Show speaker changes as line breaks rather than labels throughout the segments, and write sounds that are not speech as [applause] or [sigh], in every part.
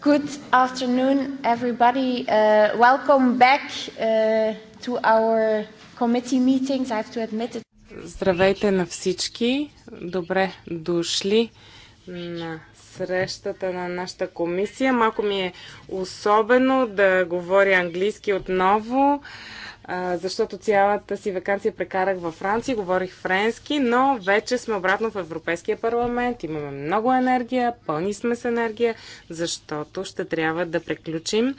Good afternoon, everybody. Uh, welcome back uh, to our committee meetings. I have to admit it.
Здравейте на всички. Добре дошли на срещата на нашата комисия. Малко ми е особено да говоря английски отново. Uh, защото цялата си вакансия прекарах във Франция, говорих френски, но вече сме обратно в Европейския парламент, имаме много енергия, пълни сме с енергия, защото ще трябва да преключим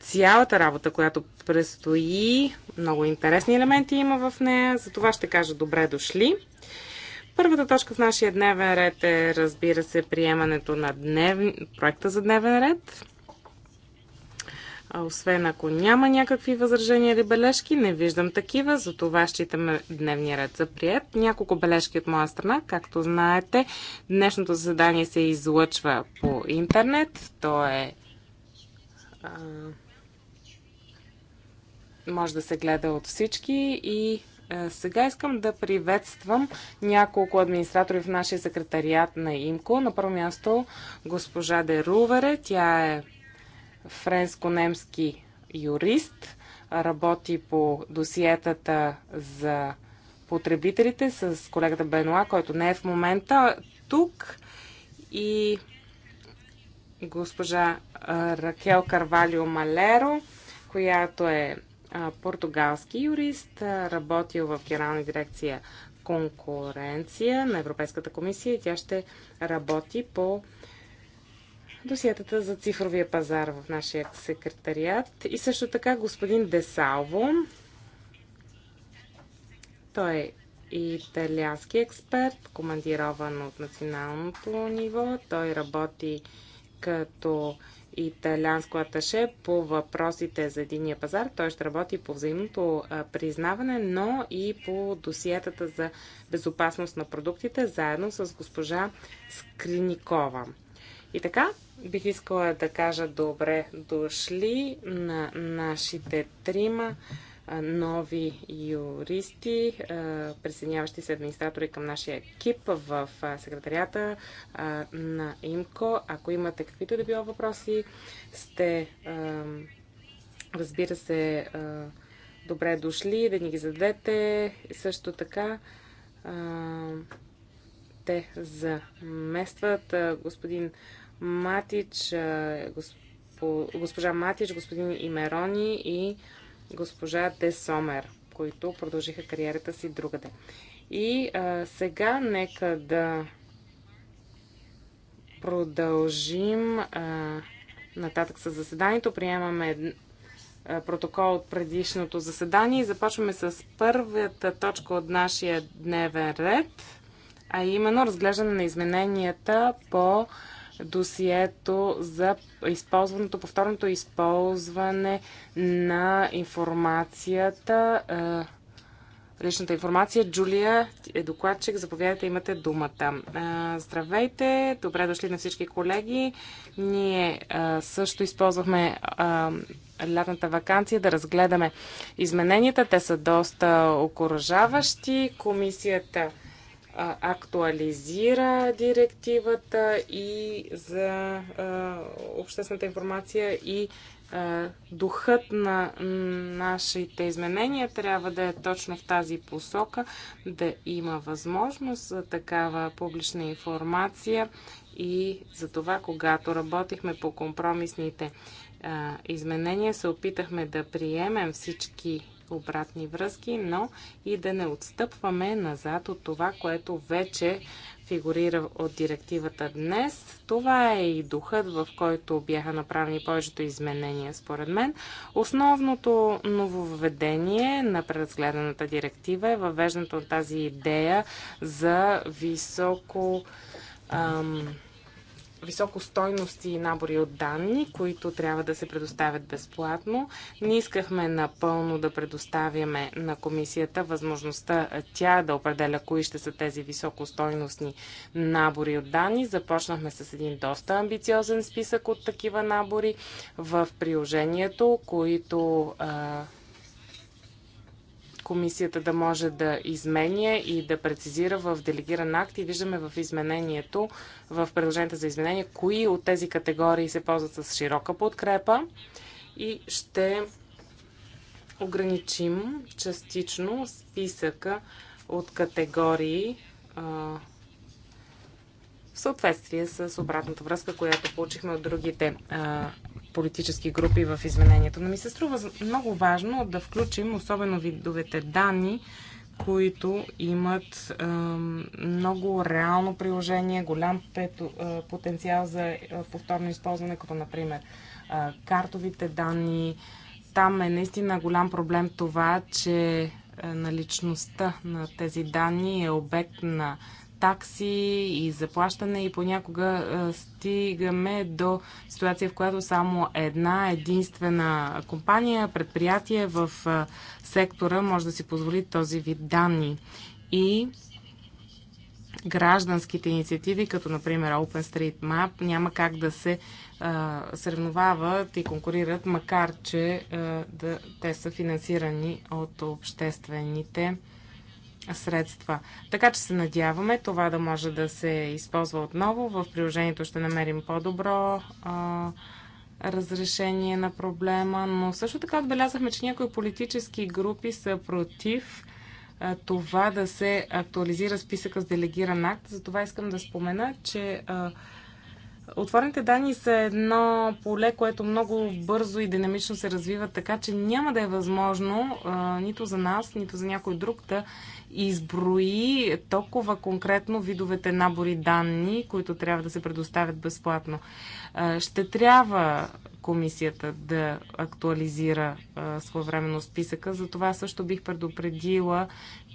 цялата работа, която предстои. Много интересни елементи има в нея, за това ще кажа добре дошли. Първата точка в нашия дневен ред е, разбира се, приемането на дневни... проекта за дневен ред. А освен ако няма някакви възражения или бележки, не виждам такива, за това считаме дневния ред за прият. Няколко бележки от моя страна. Както знаете, днешното заседание се излъчва по интернет. То е... А, може да се гледа от всички и сега искам да приветствам няколко администратори в нашия секретариат на ИМКО. На първо място госпожа Рувере. Тя е френско-немски юрист, работи по досиетата за потребителите с колегата Бенуа, който не е в момента тук и госпожа Ракел Карвалио Малеро, която е португалски юрист, работил в Генерална дирекция конкуренция на Европейската комисия и тя ще работи по досиетата за цифровия пазар в нашия секретариат. И също така господин Десалво. Той е италиански експерт, командирован от националното ниво. Той работи като италианско аташе по въпросите за единия пазар. Той ще работи по взаимното признаване, но и по досиетата за безопасност на продуктите, заедно с госпожа Скриникова. И така, бих искала да кажа добре дошли на нашите трима нови юристи, присъединяващи се администратори към нашия екип в секретарията на ИМКО. Ако имате каквито да било въпроси, сте, разбира се, добре дошли да ни ги зададете. Също така, те заместват господин Матич, госпожа Матич, господин Имерони и госпожа Десомер, които продължиха кариерата си другаде. И а, сега нека да продължим а, нататък с заседанието. Приемаме протокол от предишното заседание и започваме с първата точка от нашия дневен ред, а именно разглеждане на измененията по досието за използването, повторното използване на информацията, е, личната информация. Джулия е докладчик, заповядайте, имате думата. Е, здравейте, добре дошли на всички колеги. Ние е, също използвахме лятната вакансия да разгледаме измененията. Те са доста окоръжаващи. Комисията актуализира директивата и за обществената информация и духът на нашите изменения трябва да е точно в тази посока, да има възможност за такава публична информация и за това, когато работихме по компромисните изменения, се опитахме да приемем всички обратни връзки, но и да не отстъпваме назад от това, което вече фигурира от директивата днес. Това е и духът, в който бяха направени повечето изменения, според мен. Основното нововведение на преразгледаната директива е въвеждането на тази идея за високо ам, високостойности и набори от данни, които трябва да се предоставят безплатно. Не искахме напълно да предоставяме на комисията възможността тя да определя кои ще са тези високостойностни набори от данни. Започнахме с един доста амбициозен списък от такива набори в приложението, които а, комисията да може да изменя и да прецизира в делегиран акт и виждаме в изменението, в предложението за изменение, кои от тези категории се ползват с широка подкрепа и ще ограничим частично списъка от категории, в съответствие с обратната връзка, която получихме от другите а, политически групи в изменението. Но ми се струва много важно да включим особено видовете данни, които имат а, много реално приложение, голям пето, а, потенциал за повторно използване, като например а, картовите данни. Там е наистина голям проблем това, че наличността на тези данни е обект на такси и заплащане и понякога стигаме до ситуация, в която само една единствена компания, предприятие в сектора може да си позволи този вид данни. И гражданските инициативи, като например OpenStreetMap, няма как да се а, съревновават и конкурират, макар че а, да, те са финансирани от обществените средства. Така че се надяваме това да може да се използва отново. В приложението ще намерим по-добро разрешение на проблема, но също така отбелязахме, че някои политически групи са против това да се актуализира списъка с делегиран акт. Затова искам да спомена, че а, отворените данни са едно поле, което много бързо и динамично се развива, така че няма да е възможно а, нито за нас, нито за някой друг да изброи толкова конкретно видовете набори данни, които трябва да се предоставят безплатно. Ще трябва комисията да актуализира своевременно списъка. За това също бих предупредила,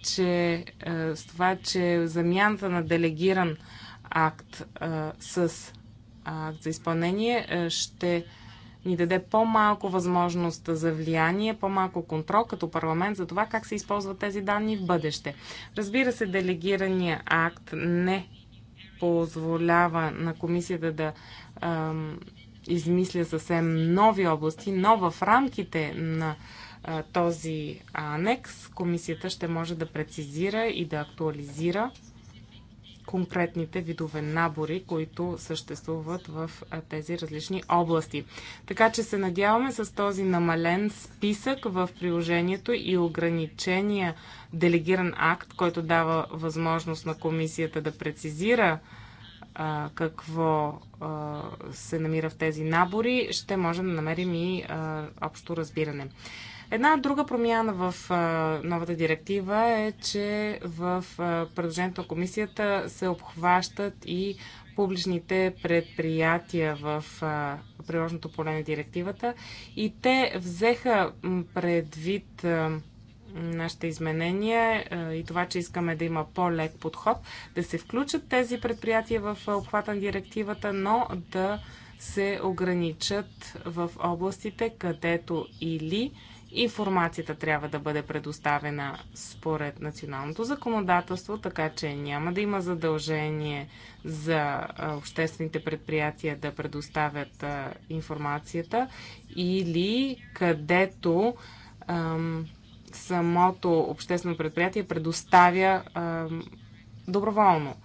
че с това, че замяната на делегиран акт с акт за изпълнение ще ни даде по-малко възможност за влияние, по-малко контрол като парламент за това как се използват тези данни в бъдеще. Разбира се, делегирания акт не позволява на комисията да ам, измисля съвсем нови области, но в рамките на а, този анекс комисията ще може да прецизира и да актуализира конкретните видове набори, които съществуват в тези различни области. Така че се надяваме с този намален списък в приложението и ограничения делегиран акт, който дава възможност на комисията да прецизира какво се намира в тези набори, ще можем да намерим и общо разбиране. Една друга промяна в а, новата директива е, че в а, предложението на комисията се обхващат и публичните предприятия в а, приложното поле на директивата и те взеха предвид нашите изменения и това, че искаме да има по-лек подход, да се включат тези предприятия в обхвата на директивата, но да се ограничат в областите, където или Информацията трябва да бъде предоставена според националното законодателство, така че няма да има задължение за обществените предприятия да предоставят информацията или където ам, самото обществено предприятие предоставя ам, доброволно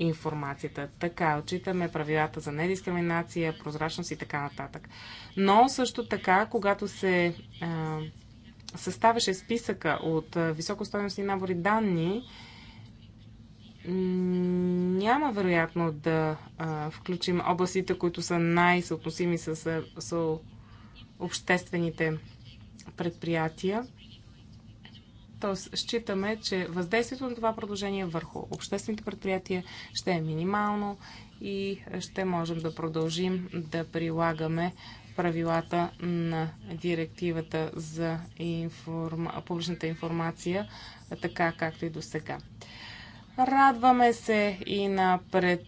информацията. Така отчитаме правилата за недискриминация, прозрачност и така нататък. Но също така, когато се а, съставяше списъка от високостойностни набори данни, няма вероятно да а, включим областите, които са най-съотносими с, с обществените предприятия. Тоест, считаме, че въздействието на това предложение върху обществените предприятия ще е минимално и ще можем да продължим да прилагаме правилата на директивата за информ... публичната информация, така както и до сега. Радваме се и на пред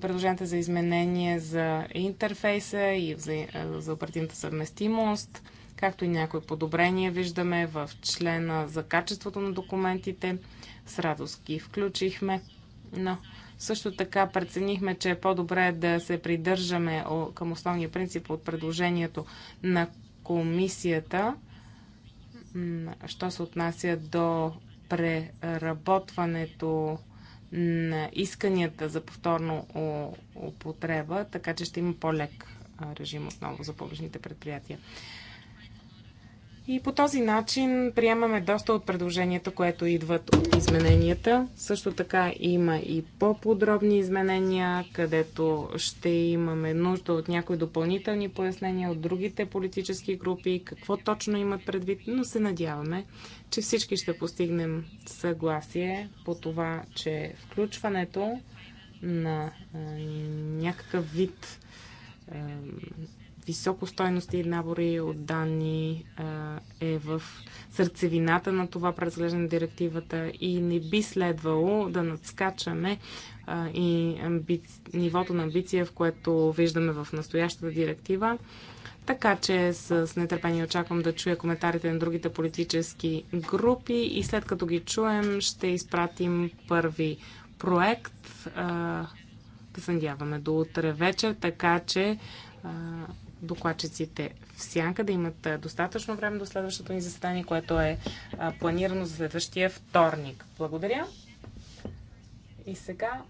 предложенията за изменение за интерфейса и за, за оперативната съвместимост както и някои подобрения виждаме в члена за качеството на документите. С радост ги включихме, но също така преценихме, че е по-добре да се придържаме към основния принцип от предложението на комисията, що се отнася до преработването на исканията за повторно употреба, така че ще има по-лек режим отново за публичните предприятия. И по този начин приемаме доста от предложенията, което идват от измененията. Също така има и по-подробни изменения, където ще имаме нужда от някои допълнителни пояснения от другите политически групи, какво точно имат предвид, но се надяваме, че всички ще постигнем съгласие по това, че включването на някакъв вид високостойности набори от данни е в сърцевината на това преразглеждане на директивата и не би следвало да надскачаме и амби... нивото на амбиция, в което виждаме в настоящата директива. Така че с нетърпение очаквам да чуя коментарите на другите политически групи и след като ги чуем ще изпратим първи проект. Да се надяваме до утре вечер, така че докладчиците в сянка да имат достатъчно време до следващото ни заседание, което е планирано за следващия вторник. Благодаря. И сега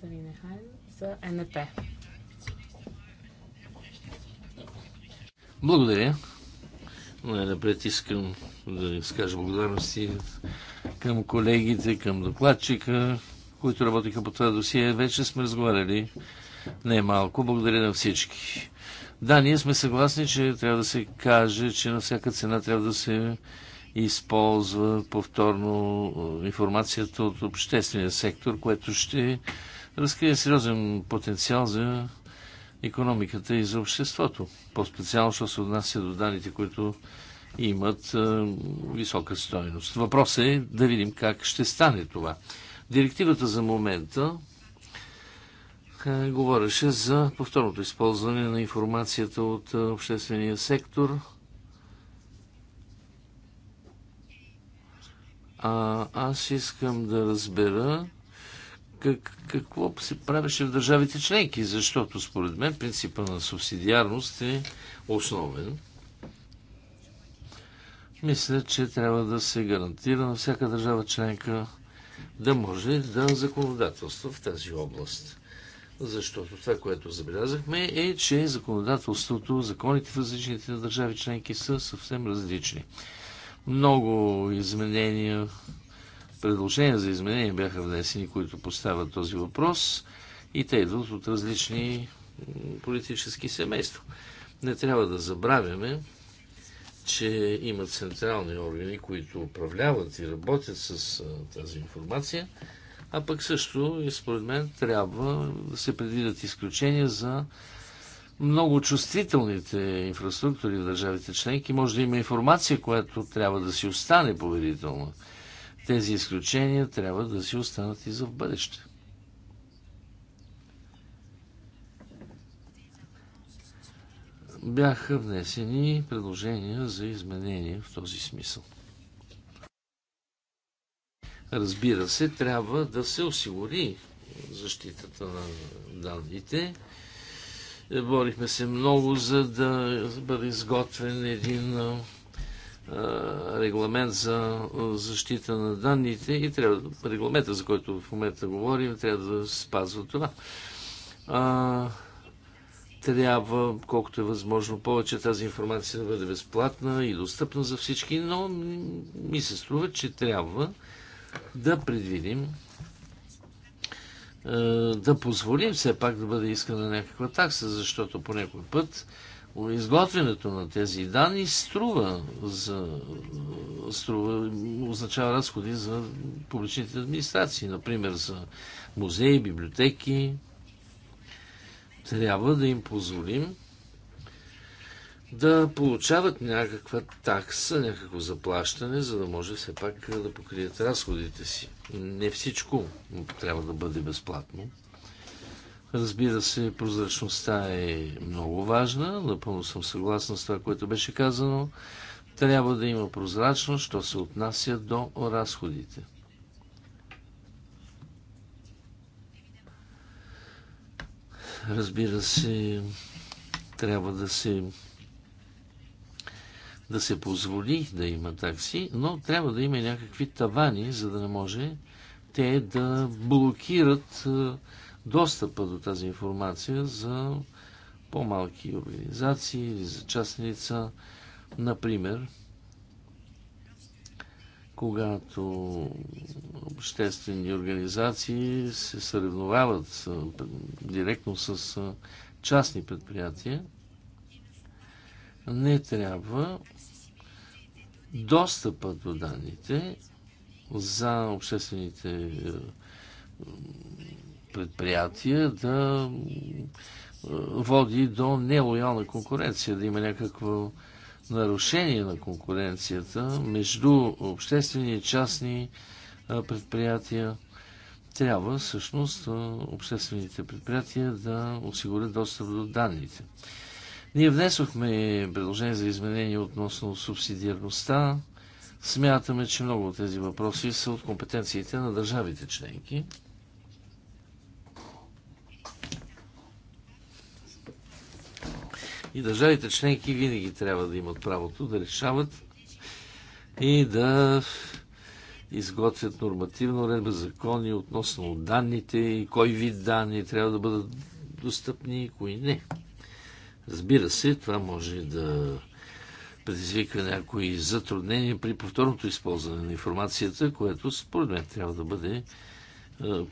Савине Хайн за НП.
Благодаря. Най-напред е искам да изкажа благодарности към колегите, към докладчика, които работиха по това досие. Вече сме разговаряли не малко. Благодаря на всички. Да, ние сме съгласни, че трябва да се каже, че на всяка цена трябва да се използва повторно е, информацията от обществения сектор, което ще разкрие сериозен потенциал за економиката и за обществото. По-специално, що се отнася до данните, които имат е, висока стоеност. Въпросът е да видим как ще стане това. Директивата за момента говореше за повторното използване на информацията от обществения сектор. А, аз искам да разбера как, какво се правеше в държавите членки, защото според мен принципа на субсидиарност е основен. Мисля, че трябва да се гарантира на всяка държава членка да може да законодателства в тази област. Защото това, което забелязахме е, че законодателството, законите в различните държави членки са съвсем различни. Много изменения, предложения за изменения бяха внесени, които поставят този въпрос и те идват от различни политически семейства. Не трябва да забравяме, че има централни органи, които управляват и работят с тази информация – а пък също, и според мен, трябва да се предвидят изключения за много чувствителните инфраструктури в държавите членки. Може да има информация, която трябва да си остане поверителна. Тези изключения трябва да си останат и за в бъдеще. Бяха внесени предложения за изменения в този смисъл. Разбира се, трябва да се осигури защитата на данните. Е, Борихме се много, за да бъде изготвен един регламент за защита на данните и трябва, регламента, за който в момента говорим, трябва да спазва това. А, трябва, колкото е възможно повече, тази информация да бъде безплатна и достъпна за всички, но ми се струва, че трябва да предвидим, е, да позволим все пак да бъде искана някаква такса, защото по някой път изготвянето на тези данни струва, за, струва означава разходи за публичните администрации, например за музеи, библиотеки. Трябва да им позволим да получават някаква такса, някакво заплащане, за да може все пак е, да покрият разходите си. Не всичко трябва да бъде безплатно. Разбира се, прозрачността е много важна. Напълно съм съгласна с това, което беше казано. Трябва да има прозрачност, що се отнася до разходите. Разбира се, трябва да се да се позволи да има такси, но трябва да има някакви тавани, за да не може те да блокират е, достъпа до тази информация за по-малки организации или за частни лица. Например, когато обществени организации се съревновават е, директно с е, частни предприятия, не трябва достъпа до данните за обществените е, предприятия да е, води до нелоялна конкуренция, да има някакво нарушение на конкуренцията между обществени и частни е, предприятия. Трябва всъщност обществените предприятия да осигурят достъп до данните. Ние внесохме предложение за изменение относно субсидиарността. Смятаме, че много от тези въпроси са от компетенциите на държавите членки. И държавите членки винаги трябва да имат правото да решават и да изготвят нормативно редба закони относно данните и кой вид данни трябва да бъдат достъпни и кои не. Разбира се, това може да предизвика някои затруднения при повторното използване на информацията, което според мен трябва да бъде е,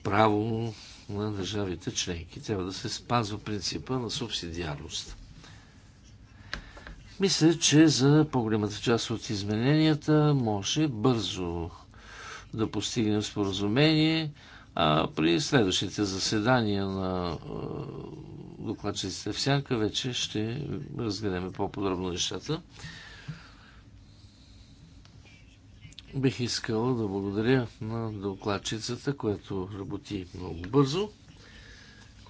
право на държавите членки. Трябва да се спазва принципа на субсидиарност. Мисля, че за по-голямата част от измененията може бързо да постигнем споразумение, а при следващите заседания на е, докладчиците в сянка, вече ще разгледаме по-подробно нещата. Бих искала да благодаря на докладчицата, която работи много бързо,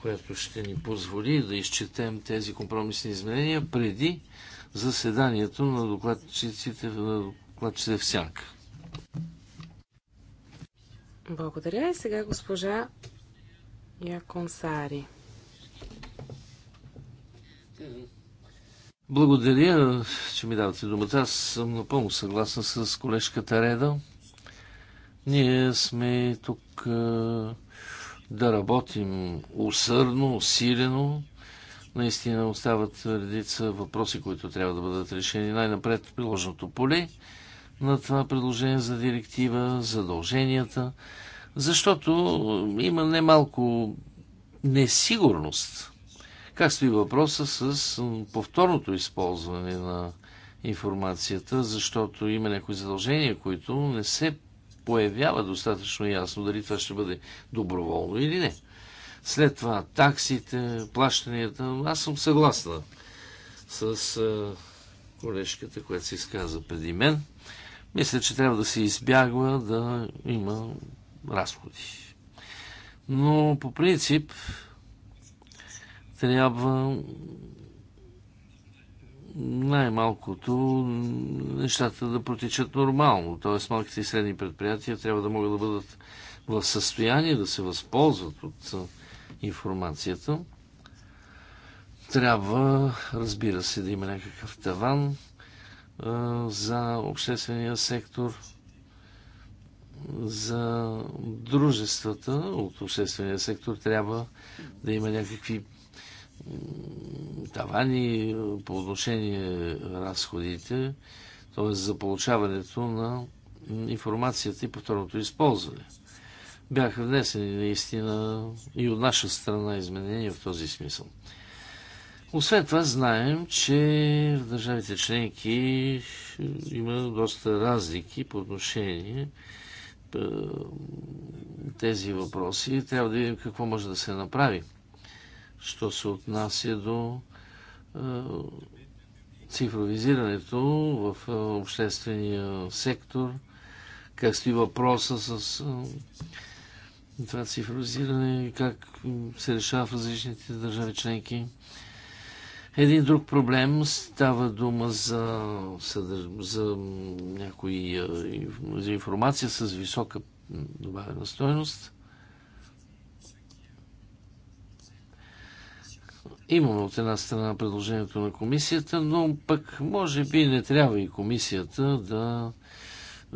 която ще ни позволи да изчетем тези компромисни изменения преди заседанието на докладчиците, на докладчиците в сянка.
Благодаря и сега госпожа Яконсари.
Благодаря, че ми давате думата. Аз съм напълно съгласен с колежката Реда. Ние сме тук да работим усърдно, усилено. Наистина остават редица въпроси, които трябва да бъдат решени. Най-напред приложното поле на това предложение за директива, задълженията, защото има немалко несигурност как стои въпроса с повторното използване на информацията, защото има някои задължения, които не се появява достатъчно ясно дали това ще бъде доброволно или не. След това таксите, плащанията. Аз съм съгласна с а, колежката, която се изказа преди мен. Мисля, че трябва да се избягва да има разходи. Но по принцип трябва най-малкото нещата да протичат нормално. Т.е. малките и средни предприятия трябва да могат да бъдат в състояние да се възползват от информацията. Трябва, разбира се, да има някакъв таван за обществения сектор, за дружествата от обществения сектор трябва да има някакви тавани е, по отношение разходите, т.е. за получаването на информацията и повторното използване. Бяха внесени наистина и от наша страна изменения в този смисъл. Освен това, знаем, че в държавите членки има доста разлики по отношение е, тези въпроси. Трябва да видим какво може да се направи що се отнася до е, цифровизирането в е, обществения сектор, как стои въпроса с е, това цифровизиране, как се решава в различните държави членки. Един друг проблем става дума за, за някои за информация с висока добавена стоеност. Имаме от една страна предложението на комисията, но пък може би не трябва и комисията да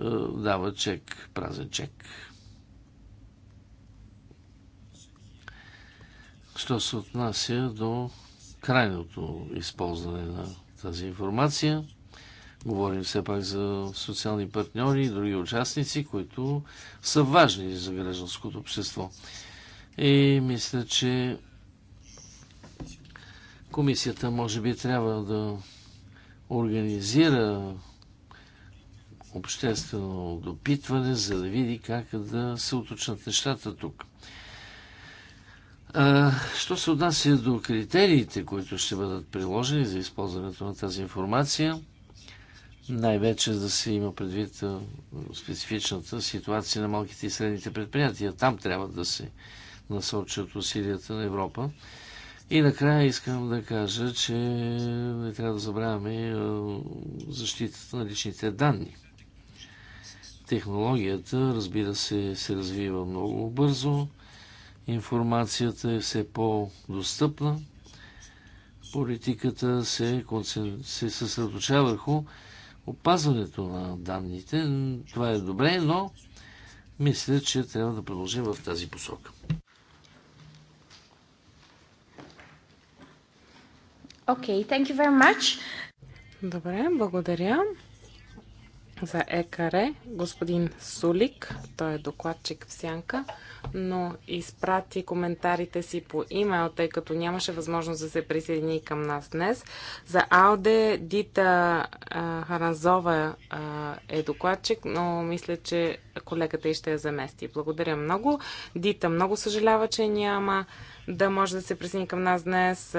е, дава чек, празен чек. Що се отнася до крайното използване на тази информация, говорим все пак за социални партньори и други участници, които са важни за гражданското общество. И мисля, че Комисията може би трябва да организира обществено допитване, за да види как да се уточнат нещата тук. А, що се отнася до критериите, които ще бъдат приложени за използването на тази информация, най-вече да се има предвид специфичната ситуация на малките и средните предприятия. Там трябва да се насочат усилията на Европа. И накрая искам да кажа, че не трябва да забравяме е, защитата на личните данни. Технологията, разбира се, се развива много бързо. Информацията е все по-достъпна. Политиката се, концен... се съсредоточава върху опазването на данните. Това е добре, но мисля, че трябва да продължим в тази посока.
Окей, Okay, thank you very much.
Добре, благодаря за ЕКАРЕ, господин Сулик, той е докладчик в Сянка, но изпрати коментарите си по имейл, тъй като нямаше възможност да се присъедини към нас днес. За Ауде, Дита Харазова е докладчик, но мисля, че колегата и ще я замести. Благодаря много. Дита много съжалява, че няма да може да се присъедини към нас днес,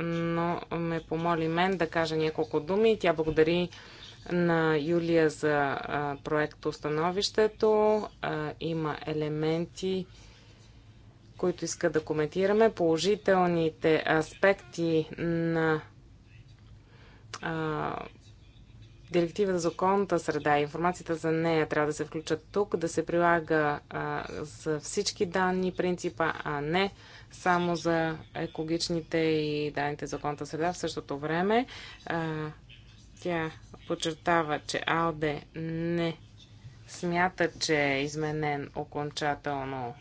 но ме помоли мен да кажа няколко думи. Тя благодари на Юлия за Остановището. Има елементи, които иска да коментираме. Положителните аспекти на а, Директивата за околната среда и информацията за нея трябва да се включат тук, да се прилага а, за всички данни принципа, а не само за екологичните и данните за околната среда. В същото време а, тя подчертава, че АЛДЕ не смята, че е изменен окончателно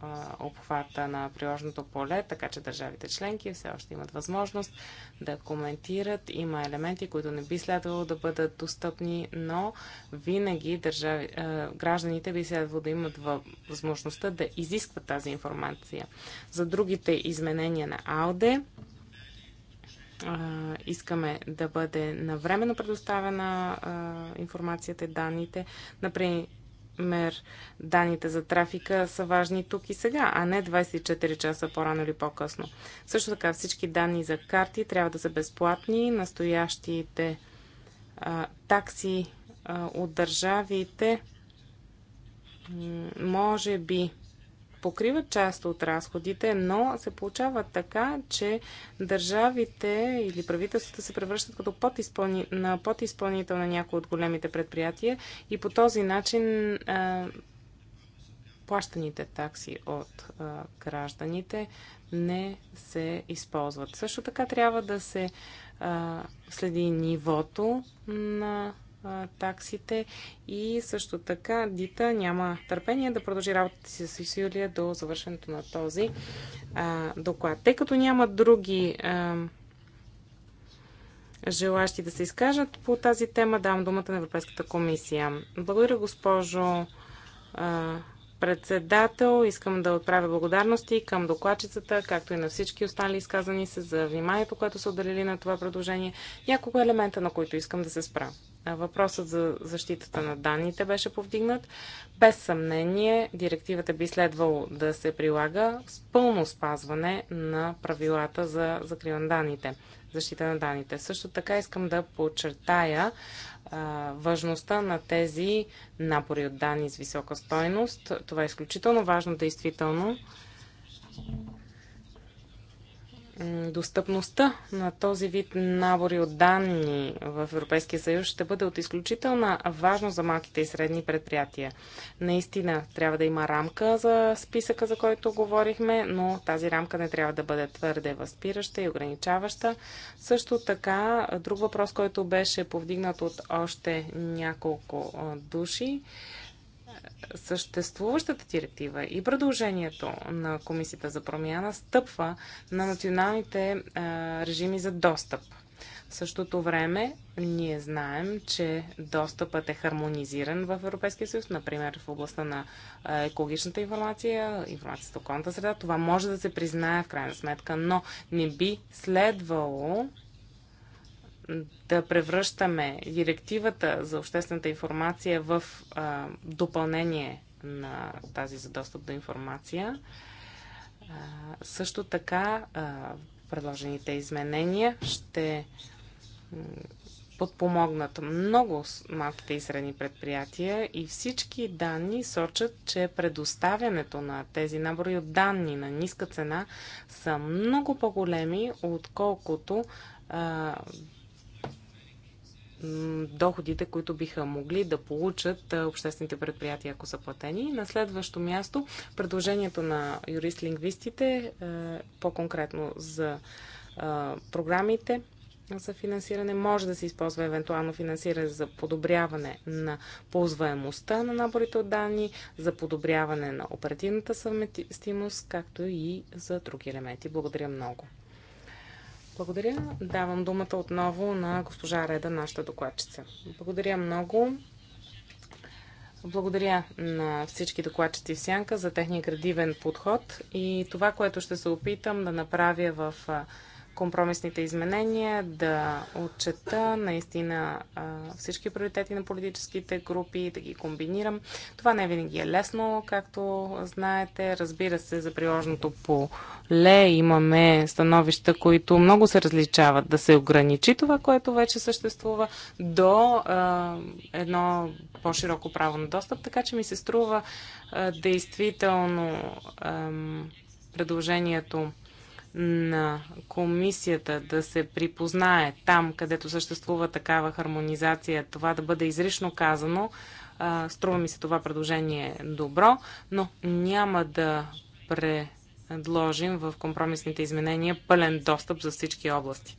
а, обхвата на приложното поле, така че държавите членки все още имат възможност да коментират. Има елементи, които не би следвало да бъдат достъпни, но винаги държави, а, гражданите би следвало да имат възможността да изискват тази информация. За другите изменения на АЛДЕ, искаме да бъде навременно предоставена информацията и данните. Например, данните за трафика са важни тук и сега, а не 24 часа по-рано или по-късно. Също така всички данни за карти трябва да са безплатни. Настоящите такси от държавите може би покриват част от разходите, но се получава така, че държавите или правителствата се превръщат като подизпълни... на подизпълнител на някои от големите предприятия и по този начин а, плащаните такси от а, гражданите не се използват. Също така трябва да се а, следи нивото на таксите и също така Дита няма търпение да продължи работата си с Юлия до завършенето на този а, доклад. Тъй като няма други а, желащи да се изкажат по тази тема, давам думата на Европейската комисия. Благодаря, госпожо а, председател. Искам да отправя благодарности към докладчицата, както и на всички останали изказани се за вниманието, което са отделили на това предложение. Няколко елемента, на които искам да се спра. Въпросът за защитата на данните беше повдигнат. Без съмнение, директивата би следвало да се прилага с пълно спазване на правилата за закриване на данните, защита на данните. Също така искам да подчертая важността на тези напори от данни с висока стойност. Това е изключително важно, действително достъпността на този вид набори от данни в Европейския съюз ще бъде от изключителна важност за малките и средни предприятия. Наистина трябва да има рамка за списъка, за който говорихме, но тази рамка не трябва да бъде твърде възпираща и ограничаваща. Също така, друг въпрос, който беше повдигнат от още няколко души, съществуващата директива и предложението на Комисията за промяна стъпва на националните а, е, режими за достъп. В същото време ние знаем, че достъпът е хармонизиран в Европейския съюз, например в областта на е, екологичната информация, информацията околната среда. Това може да се признае в крайна сметка, но не би следвало да превръщаме директивата за обществената информация в а, допълнение на тази за достъп до информация. А, също така, а, предложените изменения ще подпомогнат много малките и средни предприятия и всички данни сочат, че предоставянето на тези набори от данни на ниска цена са много по-големи, отколкото а, доходите, които биха могли да получат обществените предприятия, ако са платени. На следващо място, предложението на юрист-лингвистите, е, по-конкретно за програмите за финансиране, може да се използва евентуално финансиране за подобряване на ползваемостта на наборите от данни, за подобряване на оперативната съвместимост, както и за други елементи. Благодаря много. Благодаря. Давам думата отново на госпожа Реда, нашата докладчица. Благодаря много. Благодаря на всички докладчици в Сянка за техния градивен подход и това, което ще се опитам да направя в компромисните изменения, да отчета наистина всички приоритети на политическите групи, да ги комбинирам. Това не винаги е лесно, както знаете. Разбира се, за приложното поле имаме становища, които много се различават. Да се ограничи това, което вече съществува, до едно по-широко право на достъп, така че ми се струва действително предложението на комисията да се припознае там, където съществува такава хармонизация, това да бъде изрично казано, струва ми се това предложение добро, но няма да предложим в компромисните изменения пълен достъп за всички области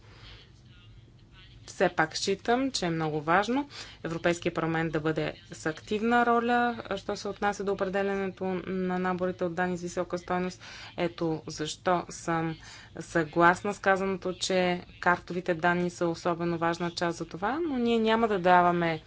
все пак считам, че е много важно Европейския парламент да бъде с активна роля, що се отнася до определенето на наборите от данни с висока стойност. Ето защо съм съгласна с казаното, че картовите данни са особено важна част за това, но ние няма да даваме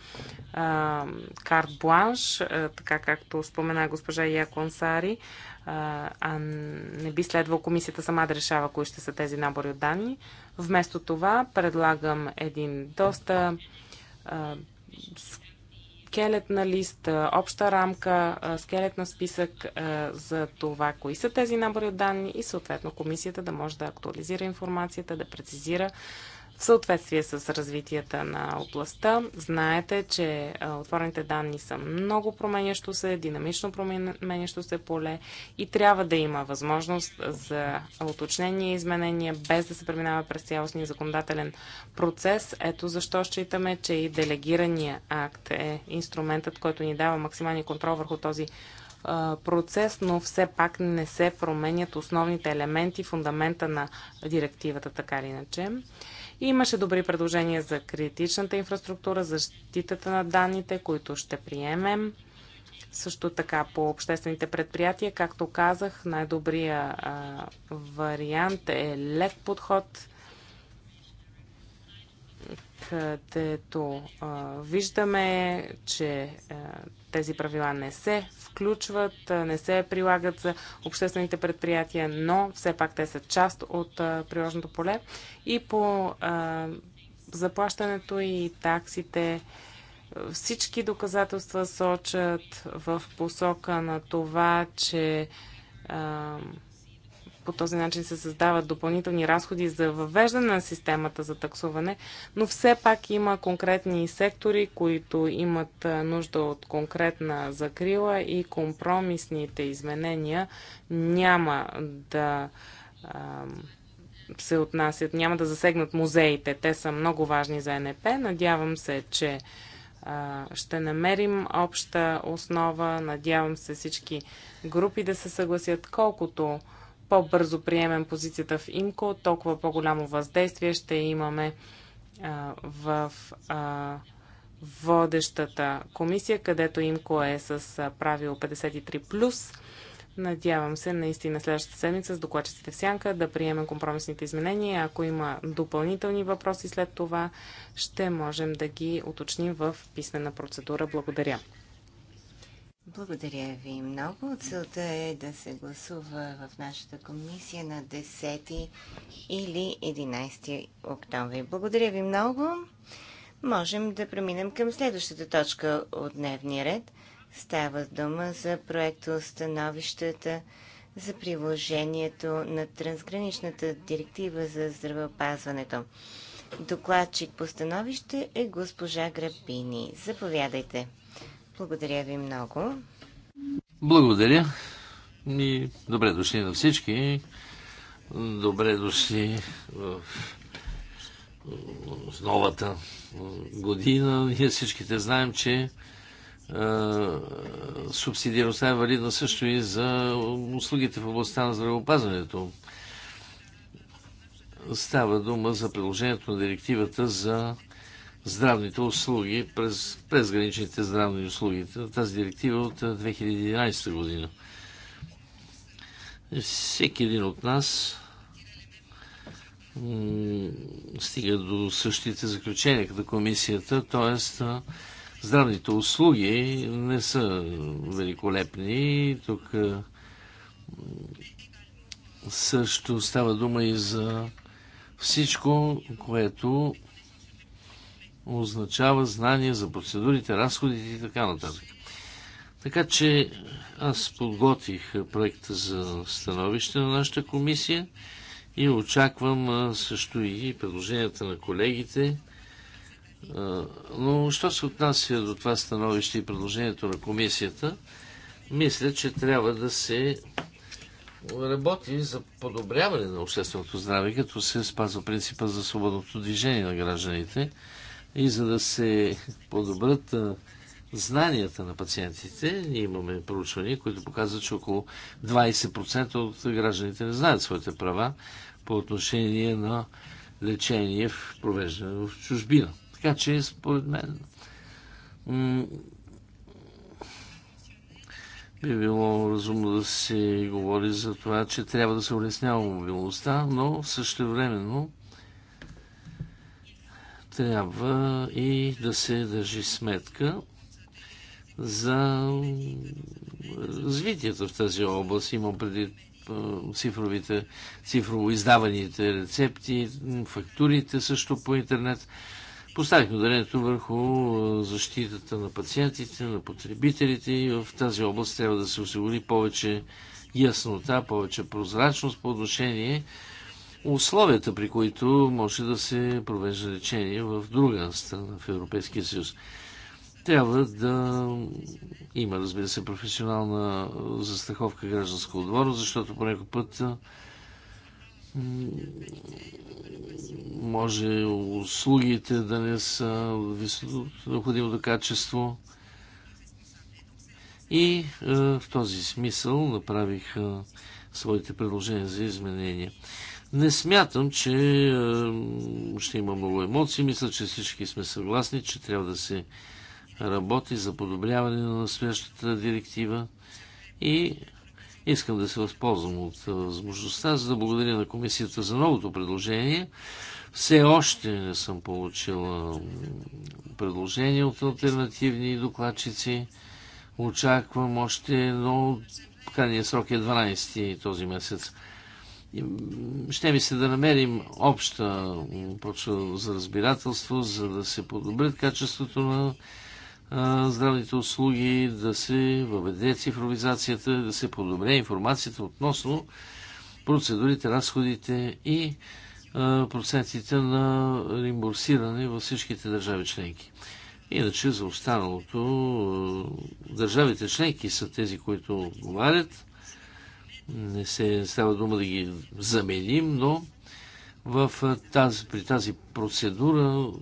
а, карт бланш, а, така както спомена госпожа Яконсари, а не би следвал комисията сама да решава кои ще са тези набори от данни. Вместо това предлагам един доста скелетна лист, обща рамка, скелет на списък за това, кои са тези набори от данни и съответно комисията да може да актуализира информацията, да прецизира в съответствие с развитията на областта. Знаете, че отворените данни са много променящо се, динамично променящо се поле и трябва да има възможност за уточнение и изменение, без да се преминава през цялостния законодателен процес. Ето защо считаме, че и делегирания акт е инструментът, който ни дава максималния контрол върху този процес, но все пак не се променят основните елементи, фундамента на директивата, така или иначе. Имаше добри предложения за критичната инфраструктура, защитата на данните, които ще приемем. Също така по обществените предприятия, както казах, най-добрия вариант е лек подход, където а, виждаме, че а, тези правила не се включват, не се прилагат за обществените предприятия, но все пак те са част от приложното поле. И по заплащането и таксите, всички доказателства сочат в посока на това, че по този начин се създават допълнителни разходи за въвеждане на системата за таксуване, но все пак има конкретни сектори, които имат нужда от конкретна закрила и компромисните изменения няма да се отнасят, няма да засегнат музеите. Те са много важни за НП. Надявам се, че ще намерим обща основа. Надявам се всички групи да се съгласят, колкото по-бързо приемем позицията в ИМКО, толкова по-голямо въздействие ще имаме а, в а, водещата комисия, където ИМКО е с правило 53+. Надявам се наистина следващата седмица с докладчиците в сянка да приемем компромисните изменения. Ако има допълнителни въпроси след това, ще можем да ги уточним в писмена процедура. Благодаря.
Благодаря ви много. Целта е да се гласува в нашата комисия на 10 или 11 октомври. Благодаря ви много. Можем да преминем към следващата точка от дневния ред. Става дума за проекта становищата за приложението на трансграничната директива за здравеопазването. Докладчик по становище е госпожа Грабини. Заповядайте. Благодаря ви много.
Благодаря. И добре дошли на всички. Добре дошли в новата година. Ние всичките знаем, че субсидиарността е валидна също и за услугите в областта на здравеопазването. Става дума за приложението на директивата за здравните услуги, през, презграничните здравни услуги. Тази директива от 2011 година. Всеки един от нас стига до същите заключения като комисията, т.е. здравните услуги не са великолепни. Тук също става дума и за всичко, което означава знание за процедурите, разходите и така нататък. Така че аз подготвих проекта за становище на нашата комисия и очаквам също и предложенията на колегите. Но що се отнася до това становище и предложението на комисията, мисля, че трябва да се работи за подобряване на общественото здраве, като се спазва принципа за свободното движение на гражданите – и за да се подобрат знанията на пациентите, ние имаме проучвания, които показват, че около 20% от гражданите не знаят своите права по отношение на лечение в провеждане в чужбина. Така че, според мен, би било разумно да се говори за това, че трябва да се улеснява мобилността, но също времено трябва и да се държи сметка за развитието в тази област. Има преди е, цифровите, цифрово издаваните рецепти, фактурите също по интернет. Поставихме ударението върху е, защитата на пациентите, на потребителите и в тази област трябва да се осигури повече яснота, повече прозрачност по отношение условията, при които може да се провежда лечение в друга страна в Европейския съюз. Трябва да има, разбира се, професионална застраховка гражданска отговорност, защото по някой път може услугите да не са необходимото качество. И в този смисъл направих своите предложения за изменения. Не смятам, че ще има много емоции. Мисля, че всички сме съгласни, че трябва да се работи за подобряване на настоящата директива и искам да се възползвам от възможността, за да благодаря на комисията за новото предложение. Все още не съм получила предложения от альтернативни докладчици. Очаквам още, но крайният срок е 12 този месец. Ще ми се да намерим обща почва за разбирателство, за да се подобрят качеството на здравните услуги, да се въведе цифровизацията, да се подобре информацията относно процедурите, разходите и процентите на реимбурсиране във всичките държави членки. Иначе за останалото държавите членки са тези, които отговарят не се става дума да ги заменим, но в тази, при тази процедура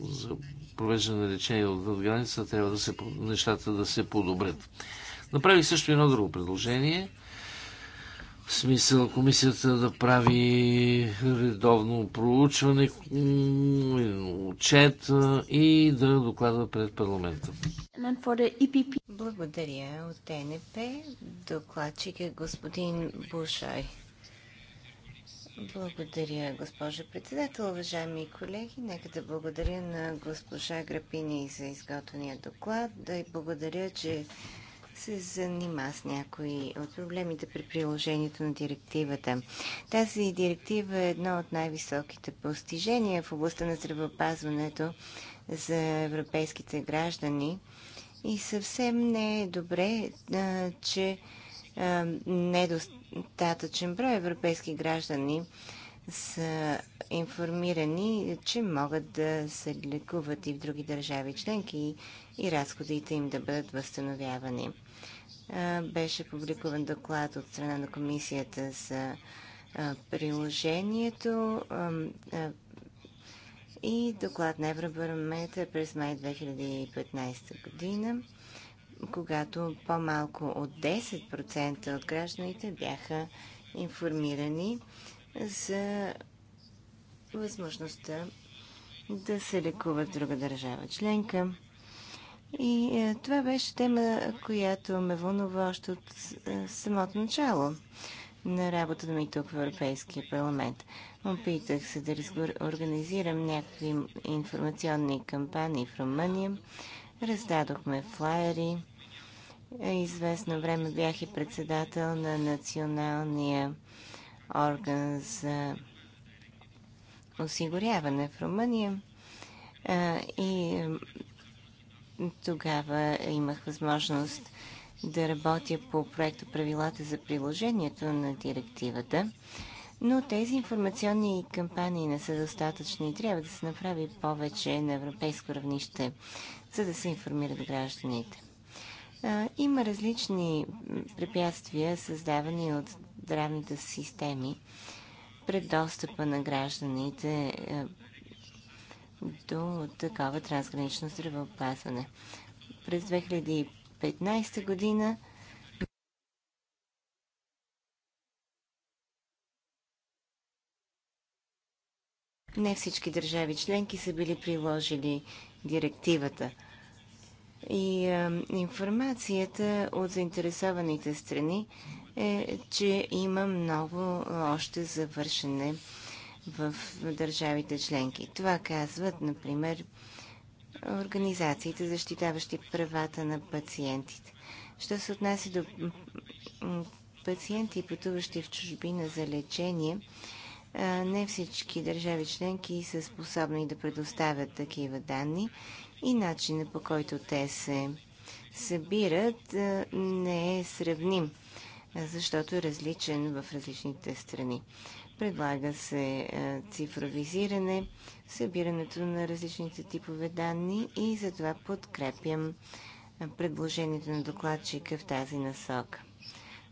за провеждане на лечение отвъд граница трябва да се, нещата да се подобрят. Направих също едно друго предложение – в смисъл комисията да прави редовно проучване, отчет и да докладва пред парламента.
Благодаря от ЕНП. Докладчик е господин Бушай. Благодаря, госпожа председател. Уважаеми колеги, нека да благодаря на госпожа Грапини за изготвения доклад, да и благодаря, че се занима с някои от проблемите при приложението на директивата. Тази директива е едно от най-високите постижения в областта на здравеопазването за европейските граждани и съвсем не е добре, че недостатъчен брой европейски граждани са информирани, че могат да се лекуват и в други държави членки и разходите им да бъдат възстановявани. Беше публикуван доклад от страна на комисията за приложението и доклад на Евробарометър през май 2015 година, когато по-малко от 10% от гражданите бяха информирани за възможността да се лекуват в друга държава членка и е, това беше тема, която ме вълнува още от е, самото начало на работата ми тук в Европейския парламент. Опитах се да организирам някакви информационни кампании в Румъния. Раздадохме флаери. Е, известно време бях и председател на националния орган за осигуряване в Румъния. Е, и тогава имах възможност да работя по проекта правилата за приложението на директивата, но тези информационни кампании не са достатъчни и трябва да се направи повече на европейско равнище, за да се информират гражданите. Има различни препятствия, създавани от здравните системи пред достъпа на гражданите до такова трансгранично здравеопазване. През 2015 година не всички държави членки са били приложили директивата. И а, информацията от заинтересованите страни е, че има много още завършене в държавите членки. Това казват, например, организациите, защитаващи правата на пациентите. Що се отнася до пациенти, пътуващи в чужбина за лечение, не всички държави членки са способни да предоставят такива данни и начина по който те се събират не е сравним, защото е различен в различните страни. Предлага се е, цифровизиране, събирането на различните типове данни и затова подкрепям е, предложението на докладчика в тази насока.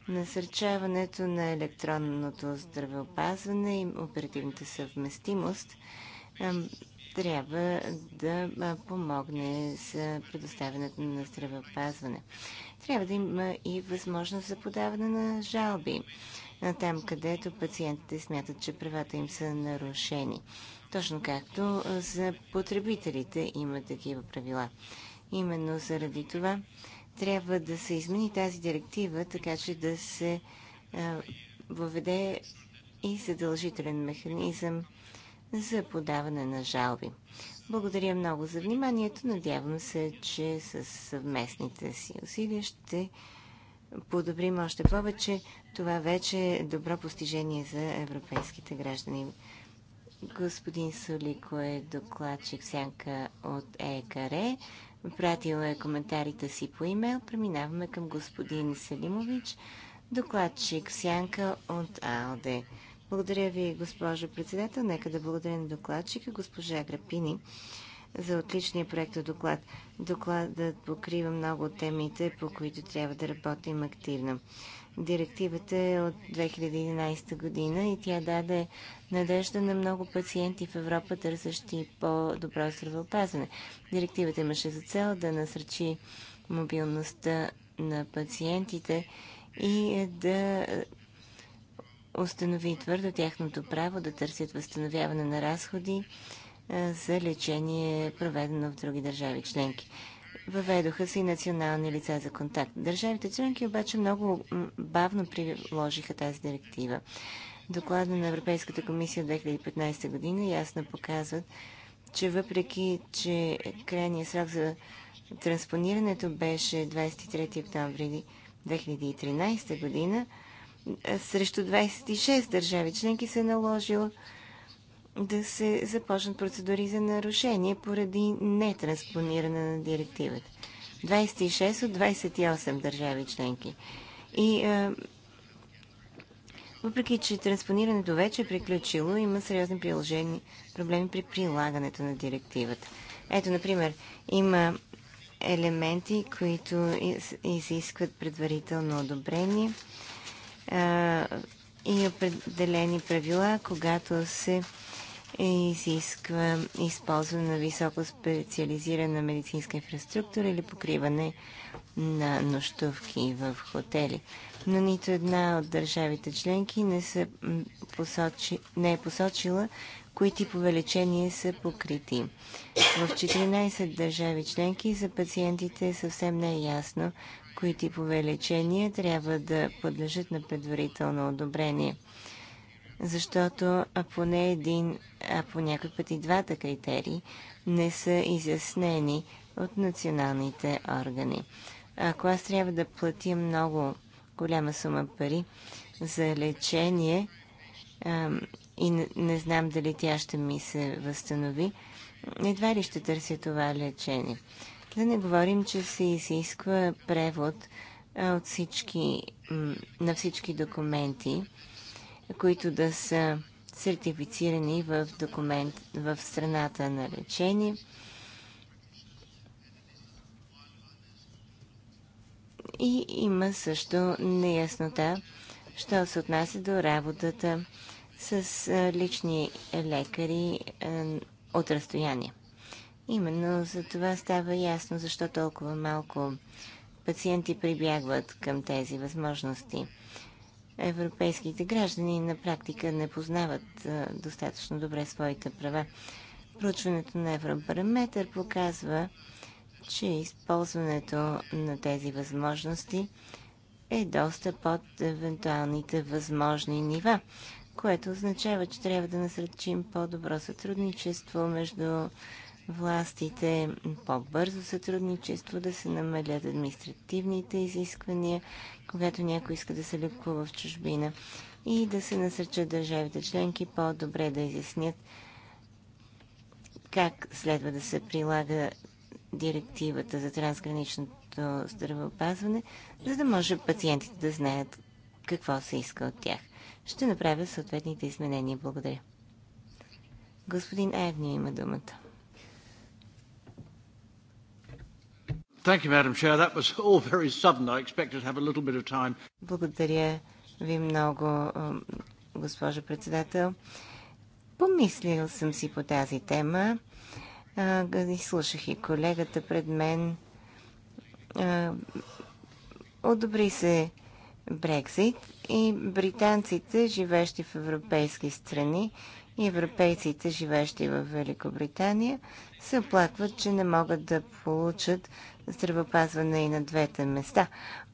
Насърчаването на електронното здравеопазване и оперативната съвместимост е, трябва да помогне за предоставянето на здравеопазване. Трябва да има и възможност за подаване на жалби там, където пациентите смятат, че правата им са нарушени. Точно както за потребителите има такива правила. Именно заради това трябва да се измени тази директива, така че да се а, въведе и задължителен механизъм за подаване на жалби. Благодаря много за вниманието. Надявам се, че с съвместните си усилия ще подобрим още повече. Това вече е добро постижение за европейските граждани. Господин Солико е докладчик сянка от ЕКР. Пратил е коментарите си по имейл. Преминаваме към господин Селимович, докладчик сянка от АЛДЕ. Благодаря ви, госпожо председател. Нека да благодаря на докладчика, госпожа Грапини, за отличния проект доклад. Докладът покрива много темите, по които трябва да работим активно. Директивата е от 2011 година и тя даде надежда на много пациенти в Европа, търсещи по-добро здравеопазване. Директивата имаше за цел да насръчи мобилността на пациентите и да установи твърдо тяхното право да търсят възстановяване на разходи е, за лечение, проведено в други държави членки. Въведоха се и национални лица за контакт. Държавите членки обаче много бавно приложиха тази директива. Доклада на Европейската комисия от 2015 година ясно показват, че въпреки, че крайният срок за транспонирането беше 23 октомври 2013 година, срещу 26 държави членки се е наложило да се започнат процедури за нарушение поради нетранспониране на директивата. 26 от 28 държави членки. И а, е, въпреки, че транспонирането вече е приключило, има сериозни приложени проблеми при прилагането на директивата. Ето, например, има елементи, които изискват предварително одобрение е, и определени правила, когато се изисква използване на високо специализирана медицинска инфраструктура или покриване на нощувки в хотели. Но нито една от държавите членки не, са посочи, не е посочила кои типове лечение са покрити. В 14 държави членки за пациентите е съвсем не е ясно кои типове лечения трябва да подлежат на предварително одобрение – защото поне един, а по някой път и двата критерии не са изяснени от националните органи. Ако аз трябва да платя много голяма сума пари за лечение и не, не знам дали тя ще ми се възстанови, едва ли ще търся това лечение. Да не говорим, че се изисква превод от всички, на всички документи които да са сертифицирани в документ в страната на лечение. И има също неяснота, що се отнася до работата с лични лекари от разстояние. Именно за това става ясно, защо толкова малко пациенти прибягват към тези възможности европейските граждани на практика не познават достатъчно добре своите права. Проучването на Европараметър показва, че използването на тези възможности е доста под евентуалните възможни нива, което означава, че трябва да насръчим по-добро сътрудничество между властите по-бързо сътрудничество, да се намалят административните изисквания, когато някой иска да се лекува в чужбина и да се насърчат държавите членки по-добре да изяснят как следва да се прилага директивата за трансграничното здравеопазване, за да може пациентите да знаят какво се иска от тях. Ще направя съответните изменения. Благодаря. Господин Евни има думата.
You,
Благодаря ви много, госпожо председател. Помислил съм си по тази тема. Изслушах и колегата пред мен. Одобри се Брекзит и британците, живещи в европейски страни, европейците, живеещи в Великобритания, се оплакват, че не могат да получат здравеопазване и на двете места.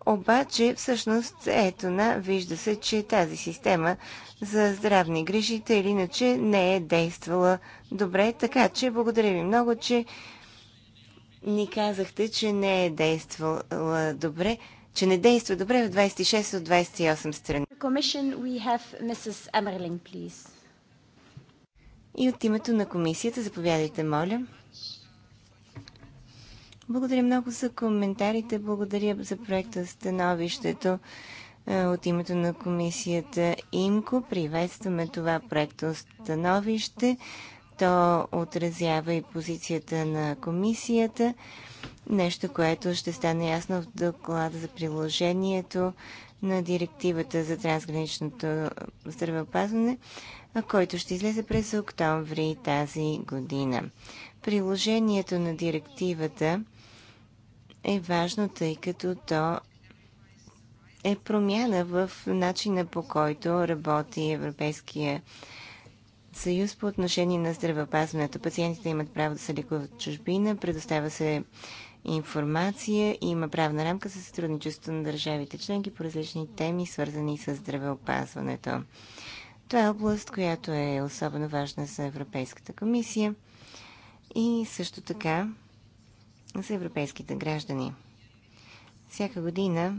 Обаче, всъщност, ето на, вижда се, че тази система за здравни грижи, или иначе не е действала добре. Така че, благодаря ви много, че ни казахте, че не е действала добре, че не действа добре в 26 от 28 страни. И от името на комисията, заповядайте, моля. Благодаря много за коментарите, благодаря за проекта становището е, от името на комисията ИМКО. Приветстваме това проекта становище. То отразява и позицията на комисията. Нещо, което ще стане ясно в доклада за приложението на директивата за трансграничното здравеопазване който ще излезе през октомври тази година. Приложението на директивата е важно, тъй като то е промяна в начина по който работи Европейския съюз по отношение на здравеопазването. Пациентите имат право да се лекуват в чужбина, предоставя се информация и има правна рамка за сътрудничество на държавите членки по различни теми, свързани с здравеопазването. Това е област, която е особено важна за Европейската комисия и също така за европейските граждани. Всяка година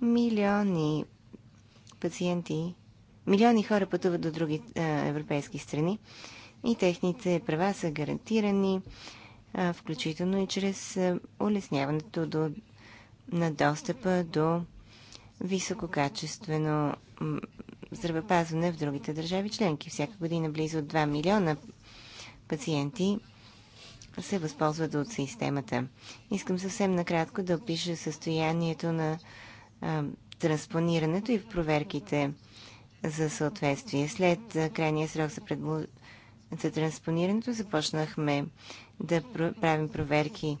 милиони пациенти, милиони хора пътуват до други а, европейски страни и техните права са гарантирани, а, включително и чрез улесняването до, на достъпа до висококачествено здравеопазване в другите държави членки. Всяка година близо 2 милиона пациенти се възползват от системата. Искам съвсем накратко да опиша състоянието на а, транспонирането и в проверките за съответствие. След крайния срок за, предбл... за транспонирането започнахме да правим проверки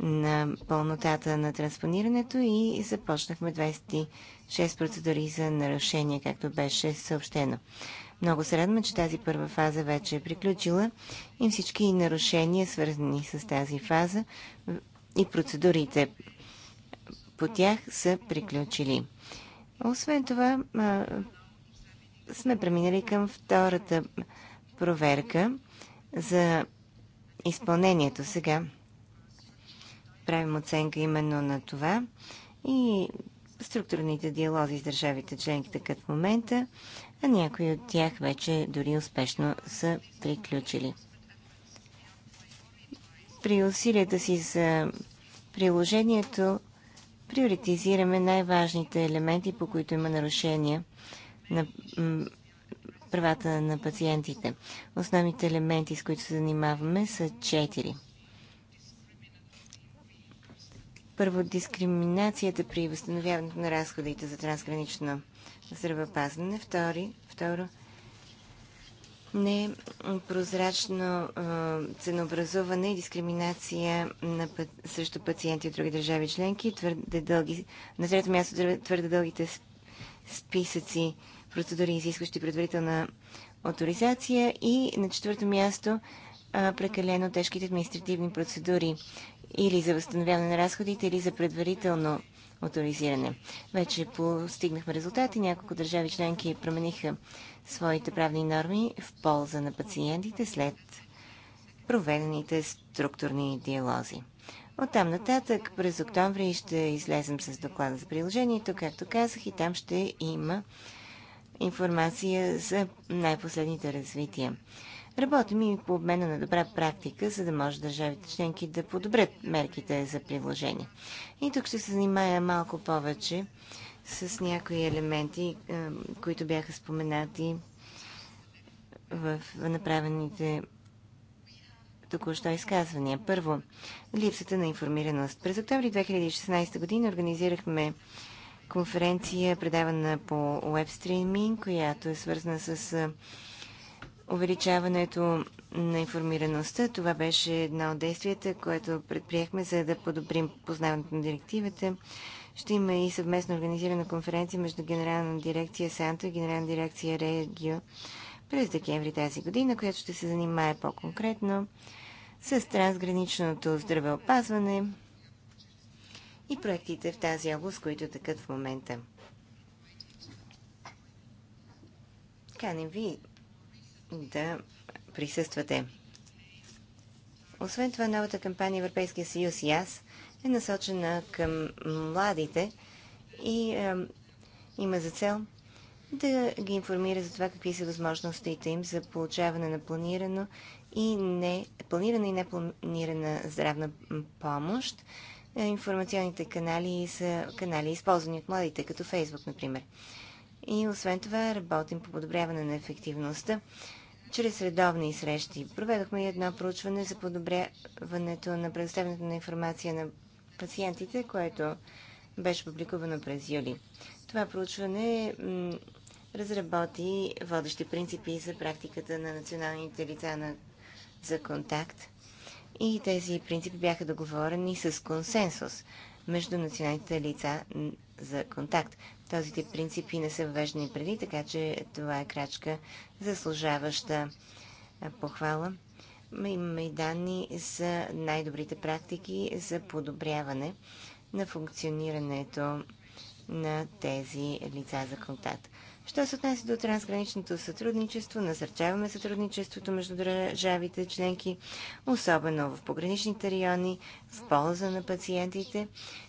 на пълнотата на транспонирането и започнахме 20 6 процедури за нарушение, както беше съобщено. Много се радваме, че тази първа фаза вече е приключила и всички нарушения, свързани с тази фаза и процедурите по тях са приключили. Освен това, сме преминали към втората проверка за изпълнението сега. Правим оценка именно на това и структурните диалози с държавите членките като в момента, а някои от тях вече дори успешно са приключили. При усилията си за приложението приоритизираме най-важните елементи, по които има нарушения на правата на пациентите. Основните елементи, с които се занимаваме, са четири. Първо, дискриминацията при възстановяването на разходите за трансгранично здравеопазване. Втори, второ, непрозрачно ценообразуване и дискриминация на път, срещу пациенти от други държави членки. Твърде дълги, на трето място твърде дългите списъци процедури, изискващи предварителна авторизация. И на четвърто място прекалено тежките административни процедури или за възстановяване на разходите, или за предварително авторизиране. Вече постигнахме резултати. Няколко държави членки промениха своите правни норми в полза на пациентите след проведените структурни диалози. От там нататък през октомври ще излезем с доклада за приложението, както казах, и там ще има информация за най-последните развития. Работим и по обмена на добра практика, за да може държавите членки да подобрят мерките за приложение. И тук ще се занимая малко повече с някои елементи, е, които бяха споменати в направените току-що изказвания. Първо, липсата на информираност. През октомври 2016 година организирахме конференция, предавана по веб която е свързана с е, увеличаването на информираността. Това беше една от действията, което предприехме, за да подобрим познаването на директивата. Ще има и съвместно организирана конференция между Генерална дирекция Санто и Генерална дирекция Регио през декември тази година, която ще се занимае по-конкретно с трансграничното здравеопазване и проектите в тази област, които такът в момента. Каним ви да присъствате. Освен това, новата кампания Европейския съюз и аз е насочена към младите и е, има за цел да ги информира за това какви са възможностите им за получаване на планирано и не, планирана и непланирана здравна помощ. Е, информационните канали са канали, използвани от младите, като Фейсбук, например. И освен това работим по подобряване на ефективността чрез редовни срещи. Проведохме и едно проучване за подобряването на предоставянето на информация на пациентите, което беше публикувано през юли. Това проучване разработи водещи принципи за практиката на националните лица на, за контакт. И тези принципи бяха договорени с консенсус между националните лица за контакт този тип принципи не са въвеждани преди, така че това е крачка заслужаваща похвала. Имаме и данни за най-добрите практики за подобряване на функционирането на тези лица за контакт. Що се отнася до трансграничното сътрудничество, насърчаваме сътрудничеството между държавите членки, особено в пограничните райони, в полза на пациентите.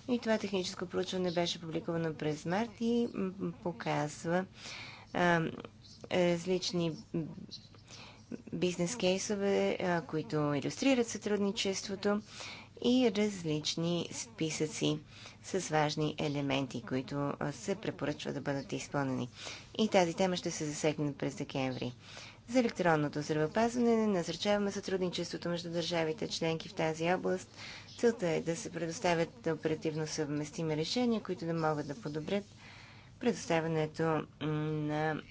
И това техническо проучване беше публикувано през март и показва а, различни бизнес кейсове, които иллюстрират сътрудничеството и различни списъци с важни елементи, които се препоръчва да бъдат изпълнени и тази тема ще се засегне през декември. За електронното здравеопазване насърчаваме сътрудничеството между държавите членки в тази област. Целта е да се предоставят оперативно съвместими решения, които да могат да подобрят предоставянето на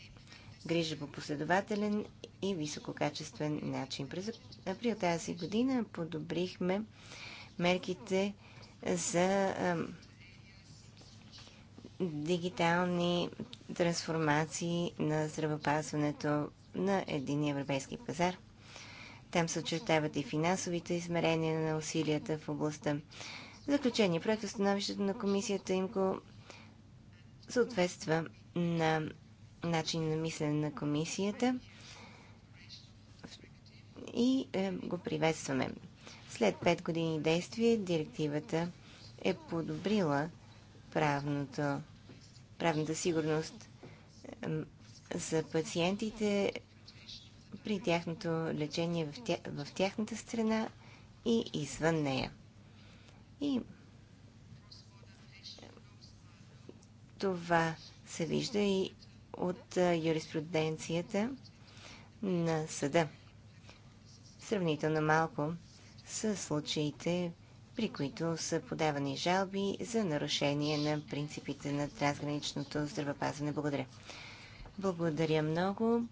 грижа по последователен и висококачествен начин. През април тази година подобрихме мерките за дигитални трансформации на здравеопазването на един европейски пазар. Там се очертават и финансовите измерения на усилията в областта. В заключение, проектът становището на комисията им го съответства на начин на мислене на комисията и е, го приветстваме. След 5 години действие директивата е подобрила правното правната сигурност за пациентите при тяхното лечение в, тяхната страна и извън нея. И това се вижда и от юриспруденцията на съда. Сравнително малко са случаите, при които са подавани жалби за нарушение на принципите на трансграничното здравеопазване. Благодаря. Благодаря много.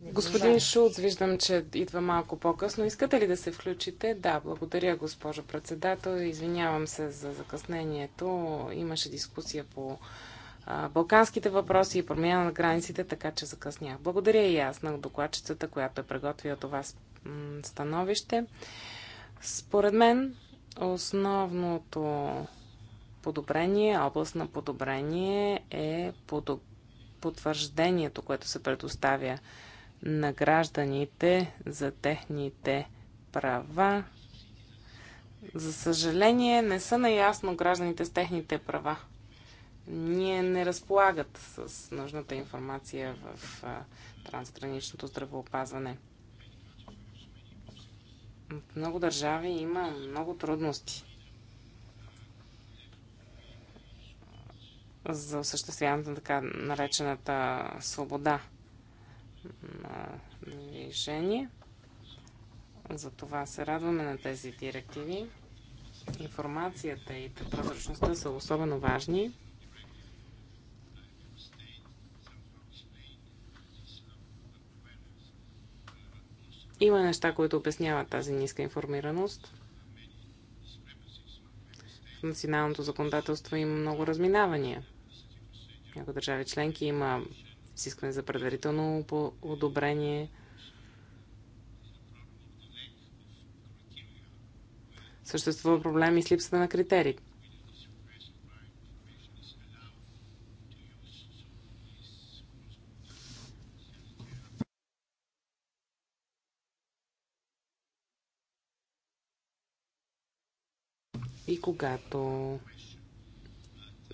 Господин Шулц, виждам, че идва малко по-късно. Искате ли да се включите? Да, благодаря, госпожо председател. Извинявам се за закъснението. Имаше дискусия по балканските въпроси и промяна на границите, така че закъснях. Благодаря и аз на докладчицата, която е приготвила това становище. Според мен, основното подобрение, област на подобрение е потвърждението, което се предоставя на гражданите за техните права. За съжаление, не са наясно гражданите с техните права. Ние не разполагат с нужната информация в трансграничното здравеопазване. В много държави има много трудности за осъществяването на така наречената свобода на движение. За това се радваме на тези директиви. Информацията и прозрачността са особено важни. Има неща, които обясняват тази ниска информираност. В националното законодателство има много разминавания. Някои държави членки има изискване за предварително одобрение. Съществува проблем и с липсата на критерии. когато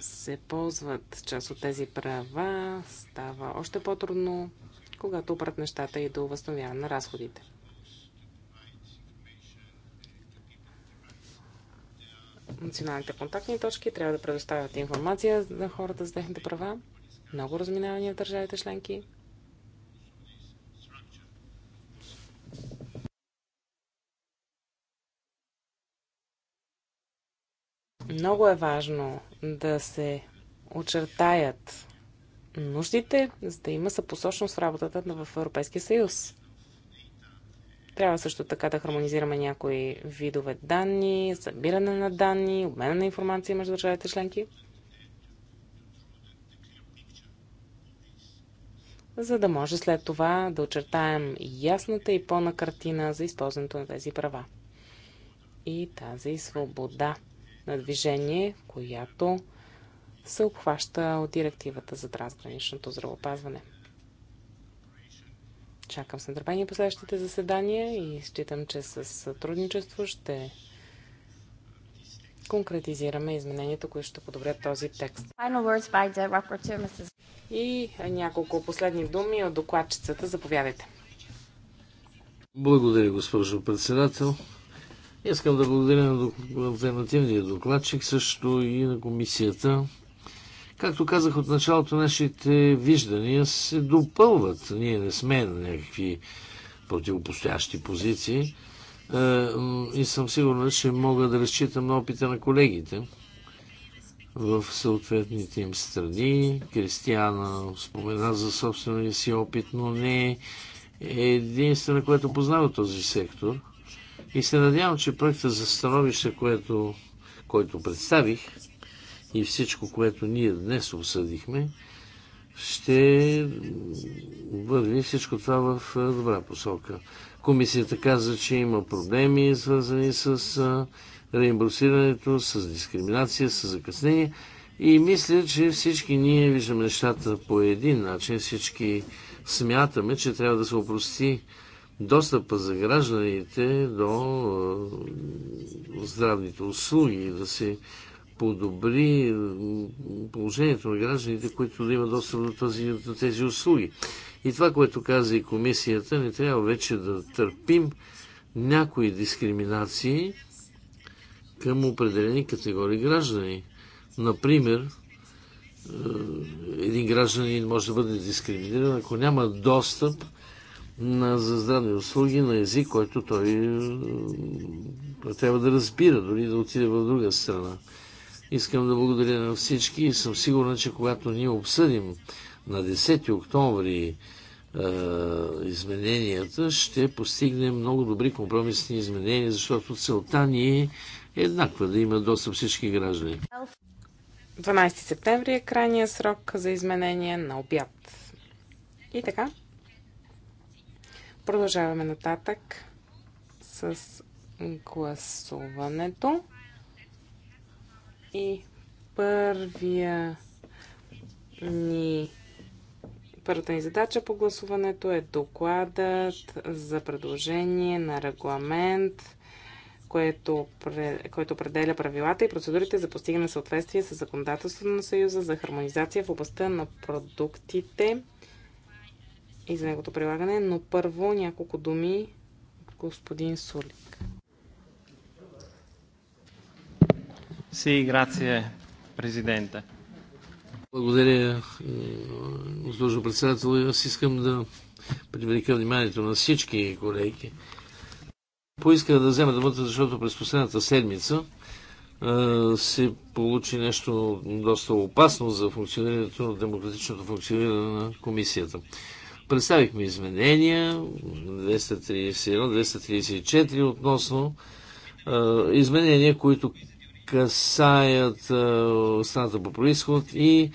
се ползват част от тези права, става още по-трудно, когато опрат нещата и до възстановяване на разходите. Националните контактни точки трябва да предоставят информация на хората за техните права. Много разминавания в държавите членки. Много е важно да се очертаят нуждите, за да има съпосочност в работата в Европейския съюз. Трябва също така да хармонизираме някои видове данни, събиране на данни, обмена на информация между държавите членки, за да може след това да очертаем ясната и пълна картина за използването на тези права и тази свобода на движение, която се обхваща от директивата за трансграничното здравопазване. Чакам с нетърпение последващите заседания и считам, че с сътрудничество ще конкретизираме измененията, които ще подобрят този текст. И няколко последни думи от докладчицата. Заповядайте.
Благодаря, госпожо председател. Искам да благодаря на альтернативния докладчик, също и на комисията. Както казах от началото, нашите виждания се допълват. Ние не сме на някакви противопостоящи позиции е, и съм сигурна, че мога да разчитам на опита на колегите в съответните им страни. Кристияна спомена за собствения си опит, но не е единствена, която познава този сектор – и се надявам, че проекта за становище, което, който представих и всичко, което ние днес обсъдихме, ще върви всичко това в добра посока. Комисията каза, че има проблеми, свързани с реимбурсирането, с дискриминация, с закъснение. И мисля, че всички ние виждаме нещата по един начин, всички смятаме, че трябва да се опрости достъпа за гражданите до е, здравните услуги, да се подобри положението на гражданите, които да имат достъп до, тези услуги. И това, което каза и комисията, не трябва вече да търпим някои дискриминации към определени категории граждани. Например, е, един гражданин може да бъде дискриминиран, ако няма достъп на, за здравни услуги на език, който е, той, трябва да разбира, дори да отиде в друга страна. Искам да благодаря на всички и съм сигурна, че когато ние обсъдим на 10 октомври е, измененията, ще постигнем много добри компромисни изменения, защото целта ни е еднаква да има достъп всички граждани.
12 септември е крайния срок за изменение на обяд. И така, Продължаваме нататък с гласуването. И първия ни Първата ни задача по гласуването е докладът за предложение на регламент, което, което определя правилата и процедурите за постигане съответствие с законодателството на Съюза за хармонизация в областта на продуктите и за неговото прилагане, но първо няколко думи от господин Сулик.
Си, грация, президента.
Благодаря, госпожо председател. Аз искам да привлека вниманието на всички колеги. Поисках да взема думата, защото през последната седмица се получи нещо доста опасно за функционирането на демократичното функциониране на комисията. Представихме изменения 231-234 относно е, изменения, които касаят е, страната по происход и е,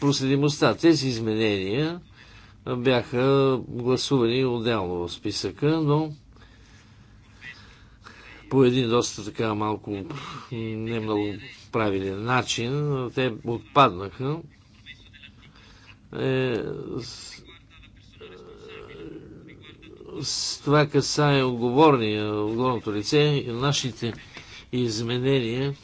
проследимостта. Тези изменения бяха гласувани отделно в списъка, но по един доста така малко не много правилен начин. Те отпаднаха. Е, това касае оговорния, оговорното лице, нашите изменения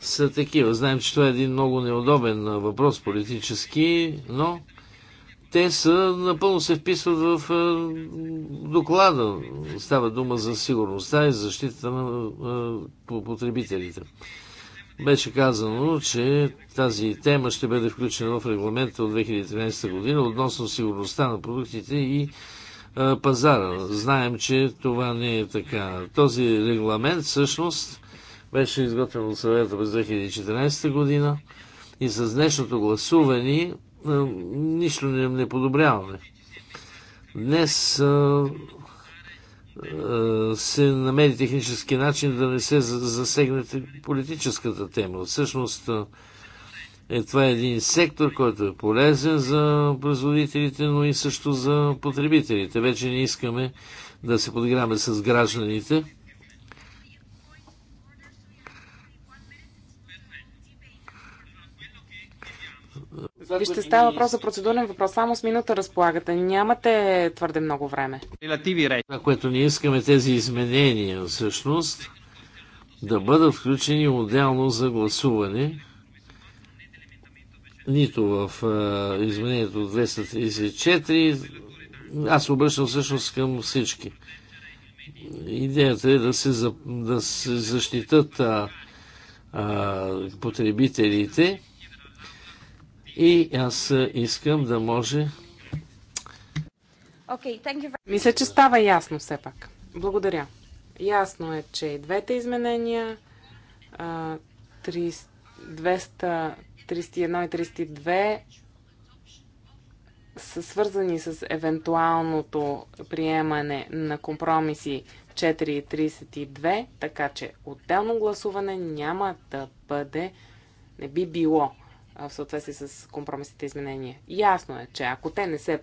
са такива. Знаем, че това е един много неудобен въпрос политически, но те са, напълно се вписват в доклада. Става дума за сигурността и защитата на потребителите. Беше казано, че тази тема ще бъде включена в регламента от 2013 година относно сигурността на продуктите и пазара. Знаем, че това не е така. Този регламент всъщност беше изготвен от съвета през 2014 година и с днешното гласуване нищо не, не подобряваме. Днес а, а, се намери технически начин да не се засегнете политическата тема. Всъщност, а, е, това е един сектор, който е полезен за производителите, но и също за потребителите. Вече не искаме да се подиграме с гражданите. Вижте, става въпрос за
процедурен въпрос. Само с минута разполагате. Нямате твърде много време.
Релативи рейт. Това, което ние искаме е тези изменения всъщност да бъдат включени отделно за гласуване нито в изменението 234. Аз се обръщам всъщност към всички. Идеята е да се, за, да се защитат а, а, потребителите и аз искам да може.
Okay, Мисля, че става
ясно все пак. Благодаря. Ясно е, че и двете изменения 200, 31 и 32 са свързани с евентуалното приемане на компромиси 4 и 32, така че отделно гласуване няма да бъде, не би било в съответствие с компромисните изменения. Ясно е, че ако те не се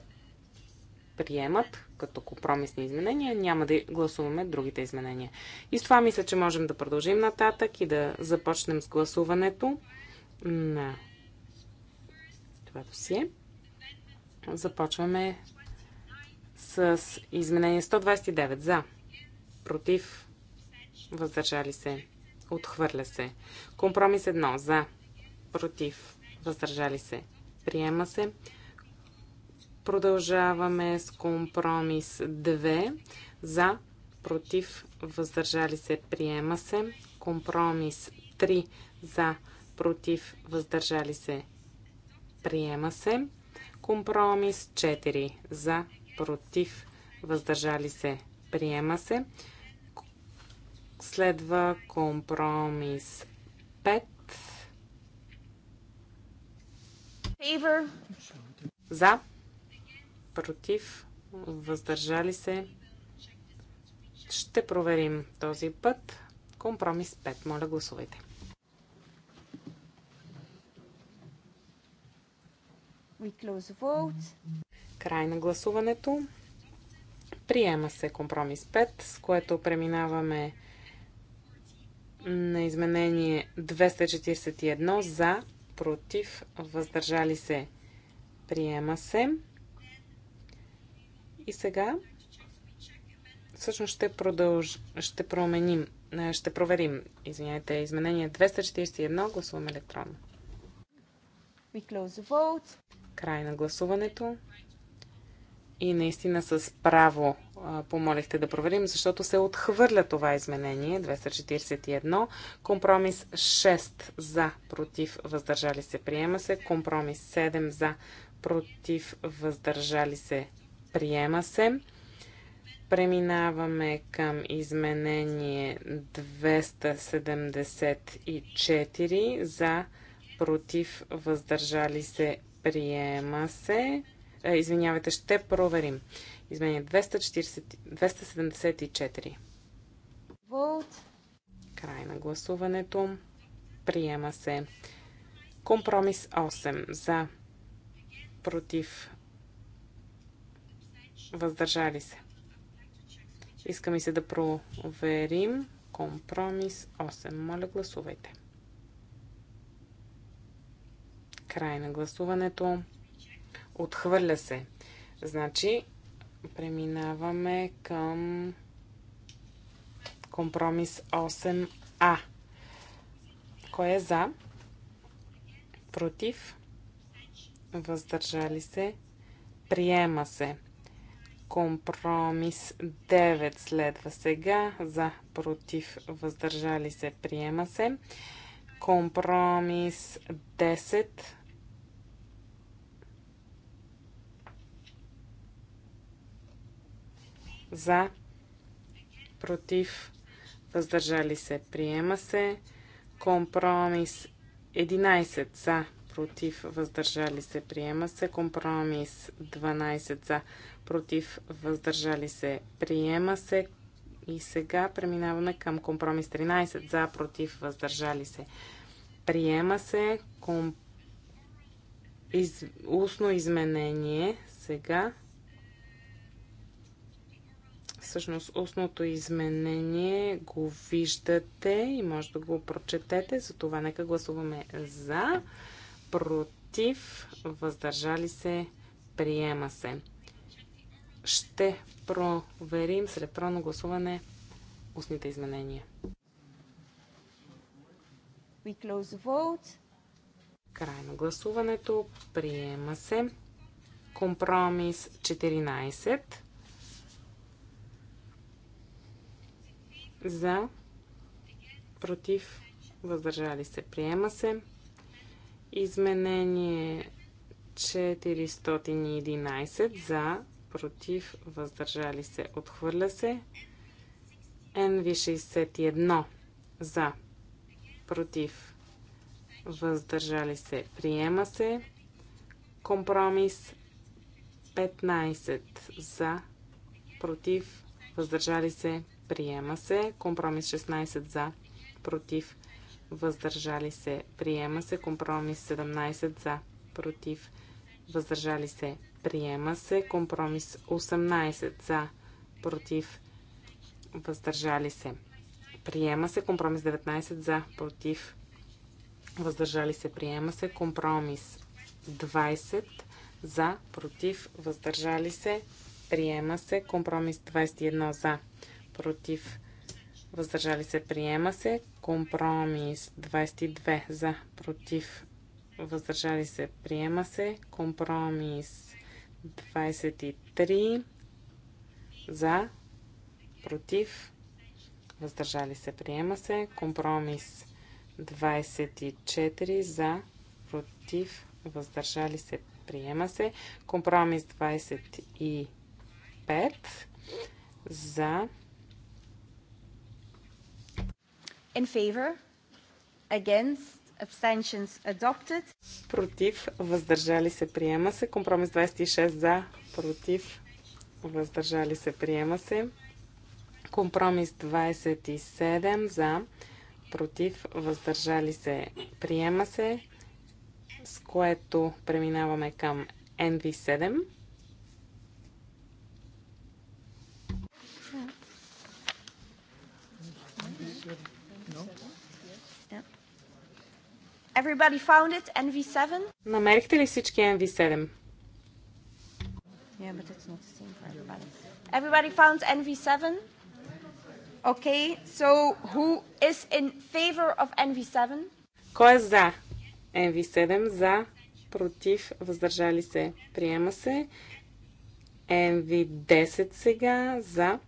приемат като компромисни изменения, няма да гласуваме другите изменения. И с това мисля, че можем да продължим нататък и да започнем с гласуването на това досие. Започваме с изменение 129 за, против, въздържали се, отхвърля се. Компромис 1 за, против, въздържали се, приема се. Продължаваме с компромис 2 за, против, въздържали се, приема се. Компромис 3 за, против, въздържали се, приема се. Компромис 4 за, против, въздържали се, приема се. Следва компромис 5. За, против, въздържали се. Ще проверим този път. Компромис 5. Моля, гласувайте. We close Край на гласуването. Приема се компромис 5, с което преминаваме на изменение 241 за, против, въздържали се. Приема се. И сега всъщност ще продълж, ще променим, е, ще проверим, извинявайте, изменение 241, гласуваме електронно.
We close the vote.
Край на гласуването. И наистина с право помолихте да проверим, защото се отхвърля това изменение. 241. Компромис 6 за, против, въздържали се, приема се. Компромис 7 за, против, въздържали се, приема се. Преминаваме към изменение 274 за, против, въздържали се, Приема се. А, е, извинявайте, ще проверим. Изменя 240, 274. Волт. Край на гласуването. Приема се. Компромис 8. За. Против. Въздържали се. Искаме се да проверим. Компромис 8. Моля, гласувайте. Край на гласуването. Отхвърля се. Значи, преминаваме към компромис 8А. Кой е за? Против? Въздържали се? Приема се. Компромис 9 следва сега. За, против, въздържали се, приема се. Компромис 10 за, против, въздържали се, приема се. Компромис 11 за, против, въздържали се, приема се. Компромис 12 за, против, въздържали се, приема се. И сега преминаваме към компромис 13 за, против, въздържали се. Приема се ком... из... устно изменение сега Всъщност устното изменение го виждате и може да го прочетете, затова нека гласуваме за, против, въздържали се, приема се. Ще проверим с електронно гласуване устните изменения.
We close the vote.
Край на гласуването. Приема се. Компромис 14. за, против, въздържали се, приема се. Изменение 411 за, против, въздържали се, отхвърля се. NV61 за, против, въздържали се, приема се. Компромис 15 за, против, въздържали се, Приема се. Компромис 16 за. Против. Въздържали се. Приема се. Компромис 17 за. Против. Въздържали се. Приема се. Компромис 18 за. Против. Въздържали се. Приема се. Компромис 19 за. Против. Въздържали се. Приема се. Компромис 20 за. Против. Въздържали се. Приема се. Компромис 21 за против, въздържали се, приема се. Компромис 22 за, против, въздържали се, приема се. Компромис 23 за, против, въздържали се, приема се. Компромис 24 за, против, въздържали се, приема се. Компромис 25 за,
In favor? Against? Abstentions adopted.
Против, въздържали се, приема се. Компромис 26 за, против, въздържали се, приема се. Компромис 27 за, против, въздържали се, приема се. С което преминаваме към NV7.
Everybody found it? NV7?
Намерихте ли всички NV7?
Yeah, but it's not the
same for everybody.
Everybody found NV7? Okay, so who is in favor of NV7?
Кой е за NV7? За, против, въздържали се, приема се. NV10 сега, за,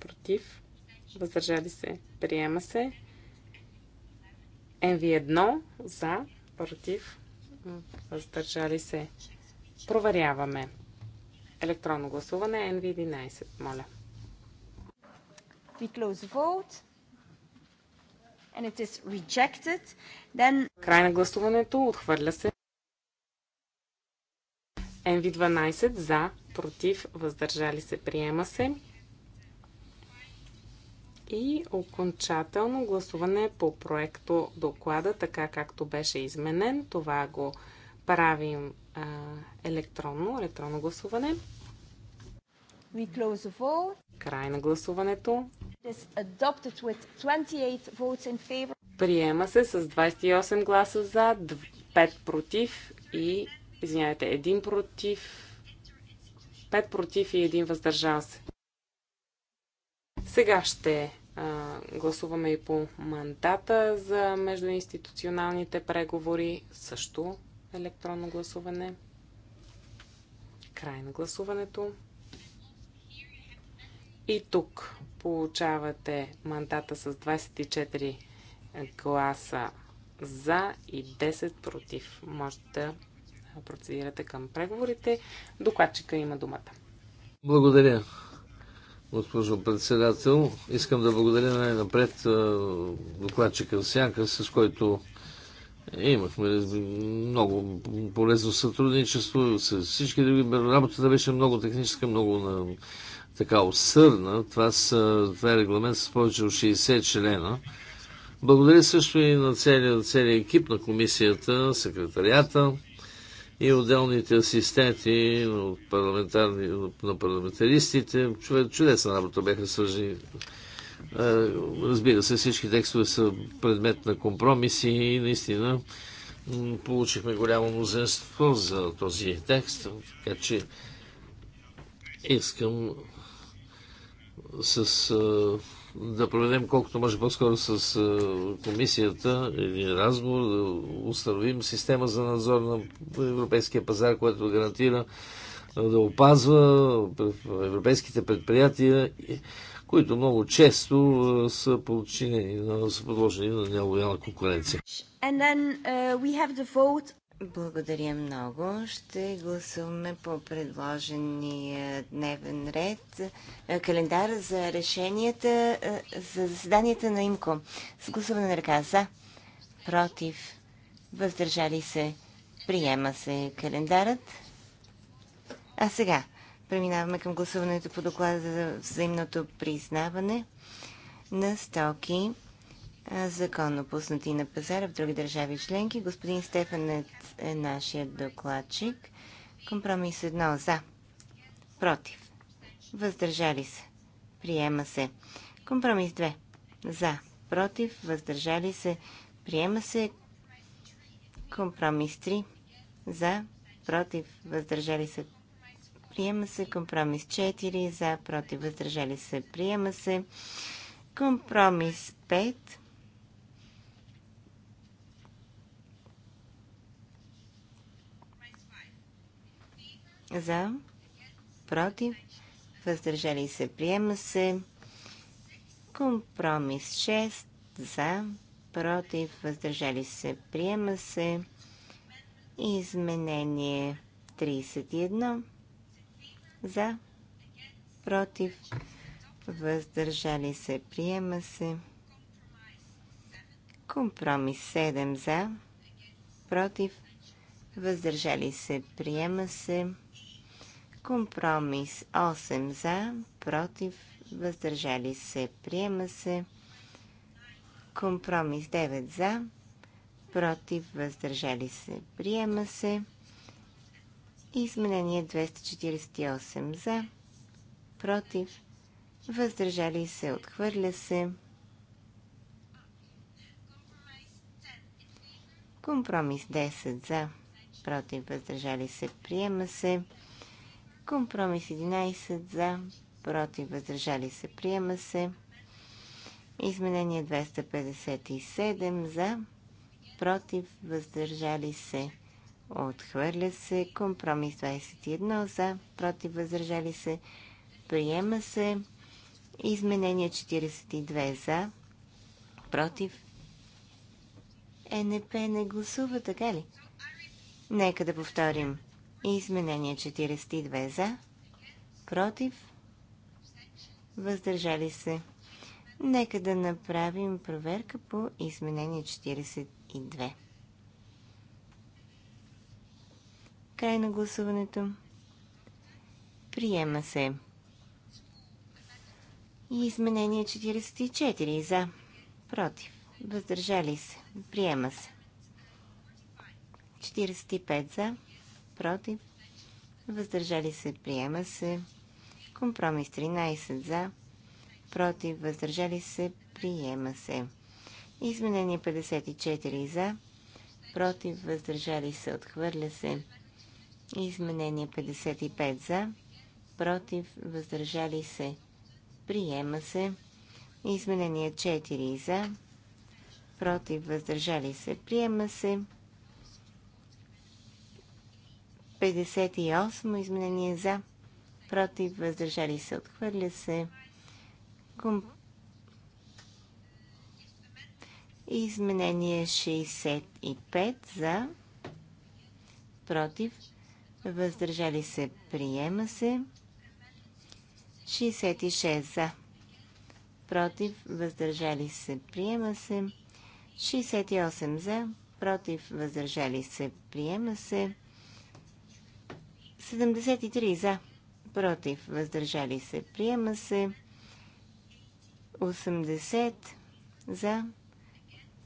против, въздържали се, приема се. NV1 за, против, въздържали се. Проверяваме. Електронно гласуване NV11, моля. We close vote.
And it is rejected. Then...
Край на гласуването отхвърля се. NV12 за, против, въздържали се, приема се и окончателно гласуване по проекто доклада, така както беше изменен. Това го правим а, електронно, електронно гласуване.
We close the vote.
Край на гласуването. Приема се с 28 гласа за, 5 против и, извинявайте, 1 против, 5 против и 1 въздържал се. Сега ще а, гласуваме и по мандата за междуинституционалните преговори. Също електронно гласуване. Край на гласуването. И тук получавате мандата с 24 гласа за и 10 против. Може да процедирате към преговорите. Докладчика има думата.
Благодаря госпожо председател. Искам да благодаря най-напред докладчика Сянка, с който имахме много полезно сътрудничество с всички други. Работата беше много техническа, много на, така усърдна. Това, са, това е регламент с повече от 60 члена. Благодаря също и на целият целия екип на комисията, секретарията, и отделните асистенти от парламентарни, на парламентаристите. Чудесна работа беха свържени. Е, разбира се, всички текстове са предмет на компромиси и наистина получихме голямо мнозинство за този текст, така че искам с е, да проведем колкото може по-скоро с е, комисията един разговор, да установим система за надзор на европейския пазар, което гарантира е, да опазва европейските предприятия, които много често е, са, подчинени, са подложени на нелоялна конкуренция.
Then, uh, благодаря много. Ще гласуваме по предложения дневен ред е, календар за решенията е, за заседанията на ИМКО. С гласуване на ръка за, против, въздържали се, приема се календарът. А сега преминаваме към гласуването по доклада за взаимното признаване на стоки е, законно пуснати на пазара в други държави членки. Господин Стефан е е нашия докладчик. Компромис 1 за. Против. Въздържали се. Приема се. Компромис 2 за. Против. Въздържали се. Приема се. Компромис 3 за. Против. Въздържали се. Приема се. Компромис 4 за. Против. Въздържали се. Приема се. Компромис 5 За. Против. Въздържали се. Приема се. Компромис 6. За. Против. Въздържали се. Приема се. Изменение 31. За. Против. Въздържали се. Приема се. Компромис 7 за. Против. Въздържали се. Приема се. Компромис 8 за, против, въздържали се, приема се. Компромис 9 за, против, въздържали се, приема се. Изменение 248 за, против, въздържали се, отхвърля се. Компромис 10 за, против, въздържали се, приема се. Компромис 11 за, против, въздържали се, приема се. Изменение 257 за, против, въздържали се, отхвърля се. Компромис 21 за, против, въздържали се, приема се. Изменение 42 за, против. Е, НП не гласува, така ли? Нека да повторим. Изменение 42 за, против, въздържали се. Нека да направим проверка по изменение 42. Край на гласуването. Приема се. И изменение 44 за, против, въздържали се. Приема се. 45 за, против, въздържали се, приема се. Компромис 13 за, против, въздържали се, приема се. Изменение 54 за, против, въздържали се, отхвърля се. Изменение 55 за, против, въздържали се, приема се. Изменение 4 за, против, въздържали се, приема се. 58 изменение за, против, въздържали се, отхвърля се. Ком... Изменение 65 за, против, въздържали се, приема се. 66 за, против, въздържали се, приема се. 68 за, против, въздържали се, приема се. 73 за, против, въздържали се, приема се. 80 за,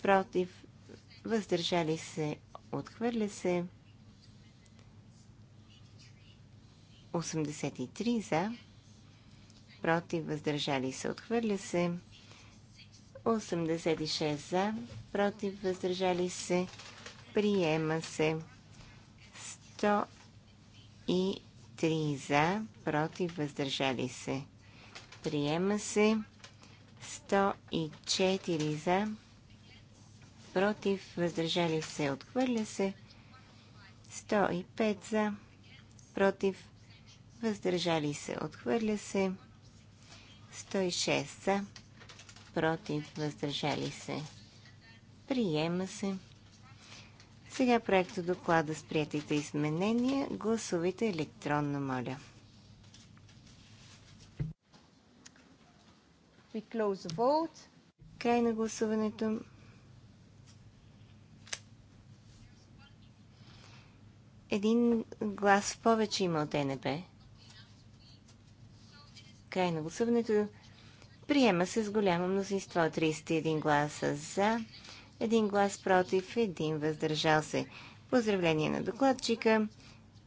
против, въздържали се, отхвърля се. 83 за, против, въздържали се, отхвърля се. 86 за, против, въздържали се, приема се. 100 и 3 за, против, въздържали се. Приема се 104 за, против, въздържали се, отхвърля се. 105 за, против, въздържали се, отхвърля се. 106 за, против, въздържали се. Приема се. Сега проекто доклада с приятите изменения. Гласувайте електронно, моля. We close the vote. Край на гласуването. Един глас в повече има от ЕНП. Край на гласуването. Приема се с голямо мнозинство 31 гласа за, един глас против, един въздържал се. Поздравление на докладчика.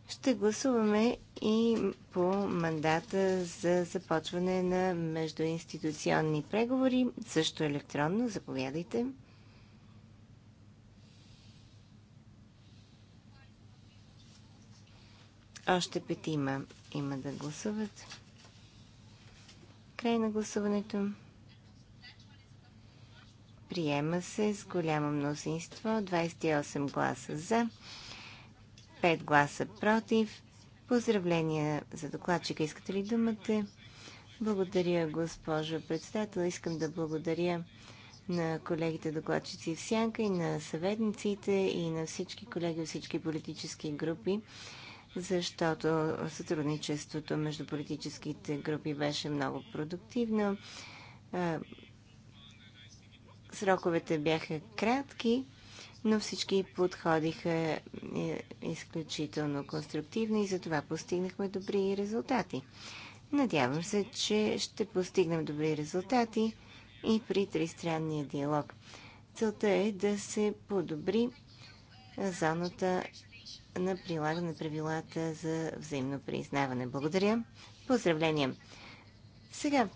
Ще гласуваме и по мандата за започване на междуинституционни преговори, също електронно. Заповядайте. Още петима има да гласуват. Край на гласуването. Приема се с голямо мнозинство 28 гласа за, 5 гласа против. Поздравления за докладчика. Искате ли думата? Благодаря, госпожо председател. Искам да благодаря на колегите докладчици в Сянка и на съветниците и на всички колеги от всички политически групи, защото сътрудничеството между политическите групи беше много продуктивно. Сроковете бяха кратки, но всички подходиха е, изключително конструктивно и затова постигнахме добри резултати. Надявам се, че ще постигнем добри резултати и при тристранния диалог. Целта е да се подобри зоната на прилагане на правилата за взаимно признаване. Благодаря. Поздравления. Сега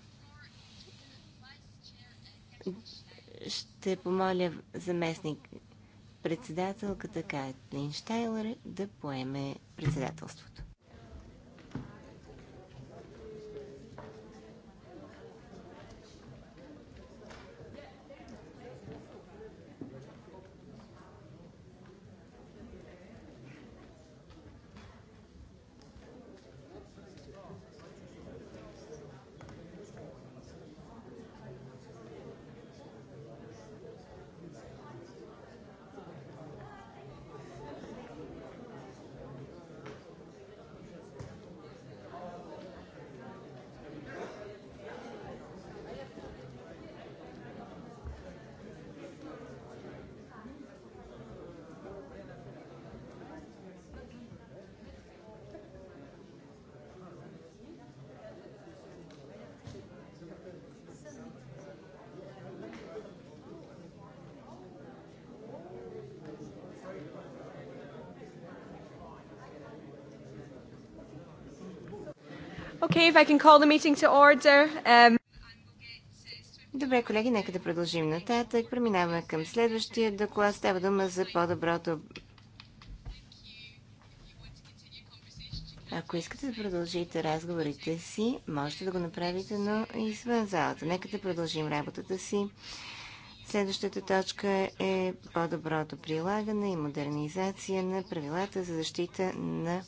ще помоля заместник председателката Кайтлин Штайлер да поеме председателството. Okay, if I can call the meeting to order. Um... Добре, колеги, нека да продължим нататък. Преминаваме към следващия доклад. Става дума за по-доброто. Ако искате да продължите разговорите си, можете да го направите, но извън залата. Нека да продължим работата си. Следващата точка е по-доброто прилагане и модернизация на правилата за защита на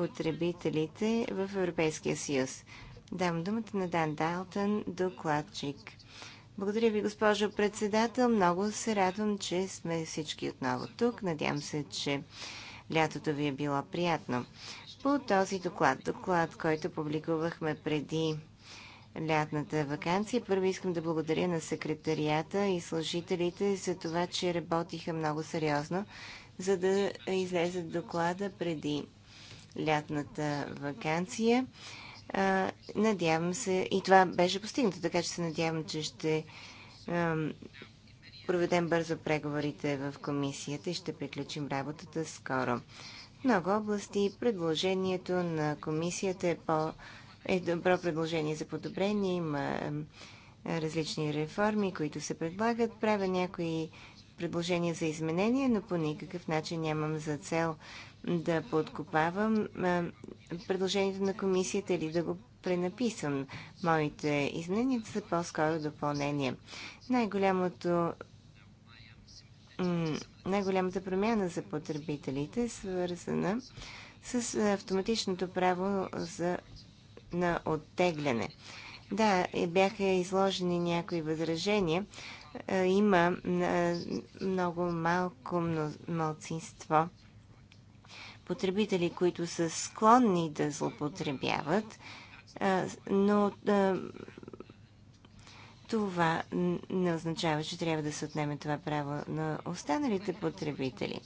потребителите в Европейския съюз. Дам думата на Дан Далтън, докладчик. Благодаря ви, госпожо председател. Много се радвам, че сме всички отново тук. Надявам се, че лятото ви е било приятно. По този доклад, доклад, който публикувахме преди лятната вакансия, първо искам да благодаря на секретарията и служителите за това, че работиха много сериозно, за да излезат доклада преди лятната вакансия. Надявам се, и това беше постигнато, така че се надявам, че ще проведем бързо преговорите в комисията и ще приключим работата скоро. В много области предложението на комисията е, по, е добро предложение за подобрение. Има различни реформи, които се предлагат. Правя някои предложения за изменения, но по никакъв начин нямам за цел да подкопавам предложението на комисията или да го пренаписам. Моите изменения са по-скоро допълнение. Най-голямото най-голямата промяна за потребителите е свързана с автоматичното право за, на оттегляне. Да, е, бяха изложени някои възражения. Има много малко малцинство потребители, които са склонни да злоупотребяват, но това не означава, че трябва да се отнеме това право на останалите потребители.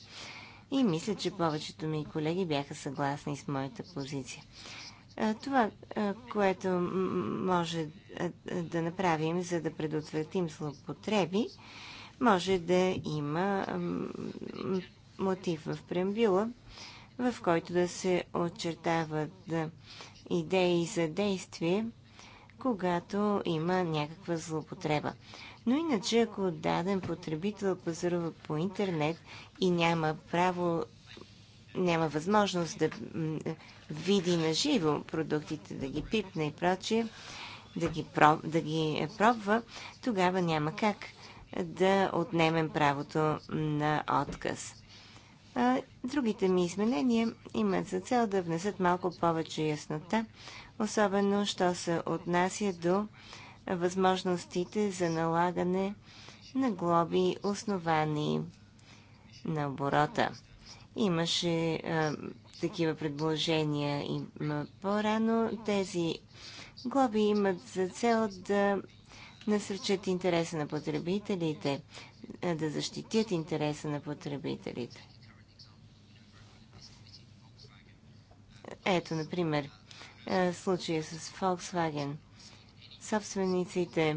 И мисля, че повечето ми колеги бяха съгласни с моята позиция. Това, което може да направим, за да предотвратим злоупотреби, може да има мотив в преамбюла, в който да се очертават идеи за действие, когато има някаква злопотреба. Но иначе, ако даден потребител пазарува по интернет и няма право, няма възможност да види на живо продуктите, да ги пипне и прочие, да ги, проб, да ги пробва, тогава няма как да отнемем правото на отказ. Другите ми изменения имат за цел да внесат малко повече яснота, особено що се отнася до възможностите за налагане на глоби, основани на оборота. Имаше а, такива предложения и по-рано. Тези глоби имат за цел да насърчат интереса на потребителите, да защитят интереса на потребителите. Ето, например, е, случая с Volkswagen. Собствениците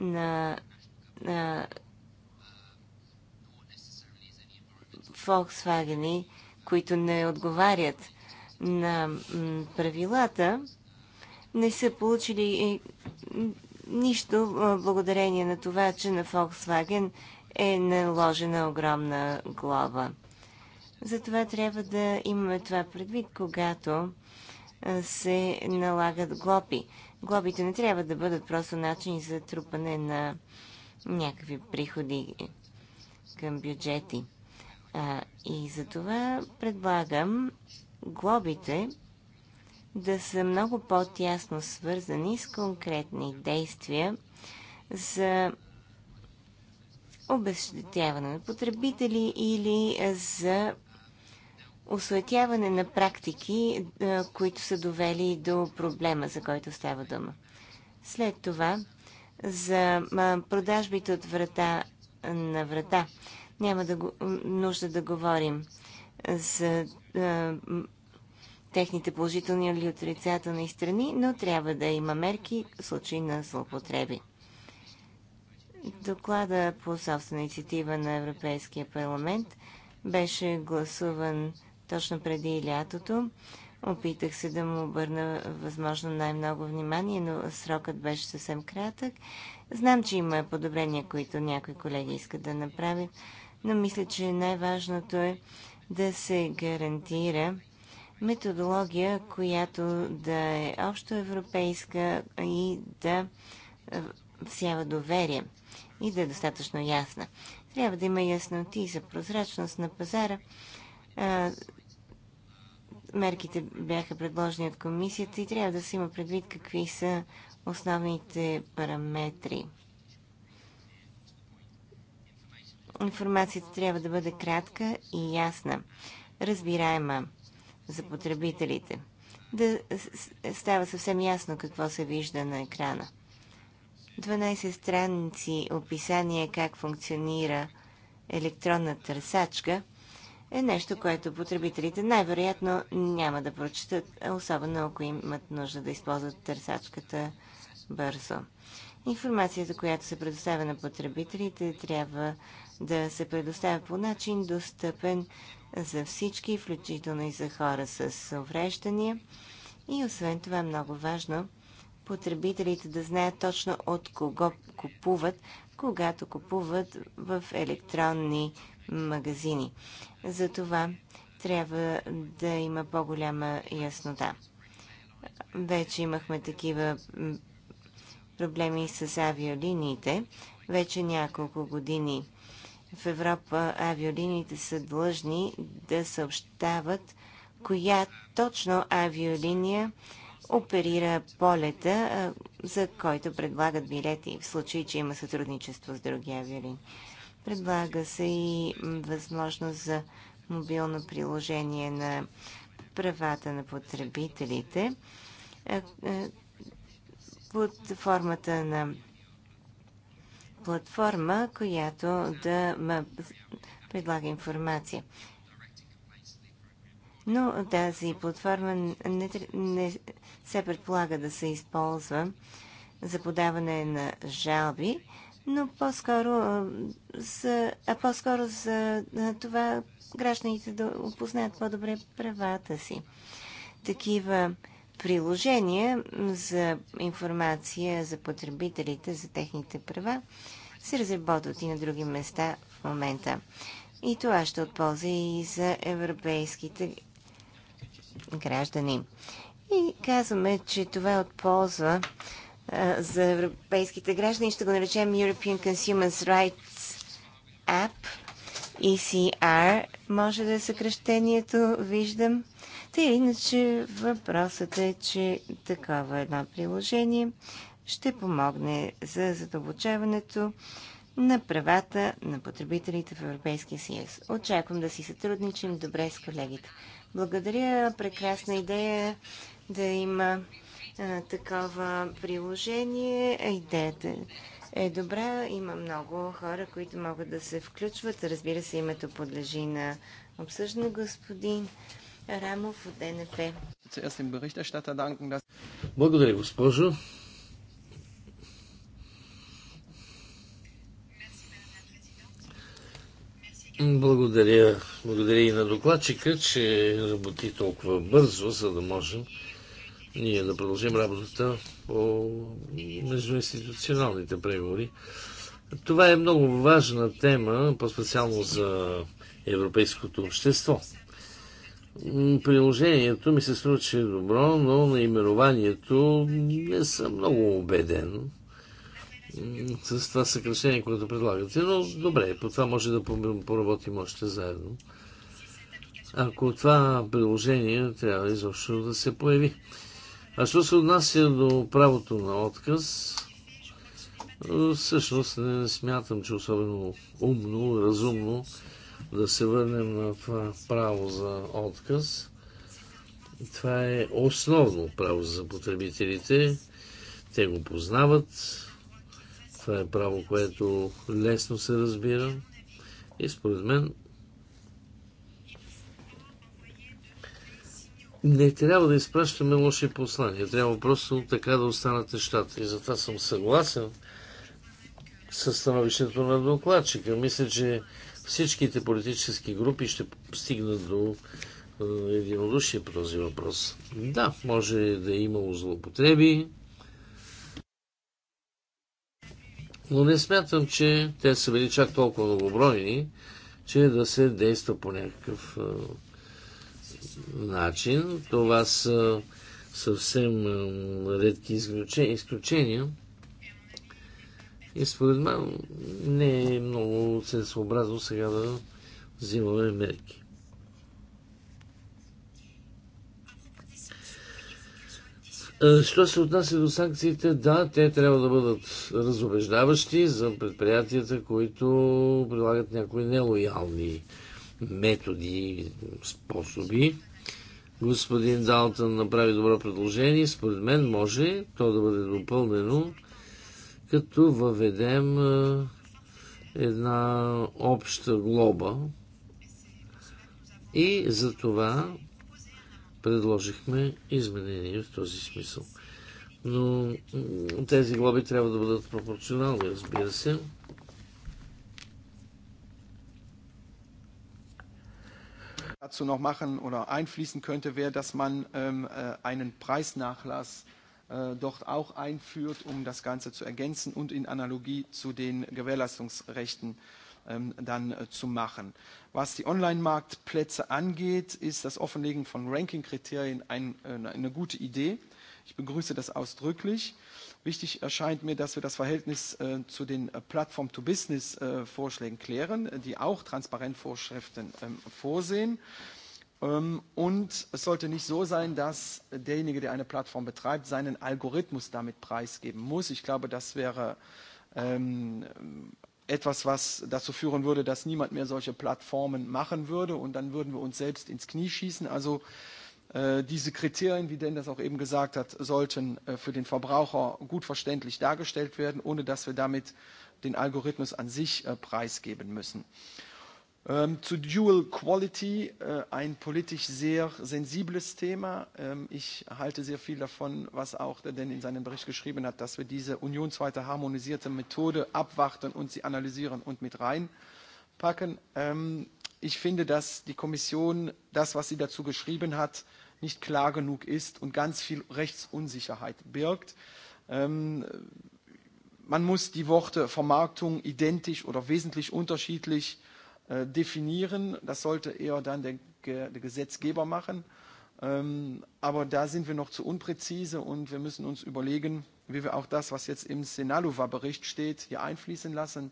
на, на Volkswagen, които не отговарят на правилата, не са получили нищо благодарение на това, че на Volkswagen е наложена огромна глава. Затова трябва да имаме това предвид, когато се налагат глоби. Глобите не трябва да бъдат просто начини за трупане на някакви приходи към бюджети. А, и затова предлагам глобите да са много по-тясно свързани с конкретни действия за обещетяване на потребители или за осветяване на практики, е, които са довели до проблема, за който става дума. След това, за продажбите от врата на врата, няма да го, нужда да говорим за а, техните положителни или отрицателни страни, но трябва да има мерки в случай на злоупотреби. Доклада по собствена инициатива на Европейския парламент беше гласуван точно преди лятото. Опитах се да му обърна възможно най-много внимание, но срокът беше съвсем кратък. Знам, че има подобрения, които някои колеги искат да направят, но мисля, че най-важното е да се гарантира методология, която да е общо европейска и да е, всява доверие и да е достатъчно ясна. Трябва да има ясноти за прозрачност на пазара, мерките бяха предложени от комисията и трябва да се има предвид какви са основните параметри. Информацията трябва да бъде кратка и ясна, разбираема за потребителите. Да става съвсем ясно какво се вижда на екрана. 12 страници описание как функционира електронна търсачка – е нещо, което потребителите най-вероятно няма да прочитат, особено ако имат нужда да използват търсачката бързо. Информацията, която се предоставя на потребителите, трябва да се предоставя по начин достъпен за всички, включително и за хора с увреждания. И освен това е много важно потребителите да знаят точно от кого купуват, когато купуват в електронни магазини. За това трябва да има по-голяма яснота. Вече имахме такива проблеми с авиолиниите. Вече няколко години в Европа авиолиниите са длъжни да съобщават коя точно авиолиния оперира полета, за който предлагат билети в случай, че има сътрудничество с други авиолини. Предлага се и възможност за мобилно приложение на правата на потребителите под формата на платформа, която да предлага информация но тази платформа не, не се предполага да се използва за подаване на жалби, но по-скоро за, а по-скоро за това гражданите да опознаят по-добре правата си. Такива приложения за информация за потребителите, за техните права, се разработват и на други места в момента. И това ще отполза и за европейските граждани. И казваме, че това е от полза за европейските граждани. Ще го наречем European Consumers Rights App. ECR може да е съкръщението, виждам. Та иначе въпросът е, че такова едно приложение ще помогне за задълбочаването на правата на потребителите в Европейския съюз. Очаквам да си сътрудничим добре с колегите. Благодаря. Прекрасна идея да има а, такова приложение. Идеята е добра. Има много хора, които могат да се включват. Разбира се, името подлежи на обсъждане, господин Рамов от ДНП.
Благодаря, госпожо.
Благодаря. Благодаря и на докладчика, че работи толкова бързо, за да можем ние да продължим работата по междуинституционалните преговори. Това е много важна тема, по-специално за европейското общество. Приложението ми се струва, че е добро, но наименованието не съм много убеден с това съкръщение, което предлагате. Но добре, по това може да поработим още заедно. Ако това приложение трябва изобщо да се появи. А що се отнася до правото на отказ, е, всъщност не смятам, че е особено умно, разумно да се върнем на това право за отказ. Това е основно право за потребителите. Те го познават, това е право, което лесно се разбира и според мен не трябва да изпращаме лоши послания. Трябва просто така да останат нещата. И затова съм съгласен с становището на докладчика. Мисля, че всичките политически групи ще стигнат до е, единодушие по този въпрос. Да, може да е имало злоупотреби, но не смятам, че те са били чак толкова многобройни, че да се действа по някакъв начин. Това са съвсем редки изключения, изключения. И според мен не е много целесообразно сега да взимаме мерки. Е, що се отнася до санкциите, да, те трябва да бъдат разобеждаващи за предприятията, които прилагат някои нелоялни методи и способи. Господин Далтън направи добро предложение. Според мен може то да бъде допълнено, като въведем е, една обща глоба. И за това предложихме изменения в този смисъл. Но тези глоби трябва да бъдат пропорционални, разбира се.
dazu noch machen oder einfließen könnte, wäre, dass man ähm, äh, einen Preisnachlass äh, dort auch einführt, um das Ganze zu ergänzen und in Analogie zu den Gewährleistungsrechten ähm, dann äh, zu machen. Was die Online-Marktplätze angeht, ist das Offenlegen von Ranking-Kriterien ein, eine gute Idee. Ich begrüße das ausdrücklich. Wichtig erscheint mir, dass wir das Verhältnis äh, zu den äh, Plattform-to-Business-Vorschlägen äh, klären, die auch Transparenzvorschriften ähm, vorsehen. Ähm, und es sollte nicht so sein, dass derjenige, der eine Plattform betreibt, seinen Algorithmus damit preisgeben muss. Ich glaube, das wäre ähm, etwas, was dazu führen würde, dass niemand mehr solche Plattformen machen würde und dann würden wir uns selbst ins Knie schießen. Also diese Kriterien, wie Dennis das auch eben gesagt hat, sollten für den Verbraucher gut verständlich dargestellt werden, ohne dass wir damit den Algorithmus an sich preisgeben müssen. Äh, zu Dual Quality, ein politisch sehr sensibles Thema. ich halte sehr viel davon, was auch der denn in seinem Bericht geschrieben hat, dass wir diese unionsweite harmonisierte Methode abwarten und sie analysieren und mit reinpacken. ich finde, dass die Kommission das, was sie dazu geschrieben hat, nicht klar genug ist und ganz viel Rechtsunsicherheit birgt man muss die Worte Vermarktung identisch oder wesentlich unterschiedlich definieren. Das sollte eher dann der, der Gesetzgeber machen. Aber da sind wir noch zu unpräzise und wir müssen uns überlegen, wie wir auch das, was jetzt im Senalova-Bericht steht, hier einfließen lassen,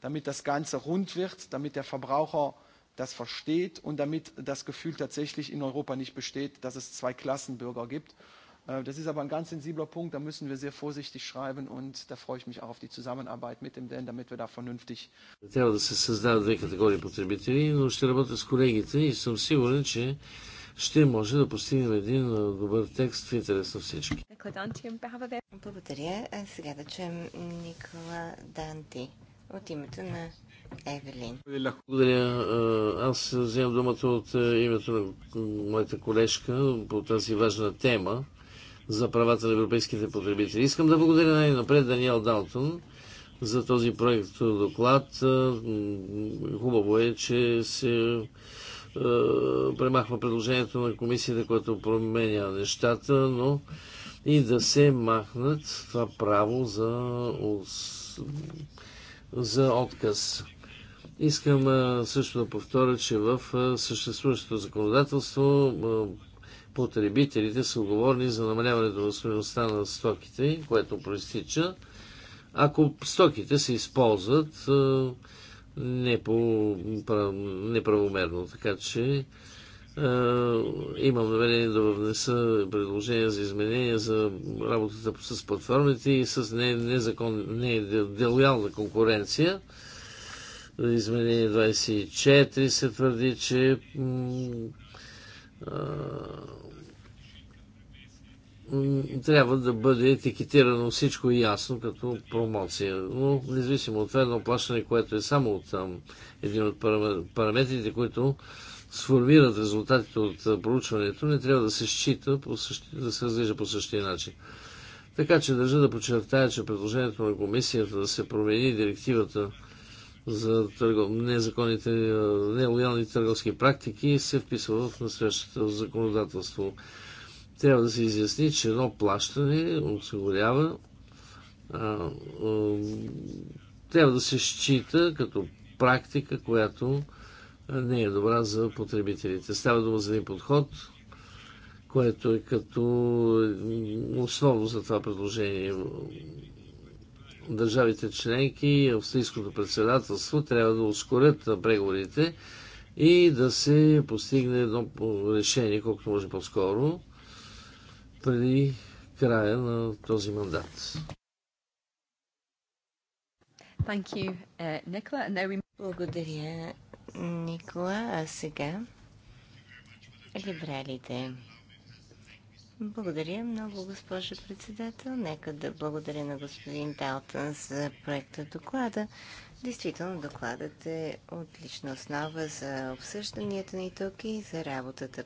damit das Ganze rund wird, damit der Verbraucher das versteht und damit das Gefühl tatsächlich in Europa nicht besteht, dass es zwei Klassenbürger gibt Äh, das ist aber ein ganz sensibler Punkt, da müssen wir sehr vorsichtig schreiben und da freue ich mich auch auf die Zusammenarbeit mit dem DEN, damit wir da vernünftig.
ще може да постигнем един добър текст в интерес на всички.
Благодаря. сега да чуем Никола Данти от името на Евелин.
Благодаря. Аз вземам думата от името на моята колежка по тази важна тема за правата на европейските потребители. Искам да благодаря най-напред Даниел Далтон за този проект доклад. Хубаво е, че се е, премахва предложението на комисията, което променя нещата, но и да се махнат това право за, за отказ. Искам е, също да повторя, че в е, съществуващото законодателство потребителите са отговорни за намаляването на стоеността на стоките, което проистича, ако стоките се използват не по, неправомерно. Така че имам намерение да внеса предложения за изменения за работата с платформите и с нелоялна не, не конкуренция. Изменение 24 се твърди, че трябва да бъде етикетирано всичко ясно като промоция. Но независимо от това, едно плащане, което е само от там, един от параметрите, които сформират резултатите от проучването, не трябва да се счита, по същи, да се разглежда по същия начин. Така че държа да подчертая, че предложението на комисията да се промени директивата за търгов... незаконните, нелоялни търговски практики се вписва в настоящото законодателство трябва да се изясни, че едно плащане осигурява а, а, трябва да се счита като практика, която не е добра за потребителите. Става дума за един подход, което е като основно за това предложение. Държавите членки и австрийското председателство трябва да ускорят преговорите и да се постигне едно решение, колкото може по-скоро преди края на този мандат.
Uh,
благодаря, Никола. А сега либералите. Благодаря много, госпожа председател. Нека да благодаря на господин Далтън за проекта доклада. Действително, докладът е отлична основа за обсъжданията ни тук и за работата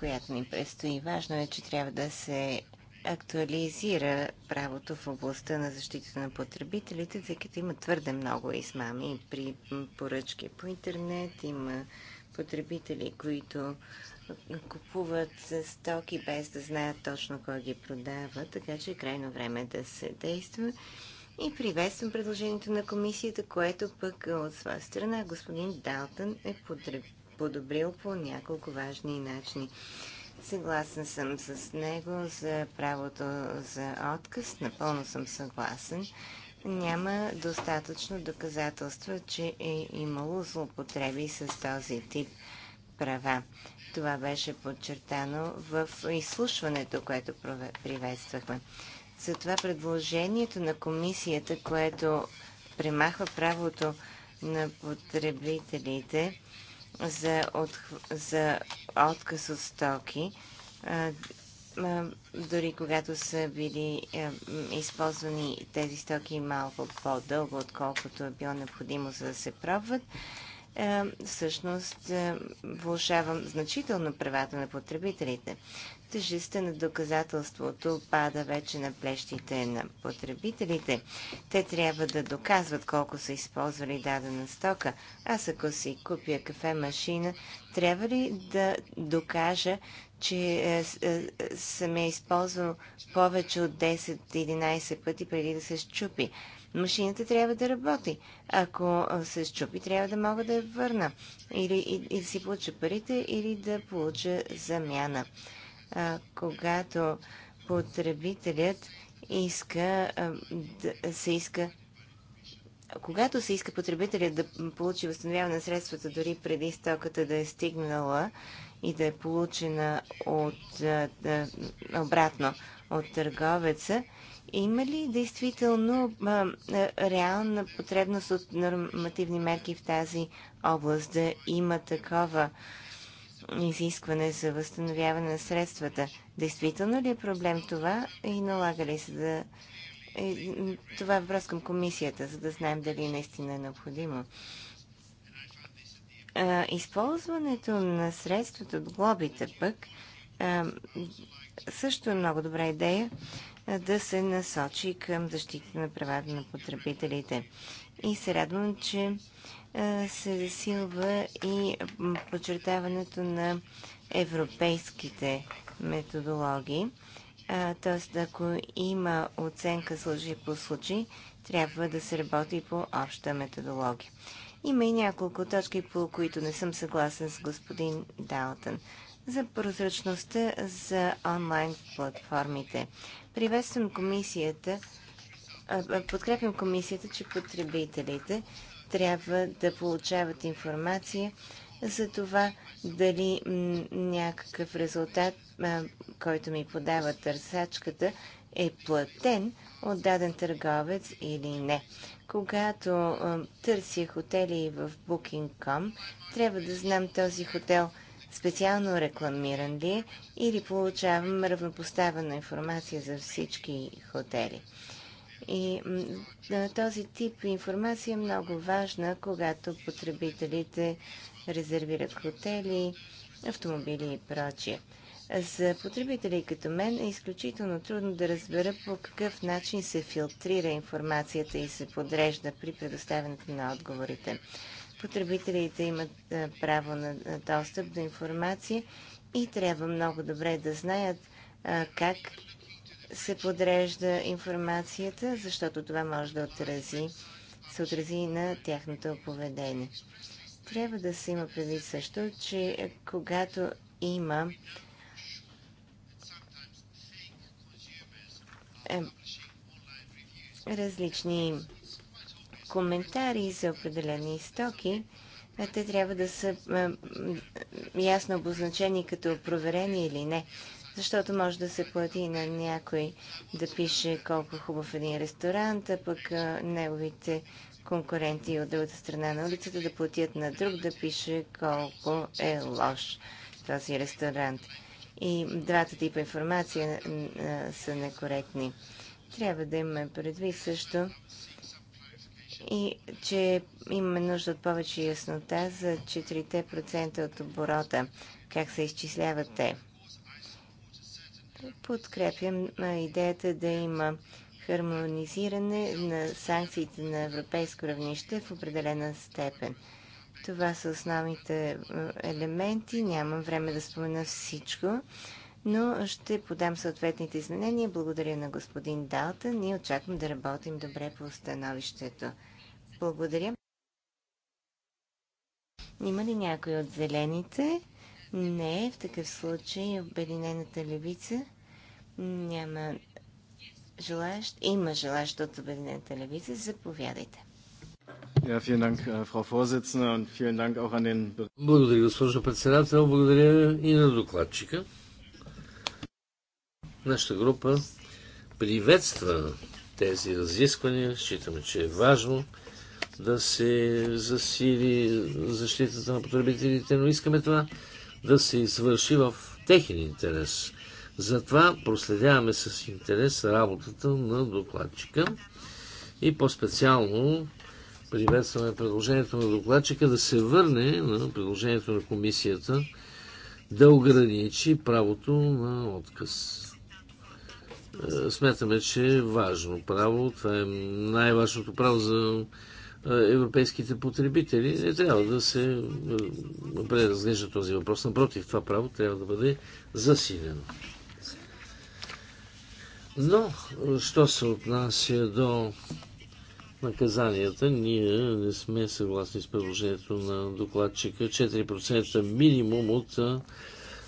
която ни предстои. Важно е, че трябва да се актуализира правото в областта на защита на потребителите, тъй като има твърде много измами при поръчки по интернет, има потребители, които купуват стоки без да знаят точно кой ги продава, така че е крайно време да се действа. И приветствам предложението на комисията, което пък е от своя страна господин Далтън е подреб подобрил по няколко важни начини. Съгласен съм с него за правото за отказ. Напълно съм съгласен. Няма достатъчно доказателства, че е имало злоупотреби с този тип права. Това беше подчертано в изслушването, което приветствахме. Затова предложението на комисията, което премахва правото на потребителите за, от, за отказ от стоки, а, а, дори когато са били а, използвани тези стоки малко по-дълго, отколкото е било необходимо за да се пробват, всъщност влушавам значително правата на потребителите тежестта на доказателството пада вече на плещите на потребителите. Те трябва да доказват колко са използвали дадена стока. Аз ако си купя кафе машина, трябва ли да докажа, че е, е съм я използвал повече от 10-11 пъти преди да се щупи? Машината трябва да работи. Ако е, се щупи, трябва да мога да я върна. Или, да си получа парите, или да получа замяна когато потребителят иска да се иска когато се иска потребителят да получи възстановяване на средствата дори преди стоката да е стигнала и да е получена от, да, обратно от търговеца, има ли действително а, реална потребност от нормативни мерки в тази област да има такова изискване за възстановяване на средствата. Действително ли е проблем това и налага ли се да... Това е въпрос към комисията, за да знаем дали наистина е необходимо. използването на средствата от глобите пък също е много добра идея да се насочи към защита на правата на потребителите. И се радвам, че се засилва и подчертаването на европейските методологии. Тоест, ако има оценка служи по случай, трябва да се работи по обща методология. Има и няколко точки, по които не съм съгласен с господин Далтън. За прозрачността за онлайн платформите. Приветствам комисията, подкрепям комисията, че потребителите трябва да получават информация за това дали някакъв резултат, който ми подава търсачката, е платен от даден търговец или не. Когато търся хотели в Booking.com, трябва да знам този хотел специално рекламиран ли е или получавам равнопоставена информация за всички хотели. И този тип информация е много важна, когато потребителите резервират хотели, автомобили и прочие. За потребители като мен е изключително трудно да разбера по какъв начин се филтрира информацията и се подрежда при предоставянето на отговорите. Потребителите имат право на достъп до информация и трябва много добре да знаят как се подрежда информацията, защото това може да отрази, се отрази и на тяхното поведение. Трябва да се има предвид също, че когато има е, различни коментари за определени стоки, те трябва да са е, ясно обозначени като проверени или не защото може да се плати на някой да пише колко хубав е един ресторант, а пък неговите конкуренти от другата страна на улицата да платят на друг да пише колко е лош този ресторант. И двата типа информация а, са некоректни. Трябва да имаме предвид също и че имаме нужда от повече яснота за 4% от оборота, как се изчисляват те. Подкрепям идеята да има хармонизиране на санкциите на европейско равнище в определена степен. Това са основните елементи. Нямам време да спомена всичко, но ще подам съответните изменения. Благодаря на господин Далта. Ние очаквам да работим добре по становището. Благодаря. Има ли някой от зелените? Не, в такъв случай Обединената левица няма желаящ. Има желаящ от Обединената левица. Заповядайте.
Äh,
Благодаря, госпожо председател. Благодаря и на докладчика. Нашата група приветства тези разисквания. Считаме, че е важно да се засили защитата на потребителите, но искаме това да се извърши в техен интерес. Затова проследяваме с интерес работата на докладчика и по-специално приветстваме предложението на докладчика да се върне на предложението на комисията да ограничи правото на отказ. Е, смятаме, че е важно право. Това е най-важното право за европейските потребители. Не трябва да се преразглежда този въпрос. Напротив, това право трябва да бъде засилено. Но, що се отнася до наказанията, ние не сме съгласни с предложението на докладчика 4% минимум от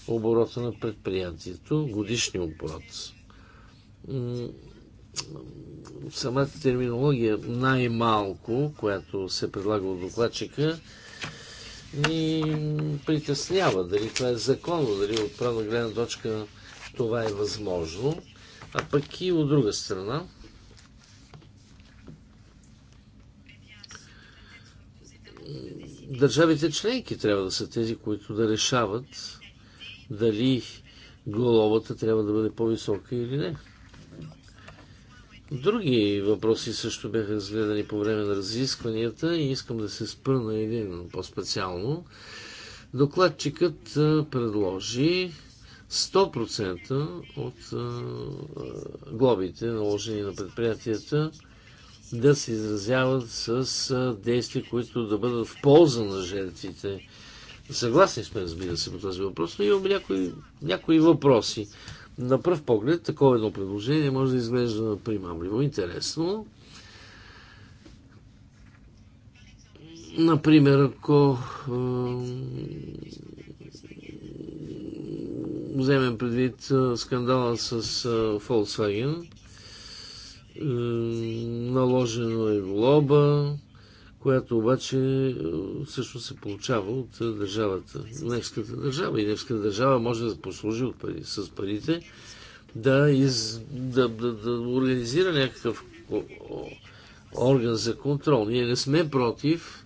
оборота на предприятието, годишния оборот самата терминология най-малко, която се предлага от докладчика, ни притеснява. Дали това е законно, дали от правна гледна точка това е възможно. А пък и от друга страна, държавите членки трябва да са тези, които да решават дали головата трябва да бъде по-висока или не. Други въпроси също бяха разгледани по време на разискванията и искам да се спърна един по-специално. Докладчикът предложи 100% от глобите, наложени на предприятията, да се изразяват с действия, които да бъдат в полза на жертвите. Съгласни сме, разбира се, по този въпрос, но имам някои, някои въпроси. На пръв поглед, такова едно предложение може да изглежда примамливо, интересно. Например, ако вземем предвид скандала с Volkswagen, наложено е лоба, която обаче е, също се получава от е, държавата. Невската държава. И Невската държава може да послужи пари, с парите да, из, да, да, да организира някакъв орган за контрол. Ние не сме против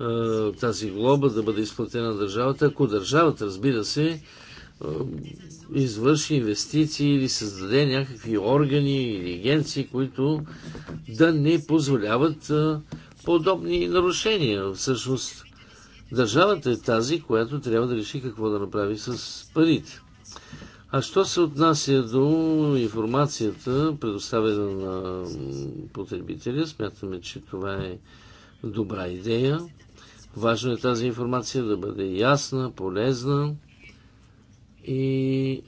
е, тази глоба да бъде изплатена на държавата, ако държавата, разбира се, извърши инвестиции или създаде някакви органи или агенции, които да не позволяват подобни нарушения. Всъщност, държавата е тази, която трябва да реши какво да направи с парите. А що се отнася до информацията, предоставена на потребителя, смятаме, че това е добра идея. Важно е тази информация да бъде ясна, полезна и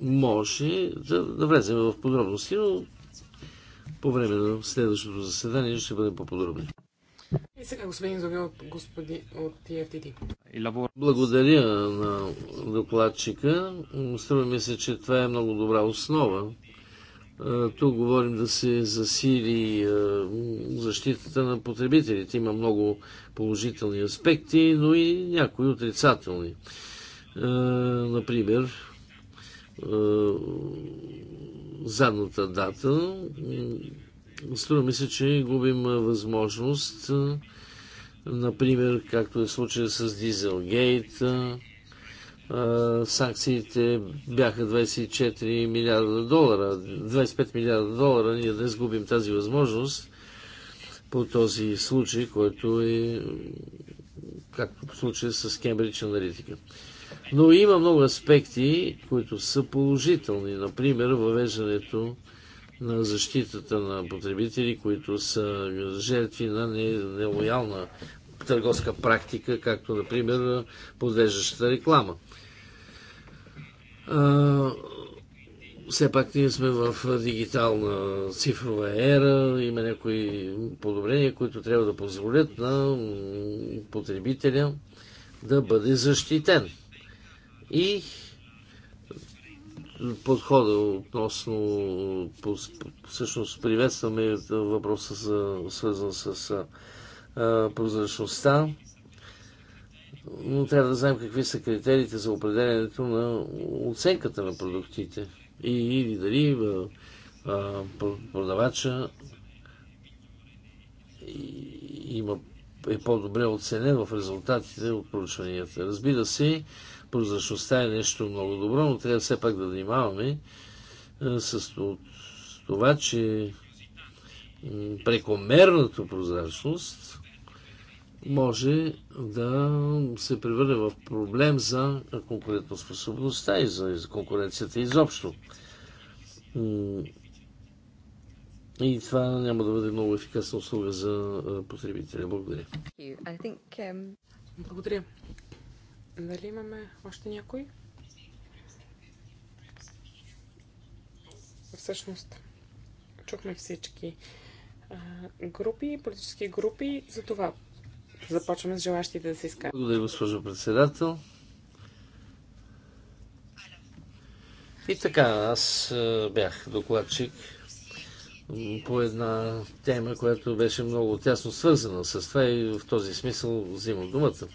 може да, да влезем в подробности, но по време на следващото заседание ще бъдем по-подробни. И сега
господин Зовил от, господи, от TFTD.
Благодаря на докладчика. Струва ми се, че това е много добра основа. Тук говорим да се засили защитата на потребителите. Има много положителни аспекти, но и някои отрицателни. Например, задната дата Струва ми се, че губим възможност, например, както е случая с Дизелгейт, санкциите бяха 24 милиарда долара, 25 милиарда долара, ние днес губим тази възможност по този случай, който е както в случая с Кембридж аналитика. Но има много аспекти, които са положителни. Например, въвеждането на защитата на потребители, които са жертви на нелоялна търговска практика, както, например, подвеждащата реклама. Все пак ние сме в дигитална цифрова ера, има някои подобрения, които трябва да позволят на потребителя да бъде защитен. И подхода относно... Всъщност приветстваме въпроса, за, свързан с а, прозрачността, но трябва да знаем какви са критериите за определенето на оценката на продуктите. И, или дали а, продавача има, е по-добре оценен в резултатите от проучванията. Разбира се, Прозрачността е нещо много добро, но трябва все пак да внимаваме е, с това, че прекомерната прозрачност може да се превърне в проблем за конкурентоспособността и за конкуренцията изобщо. И това няма да бъде много ефикасна услуга за е, потребителя. Благодаря.
Um, Благодаря. Дали имаме още някой? Всъщност, чухме всички групи, политически групи, за това започваме с желащите да се изкажат.
Благодаря, госпожо председател. И така, аз бях докладчик по една тема, която беше много тясно свързана с това и в този смисъл взимам думата.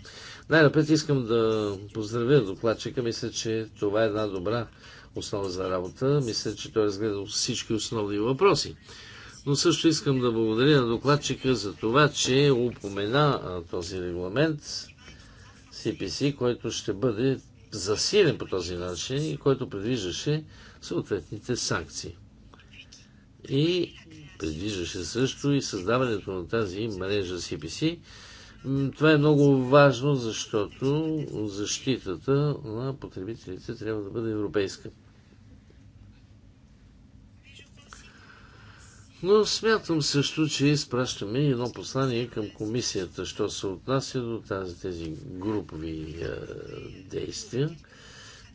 Най-напред искам да поздравя докладчика. Мисля, че това е една добра основа за работа. Мисля, че той е разгледал всички основни въпроси. Но също искам да благодаря на докладчика за това, че упомена този регламент CPC, който ще бъде засилен по този начин и който предвиждаше съответните санкции. И предвиждаше също и създаването на тази мрежа CPC, това е много важно, защото защитата на потребителите трябва да бъде европейска. Но смятам също, че изпращаме едно послание към комисията, що се отнася до тази, тези групови е, действия.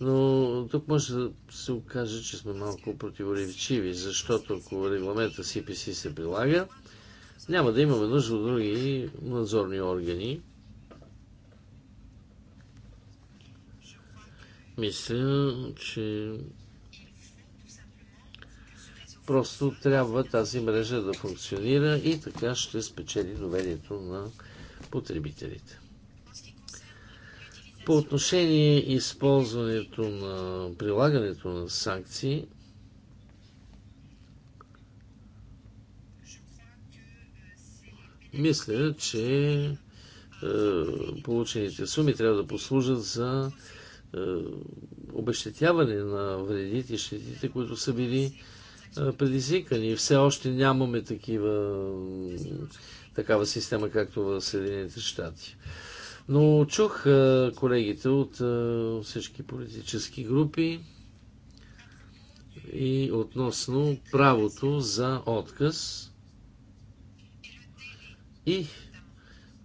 Но тук може да се окаже, че сме малко противоречиви, защото ако регламента CPC се прилага, няма да имаме нужда от други надзорни органи. Мисля, че просто трябва тази мрежа да функционира и така ще спечели доверието на потребителите. По отношение използването на прилагането на санкции, Мисля, че е, получените суми трябва да послужат за е, обещетяване на вредите и щетите, които са били е, предизвикани. Все още нямаме такива, такава система, както в Съединените щати. Но чух колегите от всички политически групи и относно правото за отказ и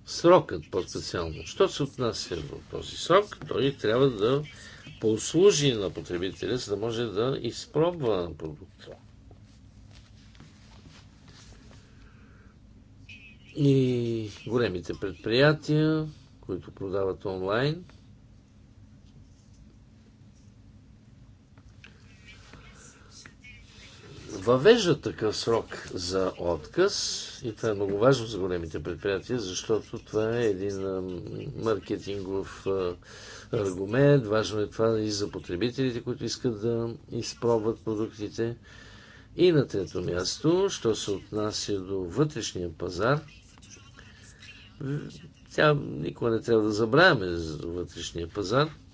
срокът по-специално. Що се отнася до този срок, той трябва да послужи на потребителя, за да може да изпробва продукта. И големите предприятия, които продават онлайн – въвежда такъв срок за отказ и това е много важно за големите предприятия, защото това е един маркетингов аргумент. Важно е това и за потребителите, които искат да изпробват продуктите. И на трето място, що се отнася до вътрешния пазар, тя никога не трябва да забравяме за вътрешния пазар –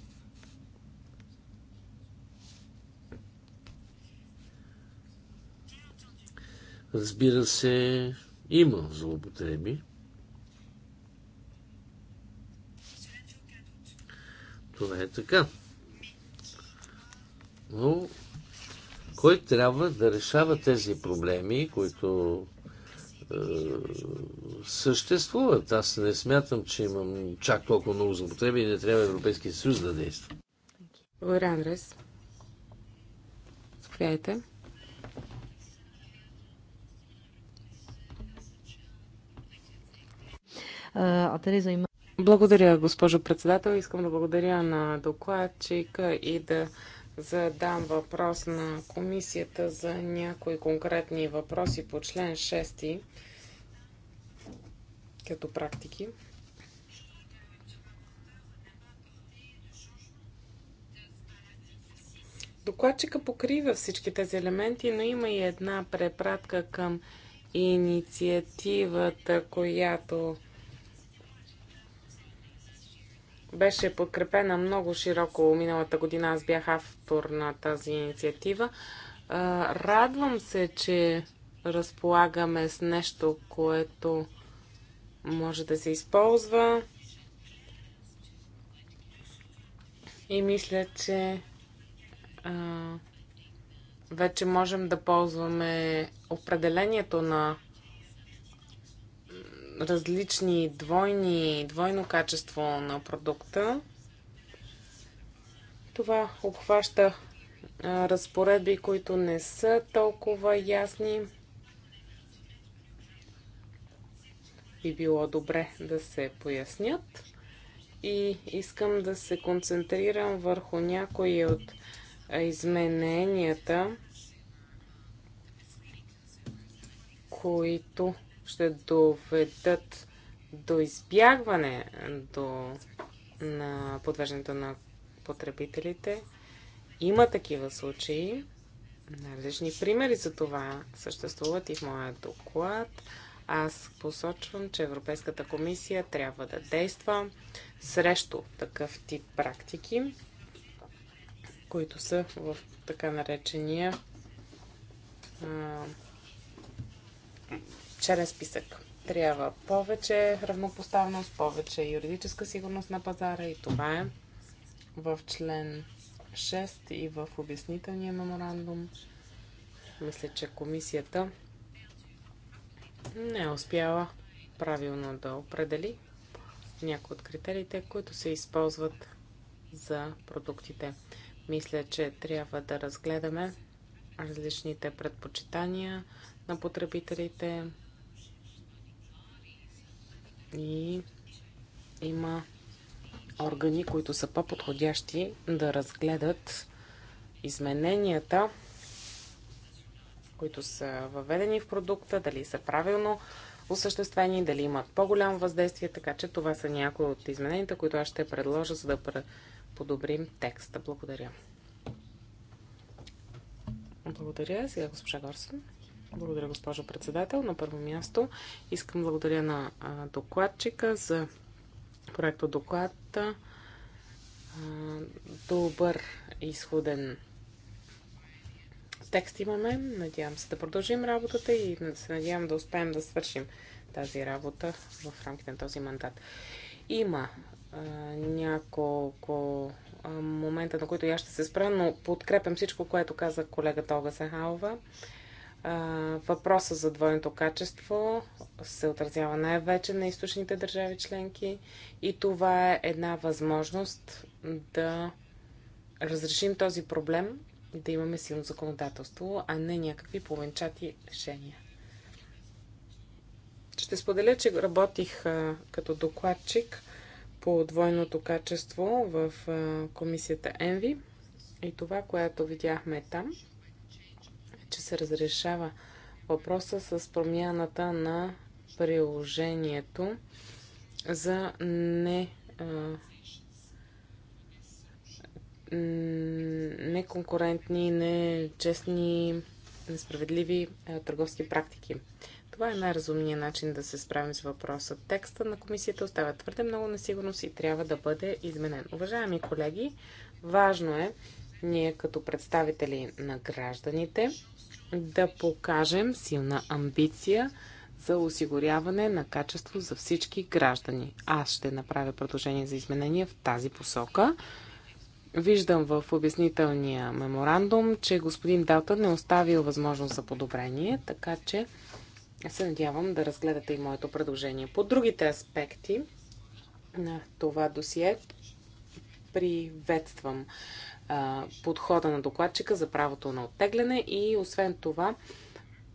Разбира се, има злоупотреби. Това е така. Но кой трябва да решава тези проблеми, които е, съществуват? Аз не смятам, че имам чак толкова много злоупотреби и не трябва Европейския съюз да действа.
Лоран Рес. Заповядайте. А Тереза Благодаря, госпожо председател. Искам да благодаря на докладчика и да задам въпрос на комисията за някои конкретни въпроси по член 6 като практики. Докладчика покрива всички тези елементи, но има и една препратка към инициативата, която беше подкрепена много широко миналата година. Аз бях автор на тази инициатива. Радвам се, че разполагаме с нещо, което може да се използва. И мисля, че а, вече можем да ползваме определението на различни двойни, двойно качество на продукта. Това обхваща разпоредби, които не са толкова ясни. Би било добре да се пояснят. И искам да се концентрирам върху някои от измененията, които ще доведат до избягване до, на подвеждането на потребителите. Има такива случаи. Различни примери за това съществуват и в моя доклад. Аз посочвам, че Европейската комисия трябва да действа срещу такъв тип практики, които са в така наречения черен списък. Трябва повече равнопоставеност, повече юридическа сигурност на пазара и това е в член 6 и в обяснителния меморандум. Мисля, че комисията не е успяла правилно да определи някои от критериите, които се използват за продуктите. Мисля, че трябва да разгледаме различните предпочитания на потребителите, и има органи, които са по-подходящи да разгледат измененията, които са въведени в продукта, дали са правилно осъществени, дали имат по-голямо въздействие, така че това са някои от измененията, които аз ще предложа, за да подобрим текста. Благодаря. Благодаря. Сега госпожа Горсен. Благодаря, госпожо председател. На първо място искам благодаря на докладчика за проекто доклада. Добър изходен текст имаме. Надявам се да продължим работата и да се надявам да успеем да свършим тази работа в рамките на този мандат. Има а, няколко а, момента, на които я ще се спра, но подкрепям всичко, което каза колегата Олга Сахалова. А, Въпросът за двойното качество се отразява най-вече на източните държави членки и това е една възможност да разрешим този проблем, да имаме силно законодателство, а не някакви повенчати решения. Ще споделя, че работих а, като докладчик по двойното качество в а, комисията Енви и това, което видяхме там – че се разрешава въпроса с промяната на приложението за не неконкурентни, нечестни, несправедливи търговски практики. Това е най-разумният начин да се справим с въпроса. Текста на комисията остава твърде много несигурност и трябва да бъде изменен. Уважаеми колеги, важно е ние като представители на гражданите да покажем силна амбиция за осигуряване на качество за всички граждани. Аз ще направя предложение за изменение в тази посока. Виждам в обяснителния меморандум, че господин Далтън не оставил възможност за подобрение, така че се надявам да разгледате и моето предложение. По другите аспекти на това досие приветствам подхода на докладчика за правото на оттегляне и освен това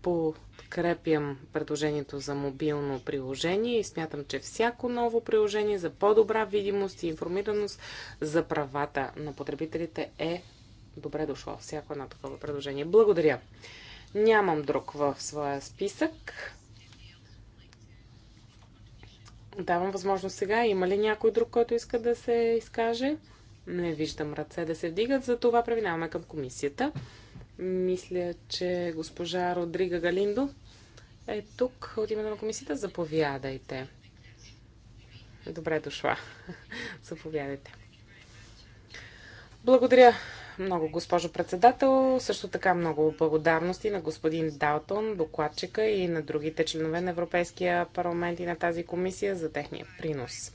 подкрепям предложението за мобилно приложение и смятам, че всяко ново приложение за по-добра видимост и информираност за правата на потребителите е добре дошло. Всяко едно такова предложение. Благодаря. Нямам друг в своя списък. Давам възможност сега. Има ли някой друг, който иска да се изкаже? Не виждам ръце да се вдигат, за това преминаваме към комисията. Мисля, че госпожа Родрига Галиндо е тук от името на комисията. Заповядайте. Добре дошла. [laughs] Заповядайте. Благодаря много, госпожо председател. Също така много благодарности на господин Далтон, докладчика и на другите членове на Европейския парламент и на тази комисия за техния принос.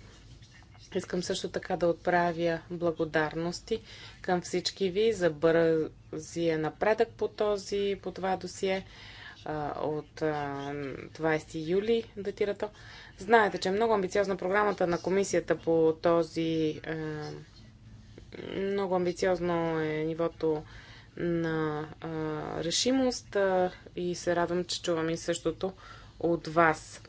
Искам също така да отправя благодарности към всички ви за бързия напредък по този, по това досие от 20 юли датира то. Знаете, че е много амбициозна програмата на комисията по този много амбициозно е нивото на решимост и се радвам, че чувам и същото от вас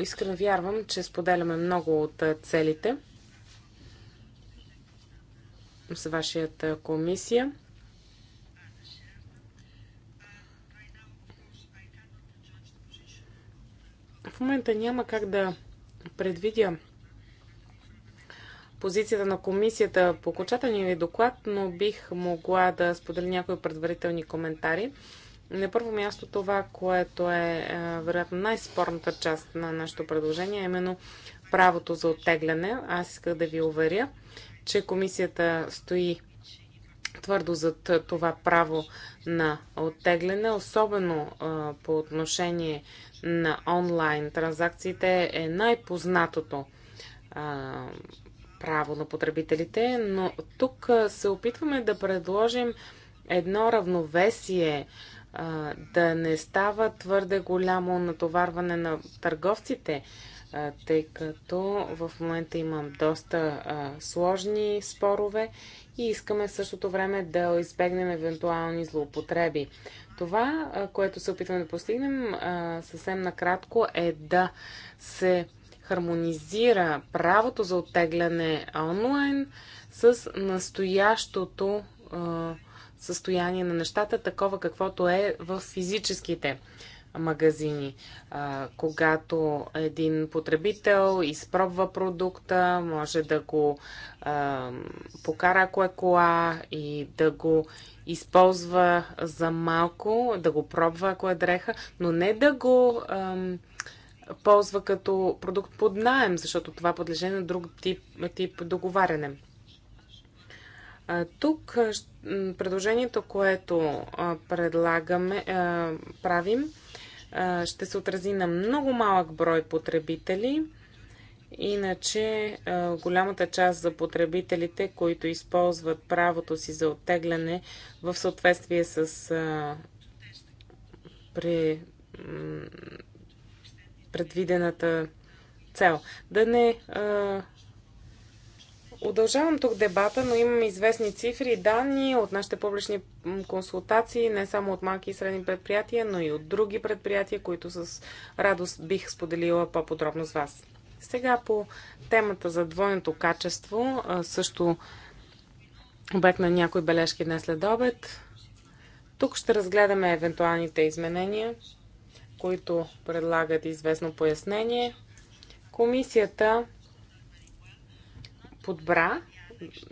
искрено вярвам, че споделяме много от целите с вашата комисия. В момента няма как да предвидя позицията на комисията по окончателния ви доклад, но бих могла да споделя някои предварителни коментари. На първо място това, което е, е вероятно най-спорната част на нашето предложение, е именно правото за оттегляне. Аз исках да ви уверя, че комисията стои твърдо зад това право на оттегляне, особено по отношение на онлайн транзакциите е най-познатото право на потребителите, но тук се опитваме да предложим едно равновесие да не става твърде голямо натоварване на търговците, тъй като в момента имам доста сложни спорове и искаме в същото време да избегнем евентуални злоупотреби. Това, което се опитваме да постигнем съвсем накратко е да се хармонизира правото за оттегляне онлайн с настоящото а, състояние на нещата, такова каквото е в физическите магазини. А, когато един потребител изпробва продукта, може да го а, покара ако е кола и да го използва за малко, да го пробва ако е дреха, но не да го а, ползва като продукт под найем, защото това подлежи на друг тип, тип договаряне. Тук предложението, което предлагаме, правим, ще се отрази на много малък брой потребители. Иначе голямата част за потребителите, които използват правото си за оттегляне в съответствие с предвидената цел. Да не Удължавам тук дебата, но имам известни цифри и данни от нашите публични консултации, не само от малки и средни предприятия, но и от други предприятия, които с радост бих споделила по-подробно с вас. Сега по темата за двойното качество, също обект на някои бележки днес след обед. Тук ще разгледаме евентуалните изменения, които предлагат известно пояснение. Комисията подбра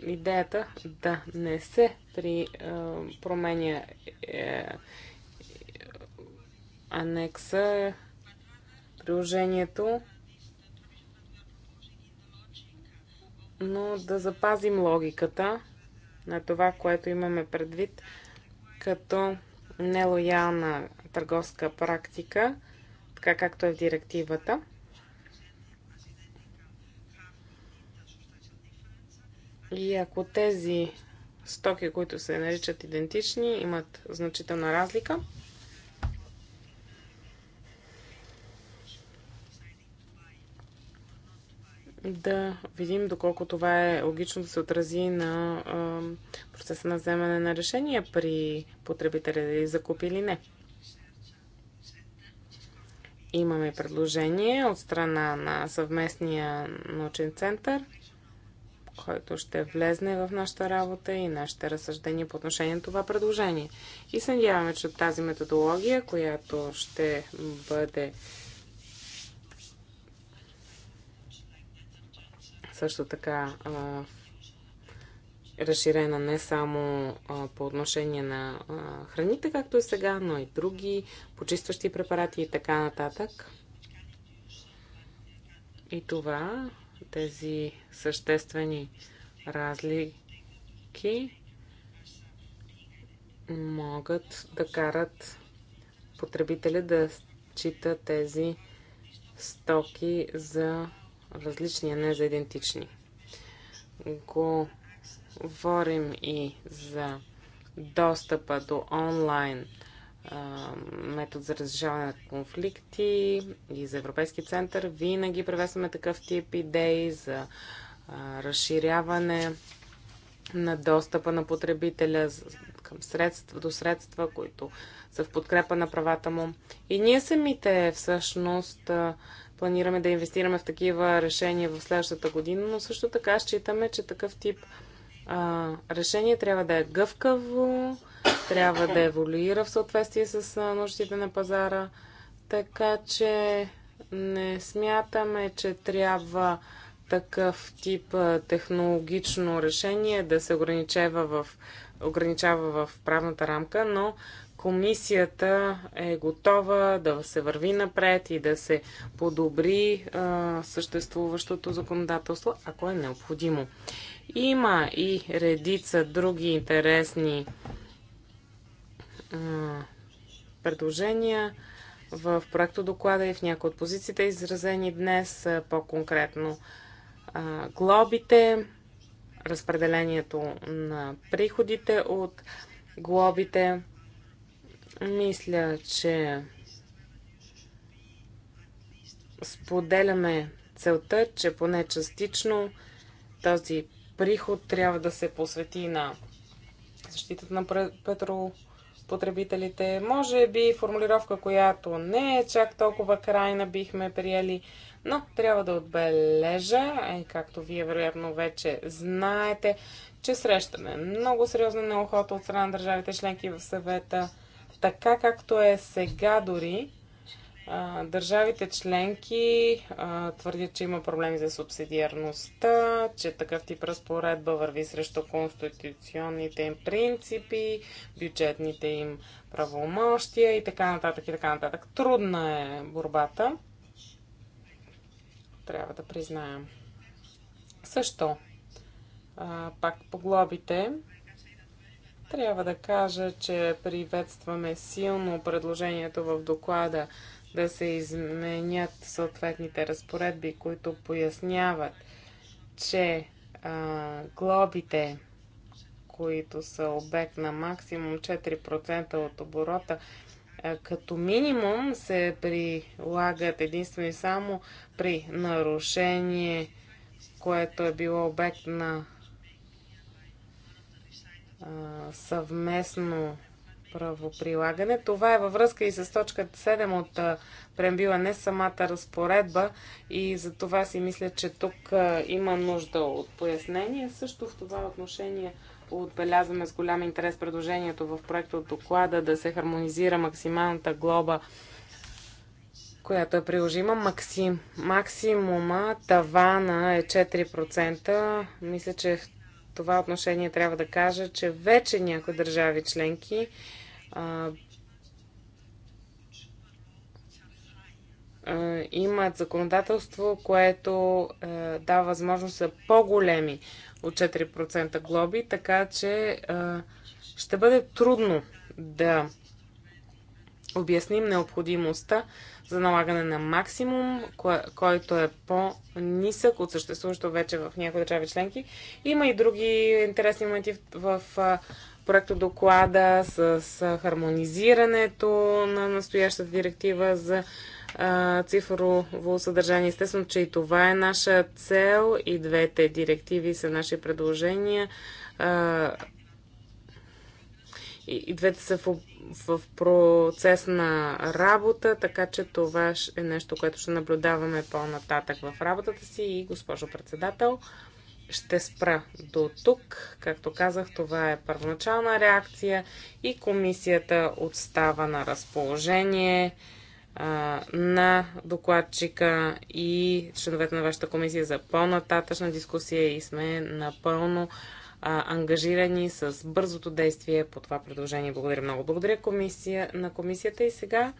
идеята да не се при, а, променя е, анекса, приложението, но да запазим логиката на това, което имаме предвид като нелоялна търговска практика, така както е в директивата. И ако тези стоки, които се наричат идентични, имат значителна разлика, да видим доколко това е логично да се отрази на процеса на вземане на решения при потребителя да дали е закупи или не. Имаме предложение от страна на съвместния научен център – който ще влезне в нашата работа и нашите разсъждения по отношение на това предложение. И се надяваме, че тази методология, която ще бъде също така разширена не само по отношение на храните, както е сега, но и други почистващи препарати и така нататък. И това тези съществени разлики могат да карат потребители да счита тези стоки за различни, а не за идентични. Говорим и за достъпа до онлайн метод за разрешаване на конфликти и за Европейски център. Винаги превесваме такъв тип идеи за разширяване на достъпа на потребителя към средства, до средства, които са в подкрепа на правата му. И ние самите всъщност планираме да инвестираме в такива решения в следващата година, но също така считаме, че такъв тип а, решение трябва да е гъвкаво, трябва да еволюира в съответствие с нуждите на пазара, така че не смятаме, че трябва такъв тип технологично решение да се ограничава в, ограничава в правната рамка, но комисията е готова да се върви напред и да се подобри а, съществуващото законодателство, ако е необходимо. Има и редица други интересни а, предложения в проекто доклада и в някои от позициите, изразени днес по-конкретно глобите, разпределението на приходите от глобите, мисля, че споделяме целта, че поне частично този приход трябва да се посвети на защитата на потребителите. Може би формулировка, която не е чак толкова крайна, бихме приели, но трябва да отбележа, е, както вие вероятно вече знаете, че срещаме много сериозна неохота от страна на държавите членки в съвета така както е сега дори, държавите членки твърдят, че има проблеми за субсидиарността, че такъв тип разпоредба върви срещу конституционните им принципи, бюджетните им правомощия и така нататък и така нататък. Трудна е борбата. Трябва да признаем. Също, пак по глобите, трябва да кажа, че приветстваме силно предложението в доклада да се изменят съответните разпоредби, които поясняват, че а, глобите, които са обект на максимум 4% от оборота, а, като минимум се прилагат единствено и само при нарушение, което е било обект на съвместно правоприлагане. Това е във връзка и с точка 7 от преамбила, не самата разпоредба и за това си мисля, че тук има нужда от пояснение. Също в това отношение отбелязваме с голям интерес предложението в проекта от доклада да се хармонизира максималната глоба която е приложима. Максим, максимума тавана е 4%. Мисля, че това отношение трябва да кажа, че вече някои държави членки а, а, имат законодателство, което а, дава възможност за по-големи от 4% глоби, така че а, ще бъде трудно да обясним необходимостта за налагане на максимум, кое, който е по-нисък от съществуващо вече в някои държави членки. Има и други интересни моменти в, проекта проекто доклада с, с хармонизирането на настоящата директива за цифрово съдържание. Естествено, че и това е наша цел и двете директиви са наши предложения. А, и, и двете са в в процес на работа, така че това е нещо, което ще наблюдаваме по-нататък в работата си и госпожо председател. Ще спра до тук. Както казах, това е първоначална реакция и комисията отстава на разположение а, на докладчика и членовете на вашата комисия за по-нататъчна дискусия и сме напълно а, ангажирани с бързото действие по това предложение. Благодаря много. Благодаря комисия, на комисията и сега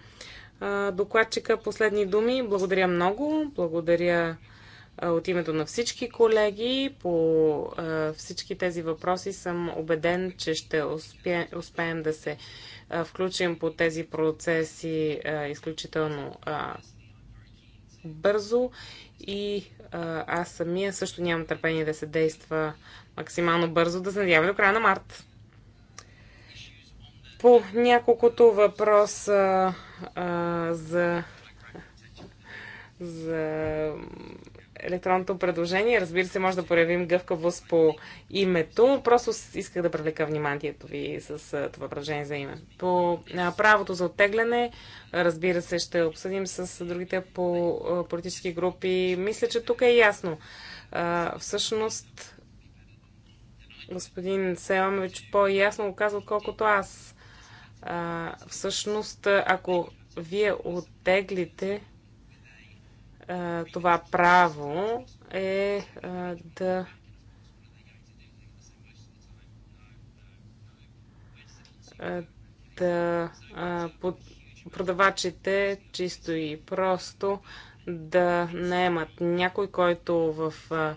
а, докладчика последни думи. Благодаря много. Благодаря от името на всички колеги. По всички тези въпроси съм убеден, че ще успе, успеем да се включим по тези процеси изключително бързо и аз самия също нямам търпение да се действа максимално бързо, да се надяваме до края на март. По няколкото въпроса а, за, за електронното предложение. Разбира се, може да проявим гъвкавост по името. Просто исках да привлека вниманието ви с това предложение за име. По правото за оттегляне, разбира се, ще обсъдим с другите по политически групи. Мисля, че тук е ясно. Всъщност, господин Селамович по-ясно го казва колкото аз. А, всъщност, ако вие оттеглите а, това право, е а, да. да а, под, продавачите чисто и просто да наемат някой, който в. А,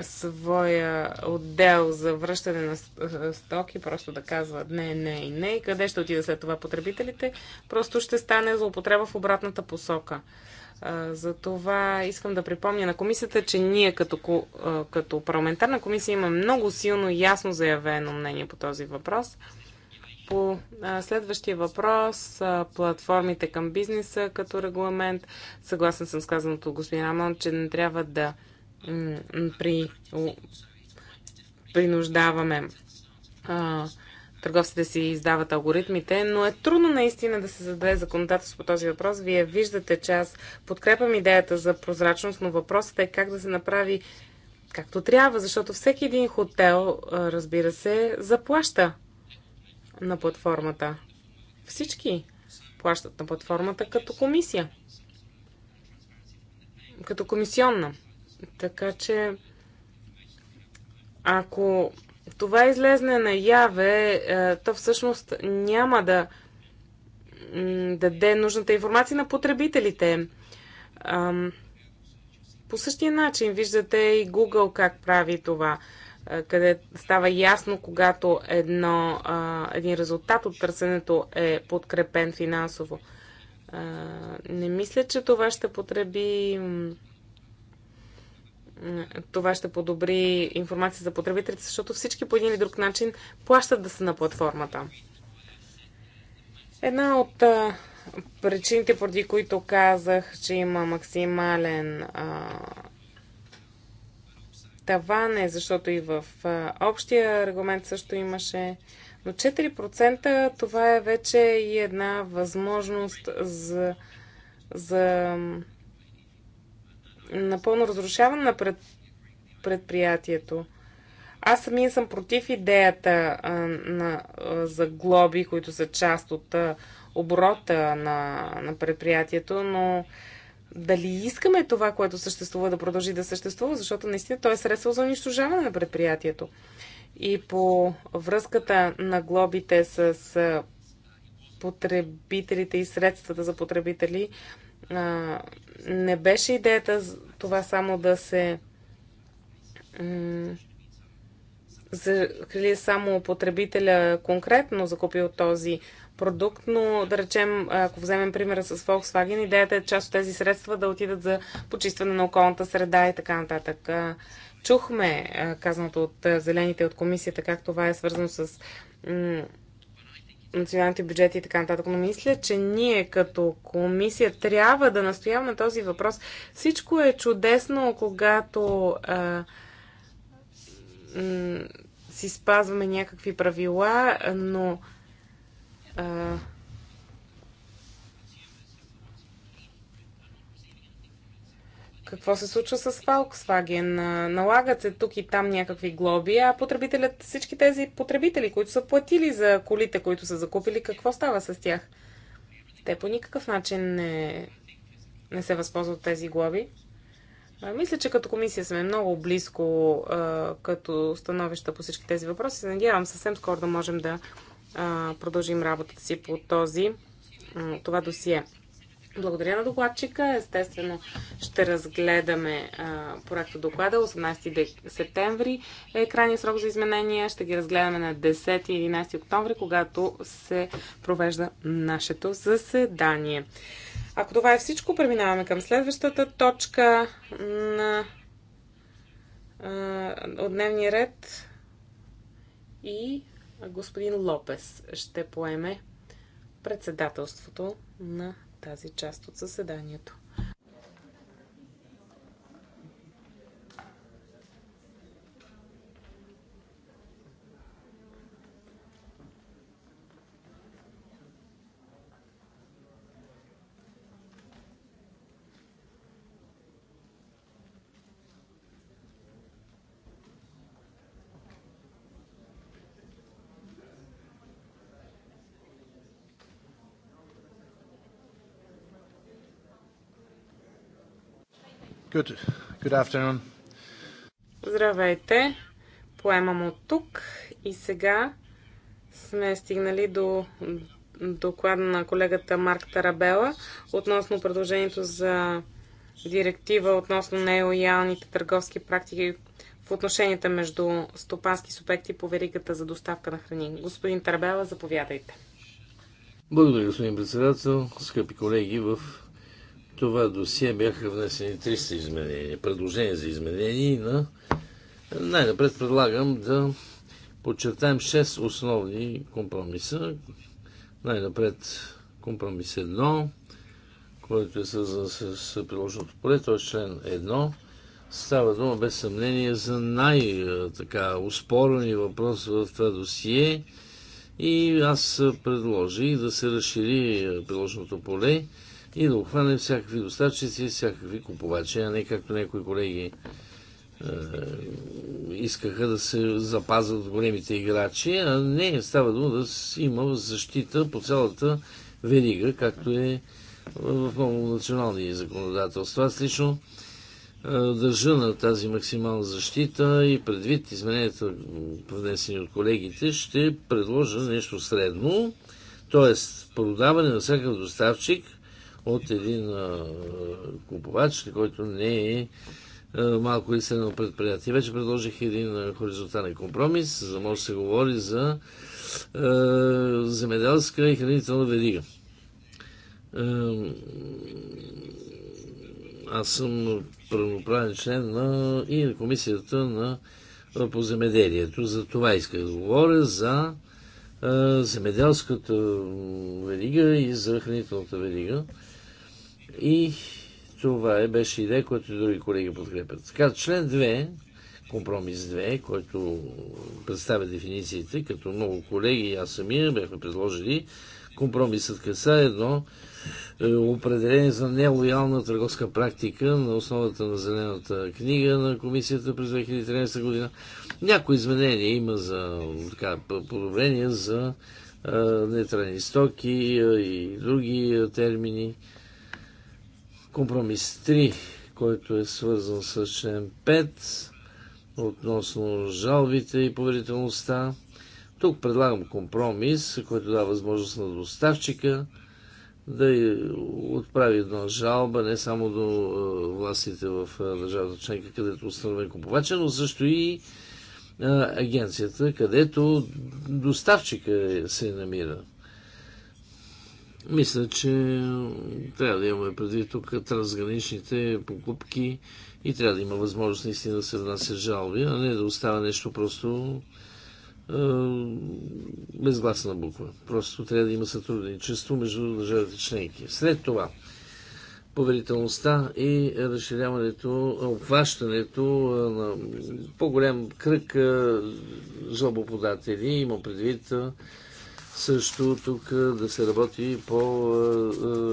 своя отдел за връщане на стоки, просто да казва не, не и не, и къде ще отида след това потребителите, просто ще стане злоупотреба в обратната посока. За това искам да припомня на комисията, че ние като, като парламентарна комисия имаме много силно и ясно заявено мнение по този въпрос. По следващия въпрос, платформите към бизнеса като регламент, съгласен съм с казаното господин Рамон, че не трябва да при, принуждаваме а, търговците да си издават алгоритмите, но е трудно наистина да се зададе законодателство по този въпрос. Вие виждате, че аз подкрепям идеята за прозрачност, но въпросът е как да се направи както трябва, защото всеки един хотел, разбира се, заплаща на платформата. Всички плащат на платформата като комисия. Като комисионна. Така че, ако това излезне наяве, е, то всъщност няма да даде нужната информация на потребителите. По същия начин виждате и Google как прави това, е, къде става ясно, когато едно, един резултат от търсенето е подкрепен финансово. Не мисля, че това ще потреби това ще подобри информация за потребителите, защото всички по един или друг начин плащат да са на платформата. Една от причините, поради които казах, че има максимален а, таван е, защото и в а, общия регламент също имаше. Но 4% това е вече и една възможност за, за напълно разрушаване на пред, предприятието. Аз самия съм против идеята а, на, а, за глоби, които са част от а, оборота на, на предприятието, но дали искаме това, което съществува, да продължи да съществува, защото наистина то е средство за унищожаване на предприятието. И по връзката на глобите с потребителите и средствата за потребители, а, не беше идеята това само да се закрили само потребителя конкретно закупил този продукт, но да речем, ако вземем примера с Volkswagen, идеята е част от тези средства да отидат за почистване на околната среда и така нататък. Чухме казаното от зелените от комисията, как това е свързано с националните бюджети и така нататък. Но мисля, че ние като комисия трябва да настояваме на този въпрос. Всичко е чудесно, когато а, си спазваме някакви правила, но а, какво се случва с Volkswagen. Налагат се тук и там някакви глоби, а потребителят, всички тези потребители, които са платили за колите, които са закупили, какво става с тях? Те по никакъв начин не, не се възползват тези глоби. Мисля, че като комисия сме много близко като становища по всички тези въпроси. Надявам съвсем скоро да можем да продължим работата си по този, това досие. Благодаря на докладчика. Естествено, ще разгледаме проекта доклада. 18 септември е крайния срок за изменения. Ще ги разгледаме на 10 и 11 октомври, когато се провежда нашето заседание. Ако това е всичко, преминаваме към следващата точка на от дневния ред и господин Лопес ще поеме председателството на тази част от съседанието.
Good. Good afternoon.
Здравейте. Поемам от тук и сега сме стигнали до доклада на колегата Марк Тарабела относно предложението за директива относно нелоялните търговски практики в отношенията между стопански субекти по веригата за доставка на храни. Господин Тарабела, заповядайте.
Благодаря, господин председател. Скъпи колеги, в това досие бяха внесени 300 изменения, предложения за изменения и на... Най-напред предлагам да подчертаем 6 основни компромиса. Най-напред компромис 1, който е свързан с, с приложеното поле, т.е. член 1. Става дума без съмнение за най-така успорени въпрос в това досие и аз предложих да се разшири приложеното поле и да обхванем всякакви доставчици, всякакви купувачи, а не както някои колеги е, искаха да се запазват големите играчи, а не става дума да има защита по цялата верига, както е в много национални законодателства. Аз лично е, държа на тази максимална защита и предвид измененията, внесени от колегите, ще предложа нещо средно, т.е. продаване на всякакъв доставчик – от един купувач, който не е малко и средно предприятие. Вече предложих един хоризонтален компромис, за да може да се говори за земеделска и хранителна верига. аз съм правноправен член на, и на комисията на, по земеделието. За това исках да говоря, за е, земеделската верига и за хранителната верига. И това е, беше идея, която и други колеги подкрепят. Така, член 2, компромис 2, който представя дефинициите, като много колеги и аз самия бяхме предложили, компромисът каса едно е, определение за нелоялна търговска практика на основата на зелената книга на комисията през 2013 година. Някои изменения има за така, подобрения за нетрани стоки и други термини. Компромис 3, който е свързан с член 5 относно жалбите и поверителността. Тук предлагам компромис, който дава възможност на доставчика да отправи една жалба не само до е, властите в е, държавата членка, където е установен купувача, но също и агенцията, където доставчика се намира. Мисля, че трябва да имаме предвид тук трансграничните покупки и трябва да има възможност наистина да се внася жалби, а не да остава нещо просто е, безгласна буква. Просто трябва да има сътрудничество между държавите членки. След това, поверителността и разширяването, обхващането на по-голям кръг жалбоподатели. има предвид също тук да се работи по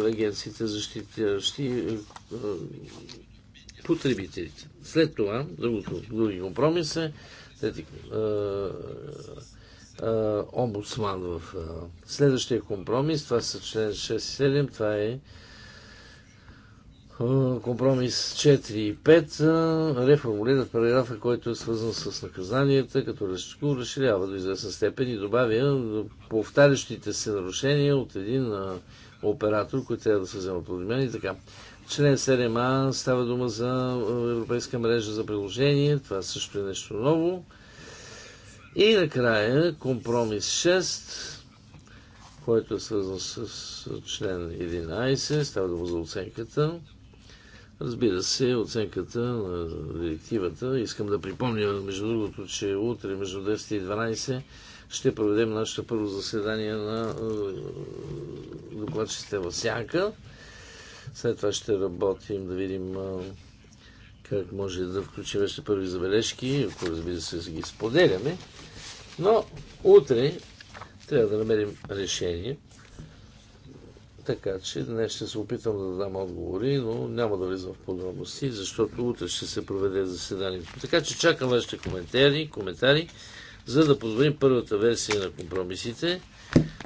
агенциите защитящи потребителите. След това, другото, други компромис е трети, омбудсман в следващия компромис. Това са член 6 и 7. Това е компромис 4 и 5 реформулират параграфа, който е свързан с наказанията, като го разширява до известна степен и добавя повтарящите се нарушения от един оператор, който трябва да се вземат под мен и така. Член 7а става дума за Европейска мрежа за приложение. Това също е нещо ново. И накрая компромис 6 който е свързан с член 11, става дума за оценката. Разбира се, оценката на директивата. Искам да припомня, между другото, че утре между 10 и 12 ще проведем нашето първо заседание на е, докладчите в Сянка. След това ще работим да видим е, как може да включим още първи забележки, ако разбира се ги споделяме. Но утре трябва да намерим решение. Така че днес ще се опитам да дам отговори, но няма да влизам в подробности, защото утре ще се проведе заседанието. Така че чакам вашите коментари, коментари, за да позволим първата версия на компромисите,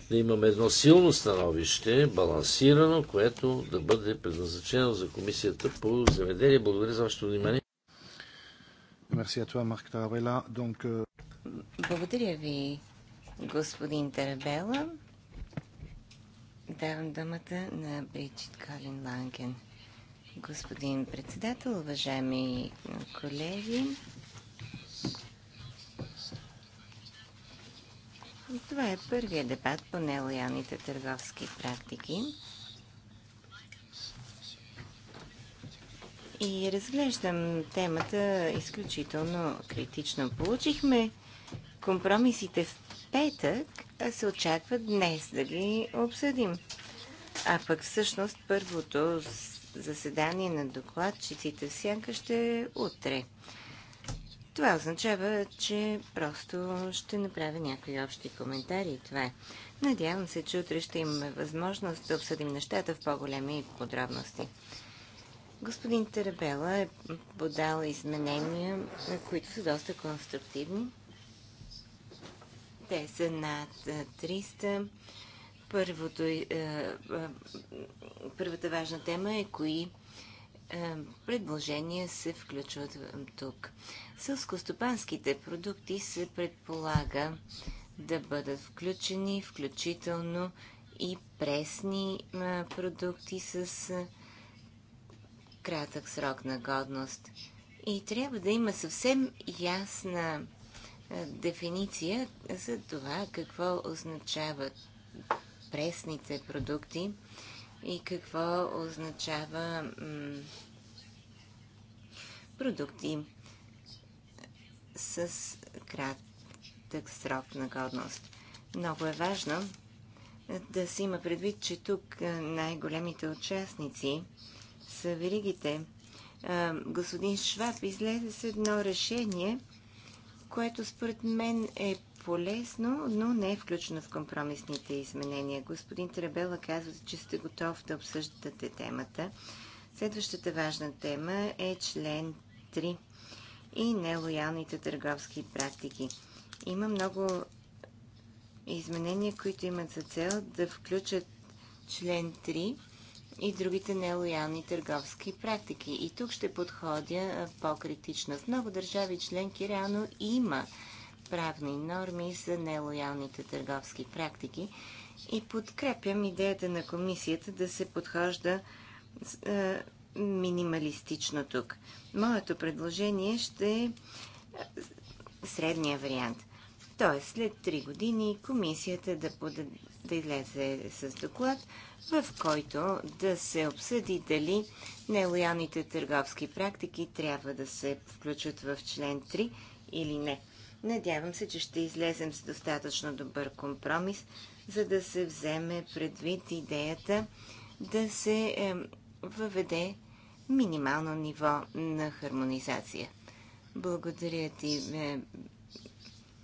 да имаме едно силно становище, балансирано, което да бъде предназначено за комисията по земеделие. Благодаря за вашето внимание. Euh,
Благодаря ви, господин Тарабела. Давам думата на Бриджит Колин Ланген. Господин председател, уважаеми колеги, това е първият дебат по нелоялните търговски практики. И разглеждам темата изключително критично. Получихме компромисите в петък е, се очаква днес да ги обсъдим. А пък всъщност първото заседание на докладчиците Сянка ще е утре. Това означава, че просто ще направя някои общи коментари и това е. Надявам се, че утре ще имаме възможност да обсъдим нещата в по-големи подробности. Господин Тарабела е подал изменения, които са доста конструктивни. Те са над 300. Първото, е, първата важна тема е кои е, предложения се включват тук. Сълскостопанските продукти се предполага да бъдат включени, включително и пресни продукти с кратък срок на годност. И трябва да има съвсем ясна дефиниция за това какво означават пресните продукти и какво означава продукти с кратък срок на годност. Много е важно да се има предвид, че тук най-големите участници са веригите. Господин Шваб излезе с едно решение – което според мен е полезно, но не е включено в компромисните изменения. Господин Требела казва, че сте готов да обсъждате темата. Следващата важна тема е член 3 и нелоялните търговски практики. Има много изменения, които имат за цел да включат член 3 и другите нелоялни търговски практики. И тук ще подходя по-критично. В много държави членки реално има правни норми за нелоялните търговски практики и подкрепям идеята на комисията да се подхожда е, минималистично тук. Моето предложение ще е средния вариант. Тоест, след 3 години комисията да подаде да излезе с доклад, в който да се обсъди дали нелоялните търговски практики трябва да се включат в член 3 или не. Надявам се, че ще излезем с достатъчно добър компромис, за да се вземе предвид идеята да се е, въведе минимално ниво на хармонизация. Благодаря ти, е,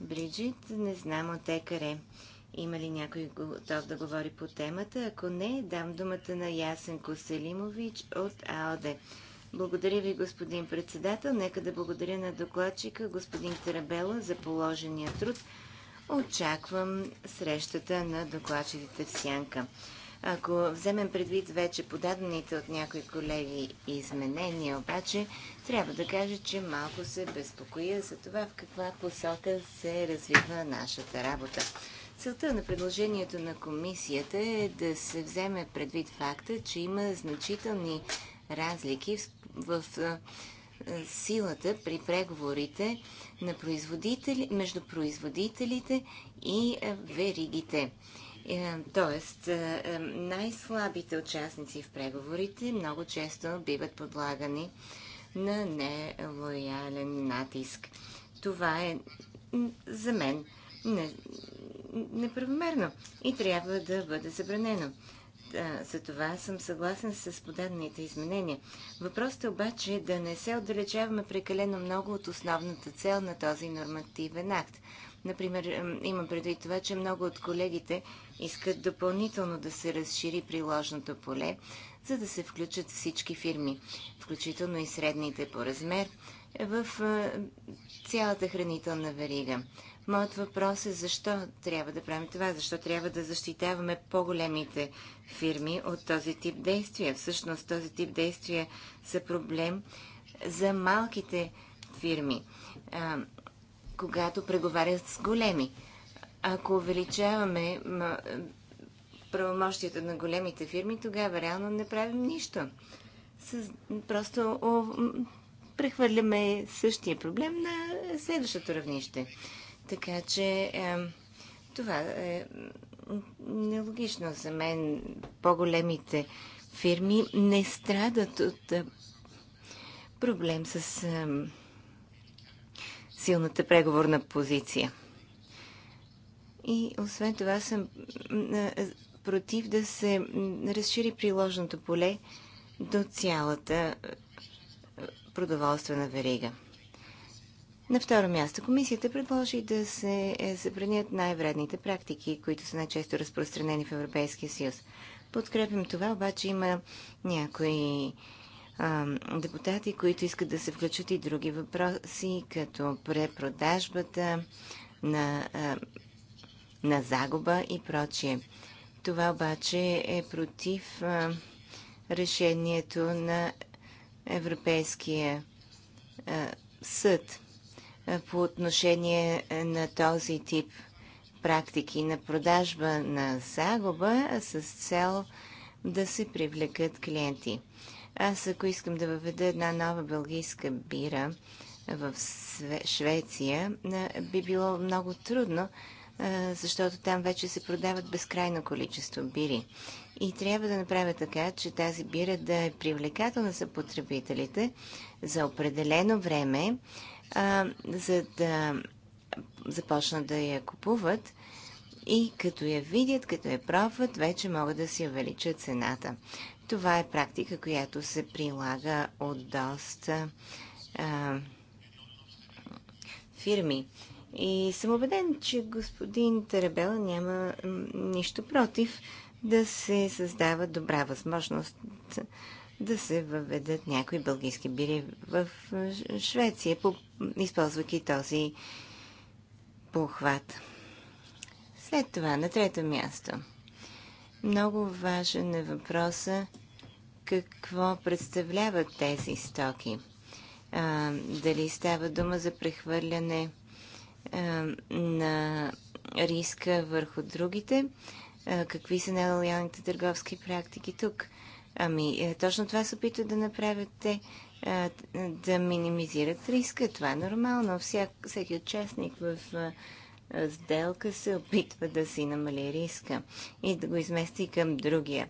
Бриджит. Не знам от екаре има ли някой готов да говори по темата? Ако не, дам думата на Ясен Коселимович от АОД. Благодаря ви, господин председател. Нека да благодаря на докладчика, господин Тарабела, за положения труд. Очаквам срещата на докладчиците в Сянка. Ако вземем предвид вече подадените от някои колеги изменения, обаче, трябва да кажа, че малко се безпокоя за това в каква посока се развива нашата работа. Целта на предложението на комисията е да се вземе предвид факта, че има значителни разлики в, силата при преговорите на производители, между производителите и веригите. Е, тоест, най-слабите участници в преговорите много често биват подлагани на нелоялен натиск. Това е за мен не, неправомерно и трябва да бъде забранено. Да, за това съм съгласен с подадените изменения. Въпросът е обаче да не се отдалечаваме прекалено много от основната цел на този нормативен акт. Например, имам предвид това, че много от колегите искат допълнително да се разшири приложното поле, за да се включат всички фирми, включително и средните по размер, в е, цялата хранителна верига. Моят въпрос е защо трябва да правим това? Защо трябва да защитаваме по-големите фирми от този тип действия? Всъщност този тип действия са проблем за малките фирми, а, когато преговарят с големи. Ако увеличаваме правомощията на големите фирми, тогава реално не правим нищо. С, просто о, прехвърляме същия проблем на следващото равнище. Така че е, това е нелогично за мен. По-големите фирми не страдат от е, проблем с е, силната преговорна позиция. И освен това съм е, против да се разшири приложното поле до цялата е, продоволствена верига. На второ място, комисията предложи да се е, забранят най-вредните практики, които са най-често разпространени в Европейския съюз. Подкрепям това, обаче има някои а, депутати, които искат да се включат и други въпроси, като препродажбата на, а, на загуба и прочие. Това обаче е против а, решението на Европейския съд. Е, по отношение е, на този тип практики на продажба на загуба с цел да се привлекат клиенти. Аз ако искам да въведа една нова бългийска бира в Швеция, е, би било много трудно, защото там вече се продават безкрайно количество бири. И трябва да направя така, че тази бира да е привлекателна за потребителите за определено време, а, за да започнат да я купуват и като я видят, като я пробват, вече могат да си увеличат цената. Това е практика, която се прилага от доста а, фирми. И съм убеден, че господин Тарабела няма нищо против да се създава добра възможност да се въведат някои бългийски бири в Швеция, използвайки този похват. След това, на трето място. Много важен е въпроса какво представляват тези стоки. А, дали става дума за прехвърляне а, на риска върху другите? А, какви са нелоялните търговски практики тук? Ами, е, точно това се опитват да направят те, да минимизират риска. Това е нормално. Всяк, всеки участник в сделка се опитва да си намали риска и да го измести към другия.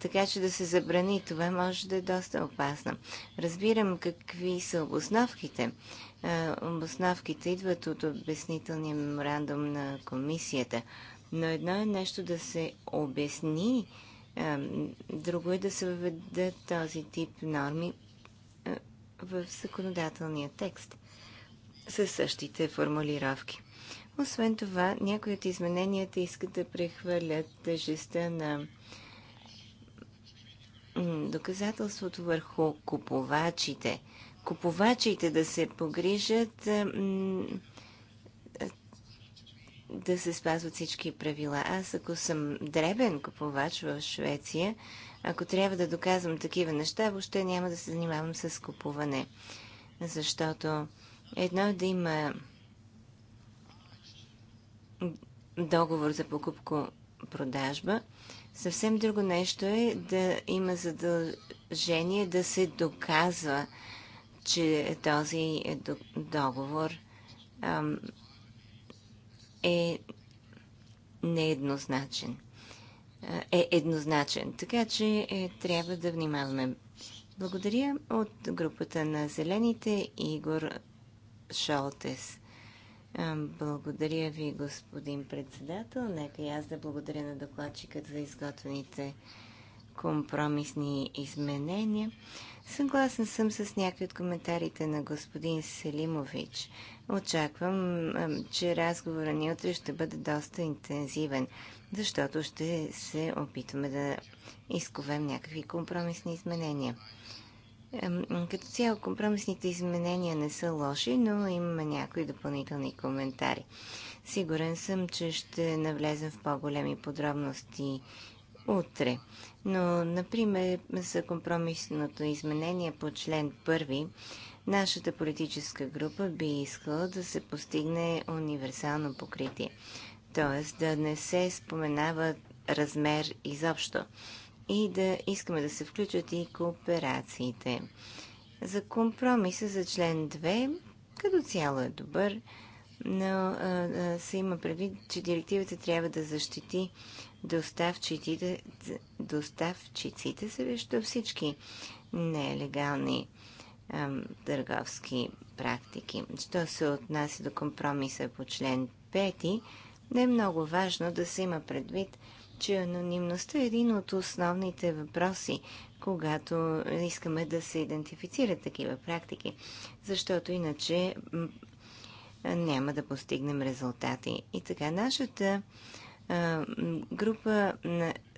Така че да се забрани това може да е доста опасно. Разбирам какви са обосновките. Обосновките идват от обяснителния меморандум на комисията. Но едно е нещо да се обясни Друго е да се въведат този тип норми в законодателния текст със същите формулировки. Освен това, някои от измененията искат да прехвърлят тежестта на доказателството върху купувачите. Купувачите да се погрижат да се спазват всички правила. Аз, ако съм дребен купувач в Швеция, ако трябва да доказвам такива неща, въобще няма да се занимавам с купуване. Защото едно е да има договор за покупко-продажба, съвсем друго нещо е да има задължение да се доказва, че този е договор е нееднозначен. Е, е еднозначен. Така че е, трябва да внимаваме. Благодаря от групата на зелените Игор Шолтес. Благодаря ви, господин председател. Нека и аз да благодаря на докладчикът за изготвените компромисни изменения. Съгласен съм с някои от коментарите на господин Селимович. Очаквам, че разговора ни утре ще бъде доста интензивен, защото ще се опитваме да изковем някакви компромисни изменения. Като цяло компромисните изменения не са лоши, но имаме някои допълнителни коментари. Сигурен съм, че ще навлезем в по-големи подробности утре. Но, например, за компромисното изменение по член 1 Нашата политическа група би искала да се постигне универсално покритие, т.е. да не се споменава размер изобщо и да искаме да се включат и кооперациите. За компромиса за член 2 като цяло е добър, но а, а, се има предвид, че директивата трябва да защити доставчиците, доставчиците срещу всички нелегални търговски практики. Що се отнася до компромиса по член 5, не е много важно да се има предвид, че анонимността е един от основните въпроси, когато искаме да се идентифицират такива практики, защото иначе няма да постигнем резултати. И така, нашата група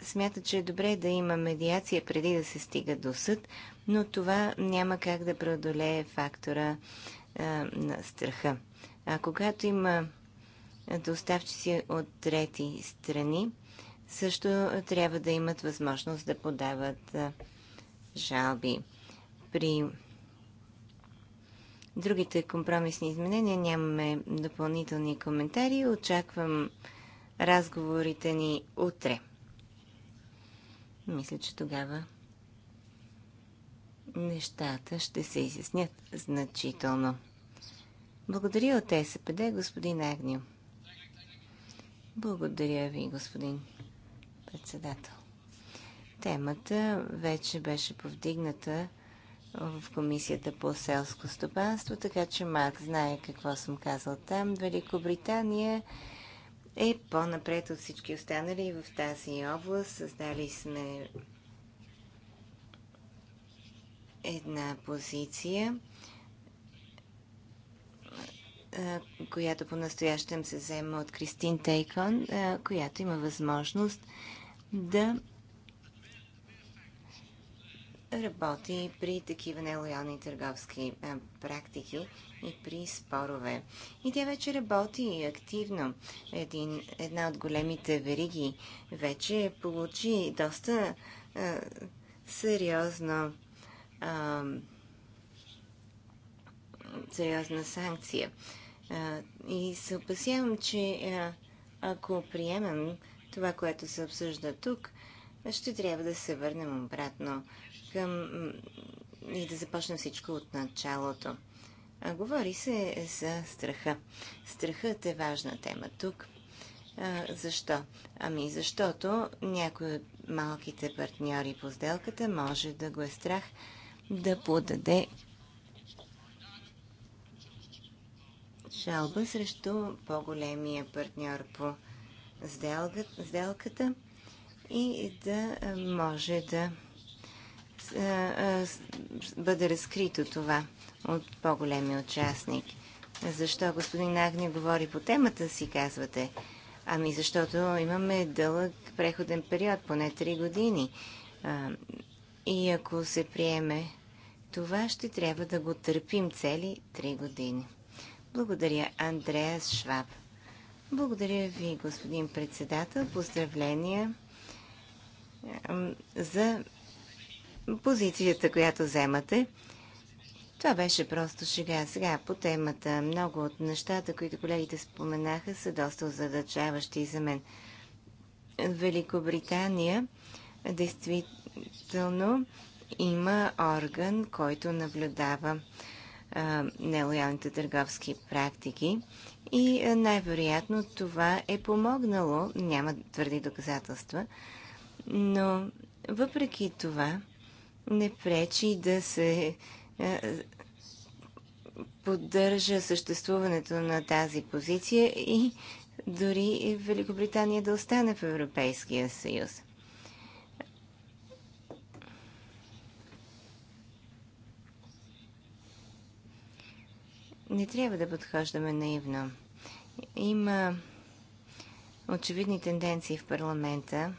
смята, че е добре да има медиация преди да се стига до съд, но това няма как да преодолее фактора на страха. А когато има доставчици от трети страни, също трябва да имат възможност да подават жалби. При другите компромисни изменения нямаме допълнителни коментари. Очаквам разговорите ни утре. Мисля, че тогава нещата ще се изяснят значително. Благодаря от СПД, господин Агнио. Благодаря ви, господин председател. Темата вече беше повдигната в Комисията по селско стопанство, така че Марк знае какво съм казал там. Великобритания е по-напред от всички останали в тази област. Създали сме една позиция, която по-настоящем се взема от Кристин Тейкон, която има възможност да работи при такива нелоялни търговски практики и при спорове. И тя вече работи активно. Един, една от големите вериги вече получи доста а, сериозна, а, сериозна санкция. А, и се опасявам, че а, ако приемем това, което се обсъжда тук, ще трябва да се върнем обратно към и да започнем всичко от началото. Говори се за страха. Страхът е важна тема тук. Защо? Ами защото някой от малките партньори по сделката може да го е страх да подаде жалба срещу по-големия партньор по сделката и да може да бъде разкрито това от по-големи участник. Защо господин Агни говори по темата си, казвате? Ами защото имаме дълъг преходен период, поне 3 години. и ако се приеме, това ще трябва да го търпим цели 3 години. Благодаря, Андреас Шваб. Благодаря ви, господин председател. Поздравления за позицията, която вземате. Това беше просто шега. Сега по темата. Много от нещата, които колегите споменаха, са доста озадачаващи за мен. Великобритания действително има орган, който наблюдава а, нелоялните търговски практики и най-вероятно това е помогнало, няма твърди доказателства, но въпреки това не пречи да се е, поддържа съществуването на тази позиция и дори Великобритания да остане в Европейския съюз. Не трябва да подхождаме наивно. Има очевидни тенденции в парламента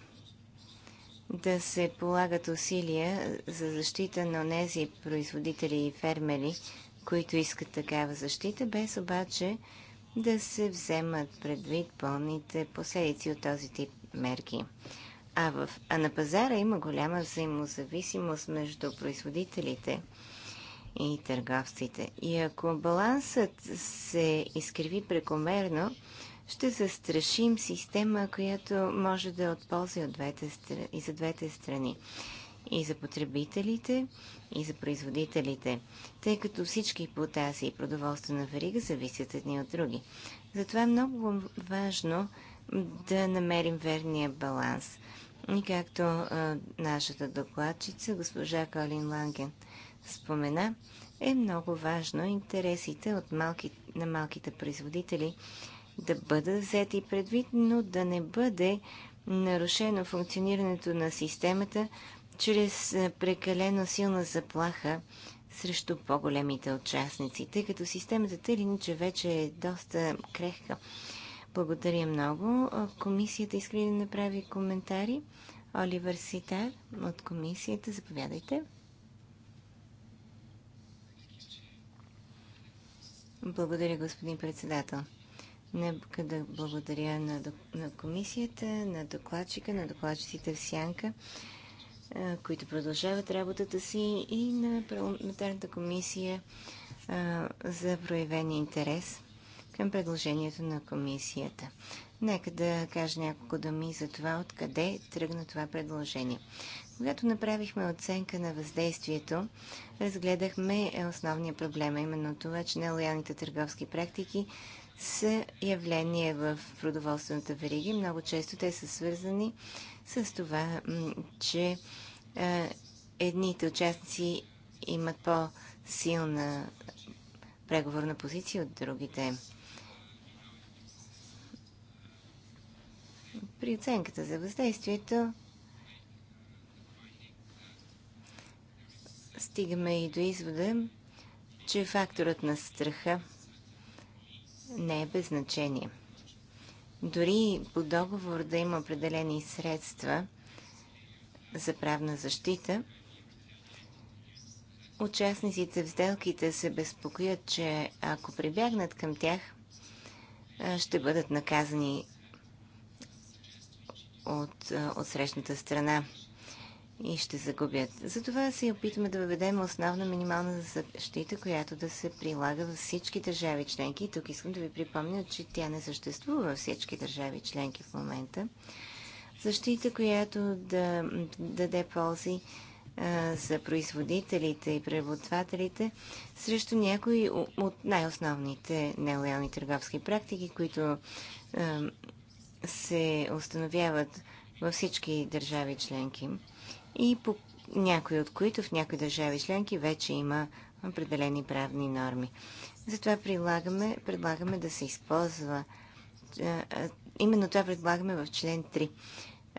да се полагат усилия за защита на тези производители и фермери, които искат такава защита, без обаче да се вземат предвид пълните последици от този тип мерки. А, в, а на пазара има голяма взаимозависимост между производителите и търговците. И ако балансът се изкриви прекомерно, ще застрашим система, която може да отползи от двете, и за двете страни. И за потребителите, и за производителите, тъй като всички и продоволство продоволствена верига зависят едни от други. Затова е много важно да намерим верния баланс. И както а, нашата докладчица, госпожа Колин Ланген, спомена, е много важно интересите от малки, на малките производители да бъдат взети предвид, но да не бъде нарушено функционирането на системата чрез е, прекалено силна заплаха срещу по-големите участници, тъй като системата тъй иначе вече е доста крехка. Благодаря много. Комисията иска да направи коментари. Оливър Ситар от комисията, заповядайте. Благодаря, господин председател. Нека да благодаря на, на комисията, на докладчика, на докладчиците в Сянка, които продължават работата си и на парламентарната комисия за проявени интерес към предложението на комисията. Нека да кажа няколко думи за това, откъде тръгна това предложение. Когато направихме оценка на въздействието, разгледахме основния проблем, именно това, че нелоялните търговски практики са явления в продоволствената верига. Много често те са свързани с това, че едните участници имат по-силна преговорна позиция от другите. При оценката за въздействието стигаме и до извода, че факторът на страха – не е без значение. Дори по договор да има определени средства за правна защита, участниците в сделките се безпокоят, че ако прибягнат към тях, ще бъдат наказани от, от срещната страна и ще загубят. Затова се опитваме да въведем основна минимална защита, която да се прилага във всички държави членки. И тук искам да ви припомня, че тя не съществува във всички държави членки в момента. Защита, която да, даде ползи за производителите и преработвателите срещу някои от най-основните нелоялни търговски практики, които се установяват във всички държави членки и по някои от които в някои държави членки вече има определени правни норми. Затова предлагаме, предлагаме да се използва. Именно това предлагаме в член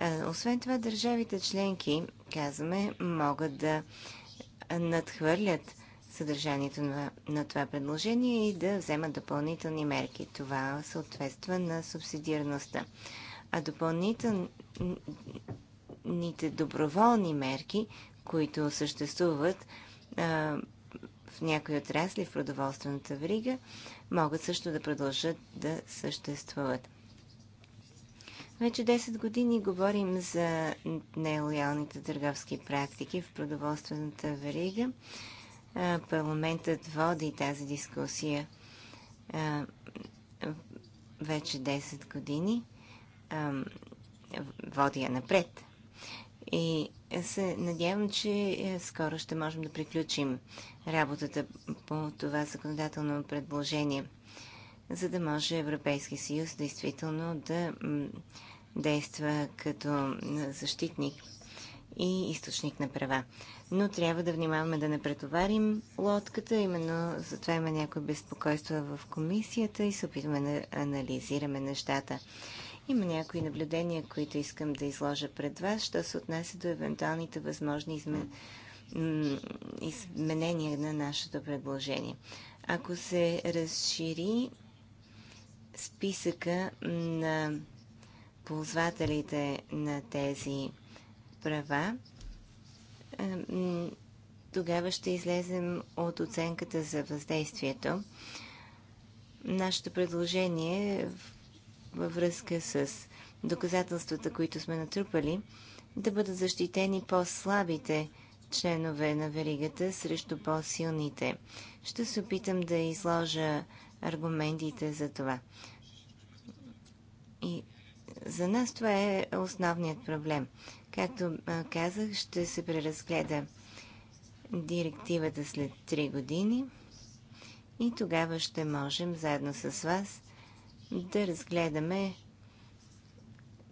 3. Освен това, държавите членки, казваме, могат да надхвърлят съдържанието на, на това предложение и да вземат допълнителни мерки. Това съответства на субсидиарността. А допълнител ните доброволни мерки, които съществуват а, в някои отрасли в продоволствената врига, могат също да продължат да съществуват. Вече 10 години говорим за нелоялните търговски практики в продоволствената верига. парламентът води тази дискусия вече 10 години. Води я напред. И се надявам, че е, скоро ще можем да приключим работата по това законодателно предложение, за да може Европейския съюз действително да действа като защитник и източник на права. Но трябва да внимаваме да не претоварим лодката, именно затова има някои безпокойства в комисията и се опитваме да анализираме нещата. Има някои наблюдения, които искам да изложа пред вас, що се отнася до евентуалните възможни измен... изменения на нашето предложение. Ако се разшири списъка на ползвателите на тези права, е, тогава ще излезем от оценката за въздействието. Нашето предложение е във връзка с доказателствата, които сме натрупали, да бъдат защитени по-слабите членове на веригата срещу по-силните. Ще се опитам да изложа аргументите за това. И за нас това е основният проблем. Както казах, ще се преразгледа директивата след 3 години и тогава ще можем заедно с вас да разгледаме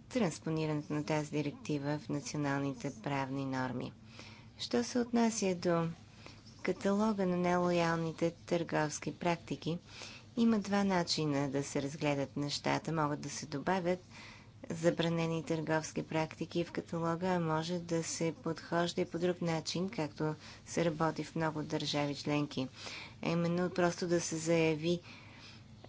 транспонирането на тази директива в националните правни норми. Що се отнася до каталога на нелоялните търговски практики, има два начина да се разгледат нещата. Могат да се добавят забранени търговски практики в каталога, а може да се подхожда и по друг начин, както се работи в много държави членки. А именно просто да се заяви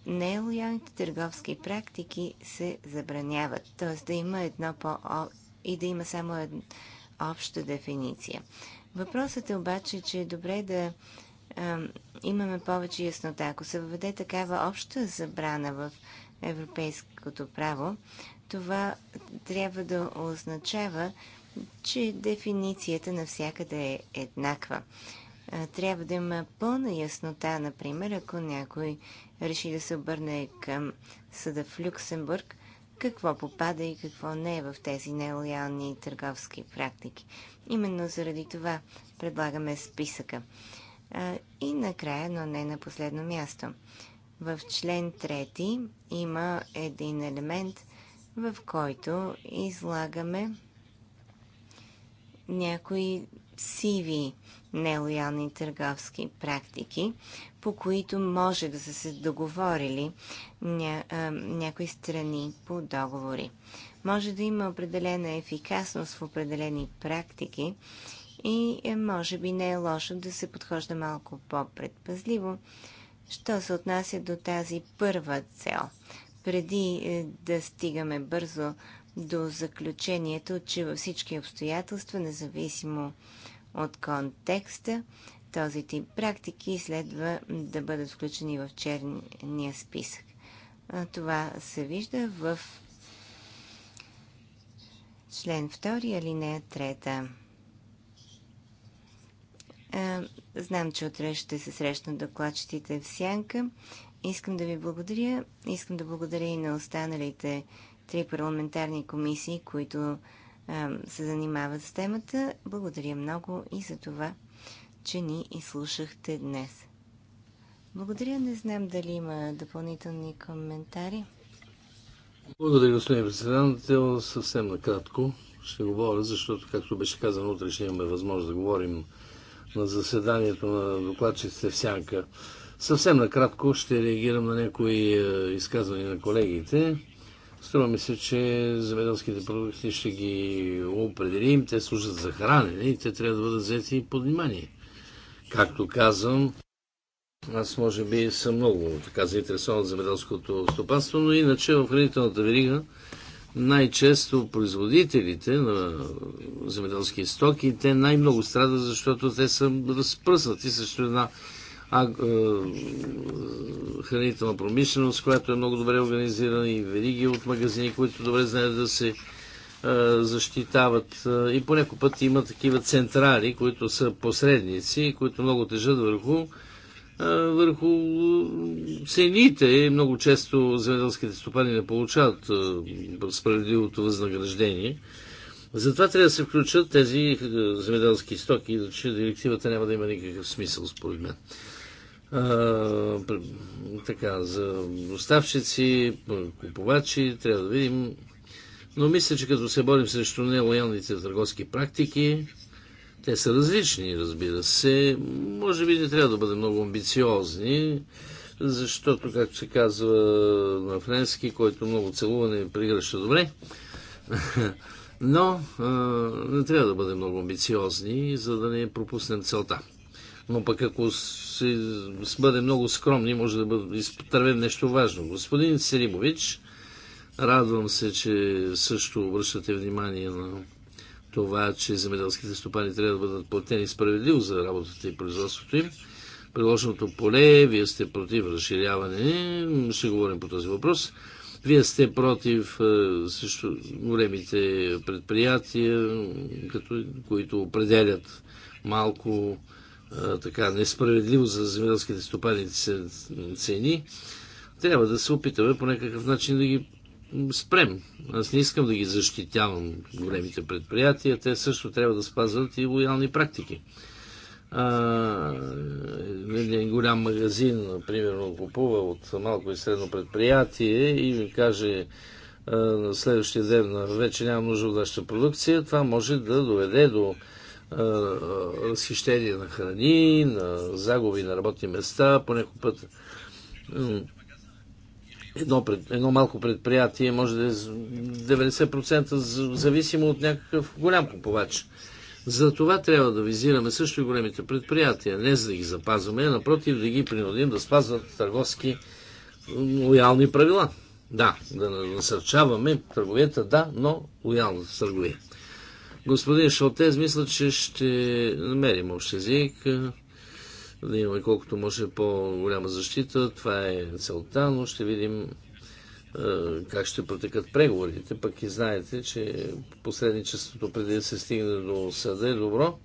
нелоялните търговски практики се забраняват. Т.е. да има едно по и да има само една обща дефиниция. Въпросът е обаче, че е добре да а, имаме повече яснота. Ако се въведе такава обща забрана в европейското право, това трябва да означава, че дефиницията навсякъде е еднаква трябва да има пълна яснота, например, ако някой реши да се обърне към съда в Люксембург, какво попада и какво не е в тези нелоялни търговски практики. Именно заради това предлагаме списъка. И накрая, но не на последно място. В член 3 има един елемент, в който излагаме някои сиви нелоялни търговски практики, по които може да са се договорили ня, а, някои страни по договори. Може да има определена ефикасност в определени практики и е, може би не е лошо да се подхожда малко по-предпазливо, що се отнася до тази първа цел. Преди е, да стигаме бързо до заключението, че във всички обстоятелства, независимо от контекста, този тип практики следва да бъдат включени в черния списък. Това се вижда в член 2, алинея 3. Знам, че утре ще се срещнат докладчетите в Сянка. Искам да ви благодаря. Искам да благодаря и на останалите три парламентарни комисии, които се занимават с темата. Благодаря много и за това, че ни изслушахте днес. Благодаря. Не знам дали има допълнителни коментари.
Благодаря, господин председател. Съвсем накратко ще говоря, защото, както беше казано, утре ще имаме възможност да говорим на заседанието на докладчиците в Сянка. Съвсем накратко ще реагирам на някои е, изказвания на колегите. Струва ми се, че земеделските продукти ще ги определим. Те служат за хранене и те трябва да бъдат взети под внимание. Както казвам, аз може би съм много така заинтересован от земеделското стопанство, но иначе в хранителната верига най-често производителите на земеделски стоки, те най-много страдат, защото те са разпръснати срещу една а, е, хранителна промишленост, която е много добре организирана и вериги от магазини, които добре знаят да се е, защитават. Е, и по някой път има такива централи, които са посредници, които много тежат върху е, върху е, цените. Много често земеделските стопани не получават справедливото възнаграждение. Затова трябва да се включат тези земеделски стоки, защото директивата няма да има никакъв смисъл, според мен така, за доставчици, купувачи, трябва да видим. Но мисля, че като се борим срещу нелоялните търговски практики, те са различни, разбира се. Може би не трябва да бъдем много амбициозни, защото, както се казва на френски, който много целуване не пригръща добре. [laughs] Но а, не трябва да бъдем много амбициозни, за да не пропуснем целта но пък ако се бъде много скромни, може да бъде изтървем нещо важно. Господин Серимович, радвам се, че също обръщате внимание на това, че земеделските стопани трябва да бъдат платени справедливо за работата и производството им. Приложеното поле, вие сте против разширяване, ще говорим по този въпрос. Вие сте против е, също големите предприятия, които определят малко така несправедливо за земеделските стопани цени, трябва да се опитаме по някакъв начин да ги спрем. Аз не искам да ги защитявам големите предприятия. Те също трябва да спазват и лоялни практики. А, един е, е, голям магазин, примерно, купува от малко и средно предприятие и ви каже на следващия ден вече няма нужда от вашата продукция, това може да доведе до разхищение на храни, на загуби на работни места, по път едно, пред, едно малко предприятие може да е 90% зависимо от някакъв голям купувач. За това трябва да визираме също и големите предприятия. Не за да ги запазваме, а напротив да ги принудим да спазват търговски лоялни правила. Да, да насърчаваме търговията, да, но лоялната търговия. Господин Шалтез, мисля, че ще намерим общ език, да имаме колкото може по-голяма защита. Това е целта, но ще видим как ще протекат преговорите. Пък и знаете, че посредничеството преди да се стигне до съда е добро.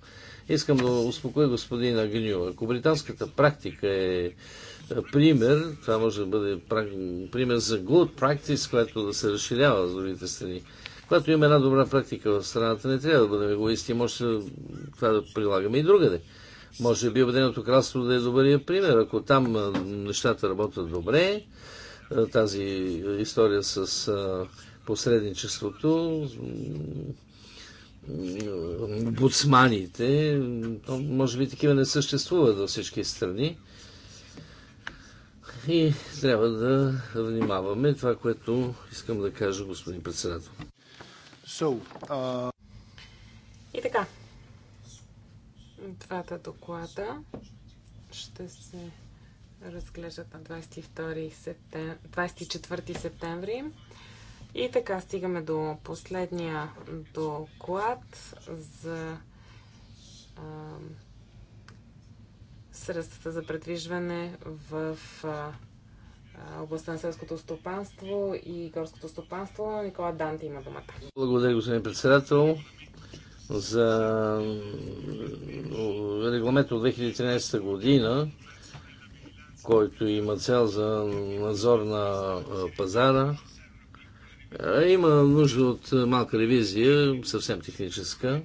Искам да успокоя господин Агню. Ако британската практика е пример, това може да бъде пример за good practice, което да се разширява с другите страни. Когато имаме една добра практика в страната, не трябва да бъдем егоисти, може това да прилагаме и другаде. Може би Обеденото кралство да е добрия пример. Ако там нещата работят добре, тази история с посредничеството, буцманите, може би такива не съществуват във всички страни. И трябва да внимаваме това, което искам да кажа, господин председател.
So, uh... И така. Двата доклада ще се разглеждат на 22 септем... 24 септември. И така стигаме до последния доклад за а, средствата за предвижване в а, областта на селското стопанство и горското стопанство. Никола Данте има думата.
Благодаря, господин председател за регламент от 2013 година, който има цел за надзор на пазара. Има нужда от малка ревизия, съвсем техническа,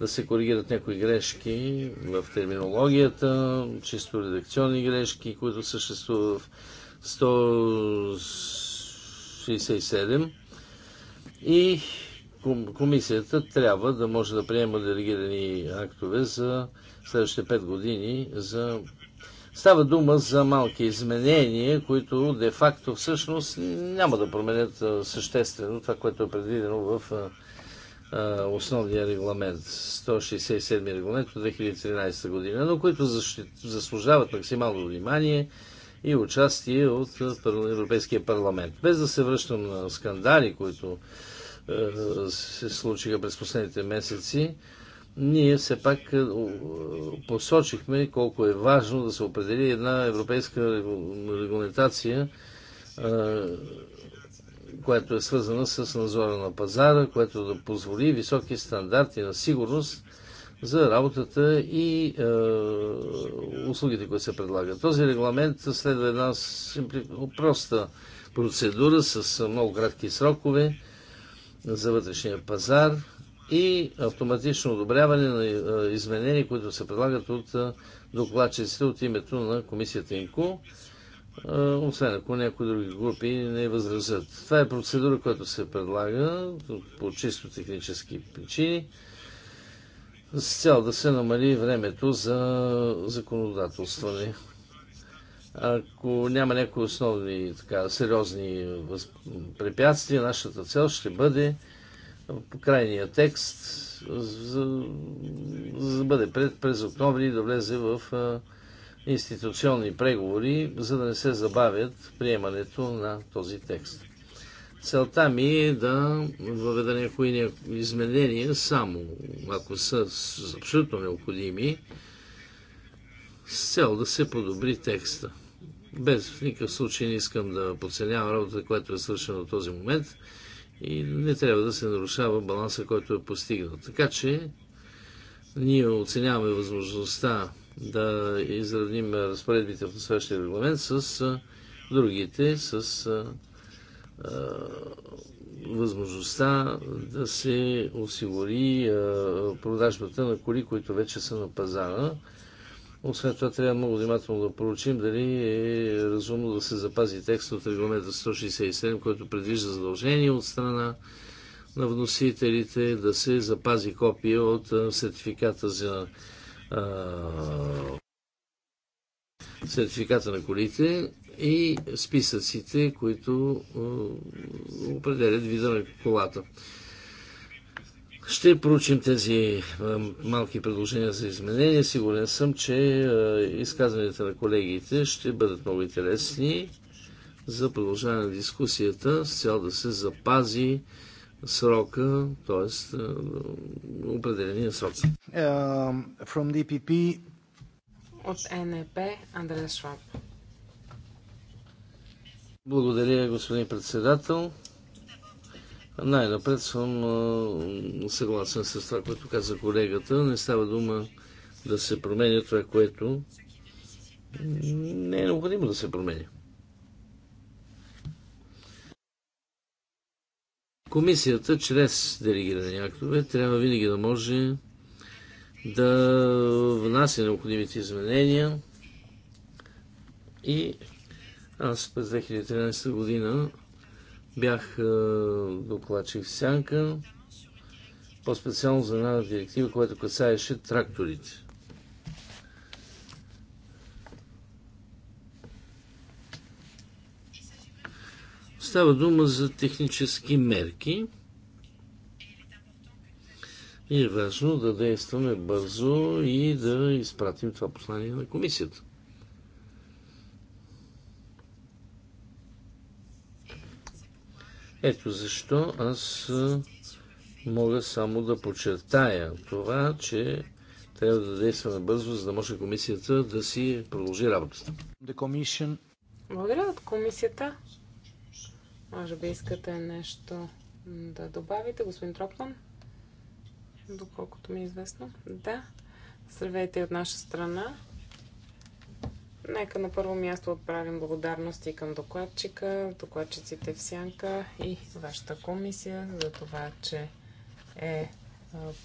да се коригират някои грешки в терминологията, чисто редакционни грешки, които съществуват в 167 и комисията трябва да може да приема делегирани актове за следващите 5 години. За... Става дума за малки изменения, които де-факто всъщност няма да променят съществено това, което е предвидено в основния регламент, 167 регламент от 2013 година, но които заслужават максимално внимание и участие от е, Европейския парламент. Без да се връщам на скандали, които е, се случиха през последните месеци, ние все пак е, посочихме колко е важно да се определи една европейска регламентация, която е свързана с надзора на пазара, което да позволи високи стандарти на сигурност за работата и е, услугите, които се предлагат. Този регламент следва една симпли... проста процедура с много кратки срокове за вътрешния пазар и автоматично одобряване на е, изменения, които се предлагат от е, докладчиците от името на комисията ИНКО, е, освен ако някои други групи не възразят. Това е процедура, която се предлага по чисто технически причини с цял да се намали времето за законодателстване. Ако няма някои основни така, сериозни въз... препятствия, нашата цел ще бъде по крайния текст за, за да бъде пред, през октомври и да влезе в а, институционни преговори, за да не се забавят приемането на този текст. Целта ми е да въведа някои изменения, само ако са абсолютно необходими, с цел да се подобри текста. Без в никакъв случай не искам да подценявам работата, която е свършена до този момент и не трябва да се нарушава баланса, който е постигнат. Така че ние оценяваме възможността да изравним разпоредбите в следващия регламент с другите, с възможността да се осигури продажбата на коли, които вече са на пазара. Освен това, трябва много внимателно да проучим дали е разумно да се запази текст от регламента 167, който предвижда задължение от страна на вносителите да се запази копия от сертификата за сертификата на колите и списъците, които определят вида на колата. Ще проучим тези малки предложения за изменение. Сигурен съм, че изказванията на колегите ще бъдат много интересни за продължаване на дискусията с цел да се запази срока, т.е. определения срок. Uh,
От НЕП Андреас Шваб.
Благодаря, господин председател. Най-напред съм съгласен с това, което каза колегата. Не става дума да се променя това, което не е необходимо да се променя. Комисията, чрез делегирани актове, трябва винаги да може да внася необходимите изменения и аз през 2013 година бях е, докладчик сянка, по-специално за една директива, която касаеше тракторите. Става дума за технически мерки и е важно да действаме бързо и да изпратим това послание на комисията. Ето защо аз е, мога само да подчертая това, че трябва да действаме бързо, за да може комисията да си продължи работата.
Благодаря от комисията. Може би искате нещо да добавите, господин Тропман, доколкото ми е известно. Да. Здравейте от наша страна. Нека на първо място отправим благодарности към докладчика, докладчиците в Сянка и вашата комисия за това, че е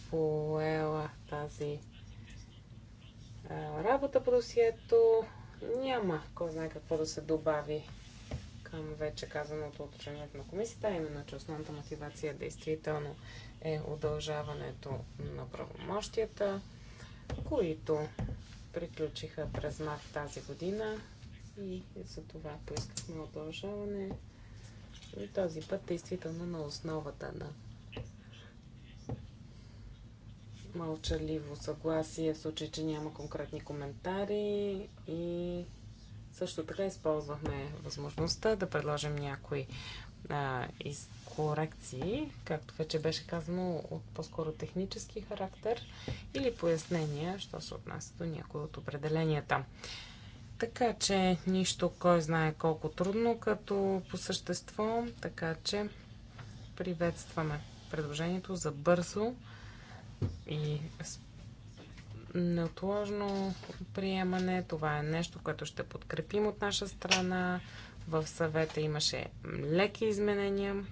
поела тази работа по досието. Няма кой знае какво да се добави към вече казаното от членовете на комисията, именно, че основната мотивация действително е удължаването на правомощията, които приключиха през март тази година и за това поискахме удължаване. И този път действително на основата на мълчаливо съгласие в случай, че няма конкретни коментари и също така използвахме възможността да предложим някои а, из, корекции, както вече беше казано, от по-скоро технически характер или пояснения, що се отнася до някои от определенията. Така че нищо кой знае колко трудно, като по същество, така че приветстваме предложението за бързо и неотложно приемане. Това е нещо, което ще подкрепим от наша страна. В съвета имаше леки изменения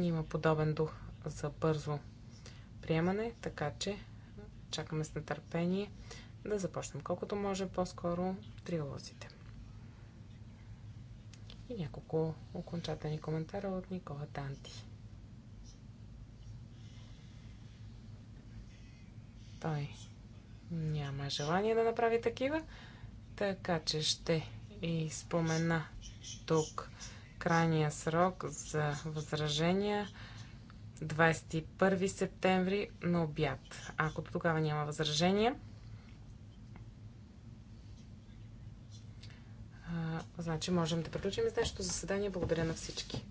има подобен дух за бързо приемане, така че чакаме с нетърпение да започнем колкото може по-скоро триолозите. И няколко окончателни коментара от Никола Танти. Той няма желание да направи такива, така че ще и спомена тук Крайния срок за възражения 21 септември на обяд. Ако до тогава няма възражения, значи можем да приключим с днешното заседание. Благодаря на всички.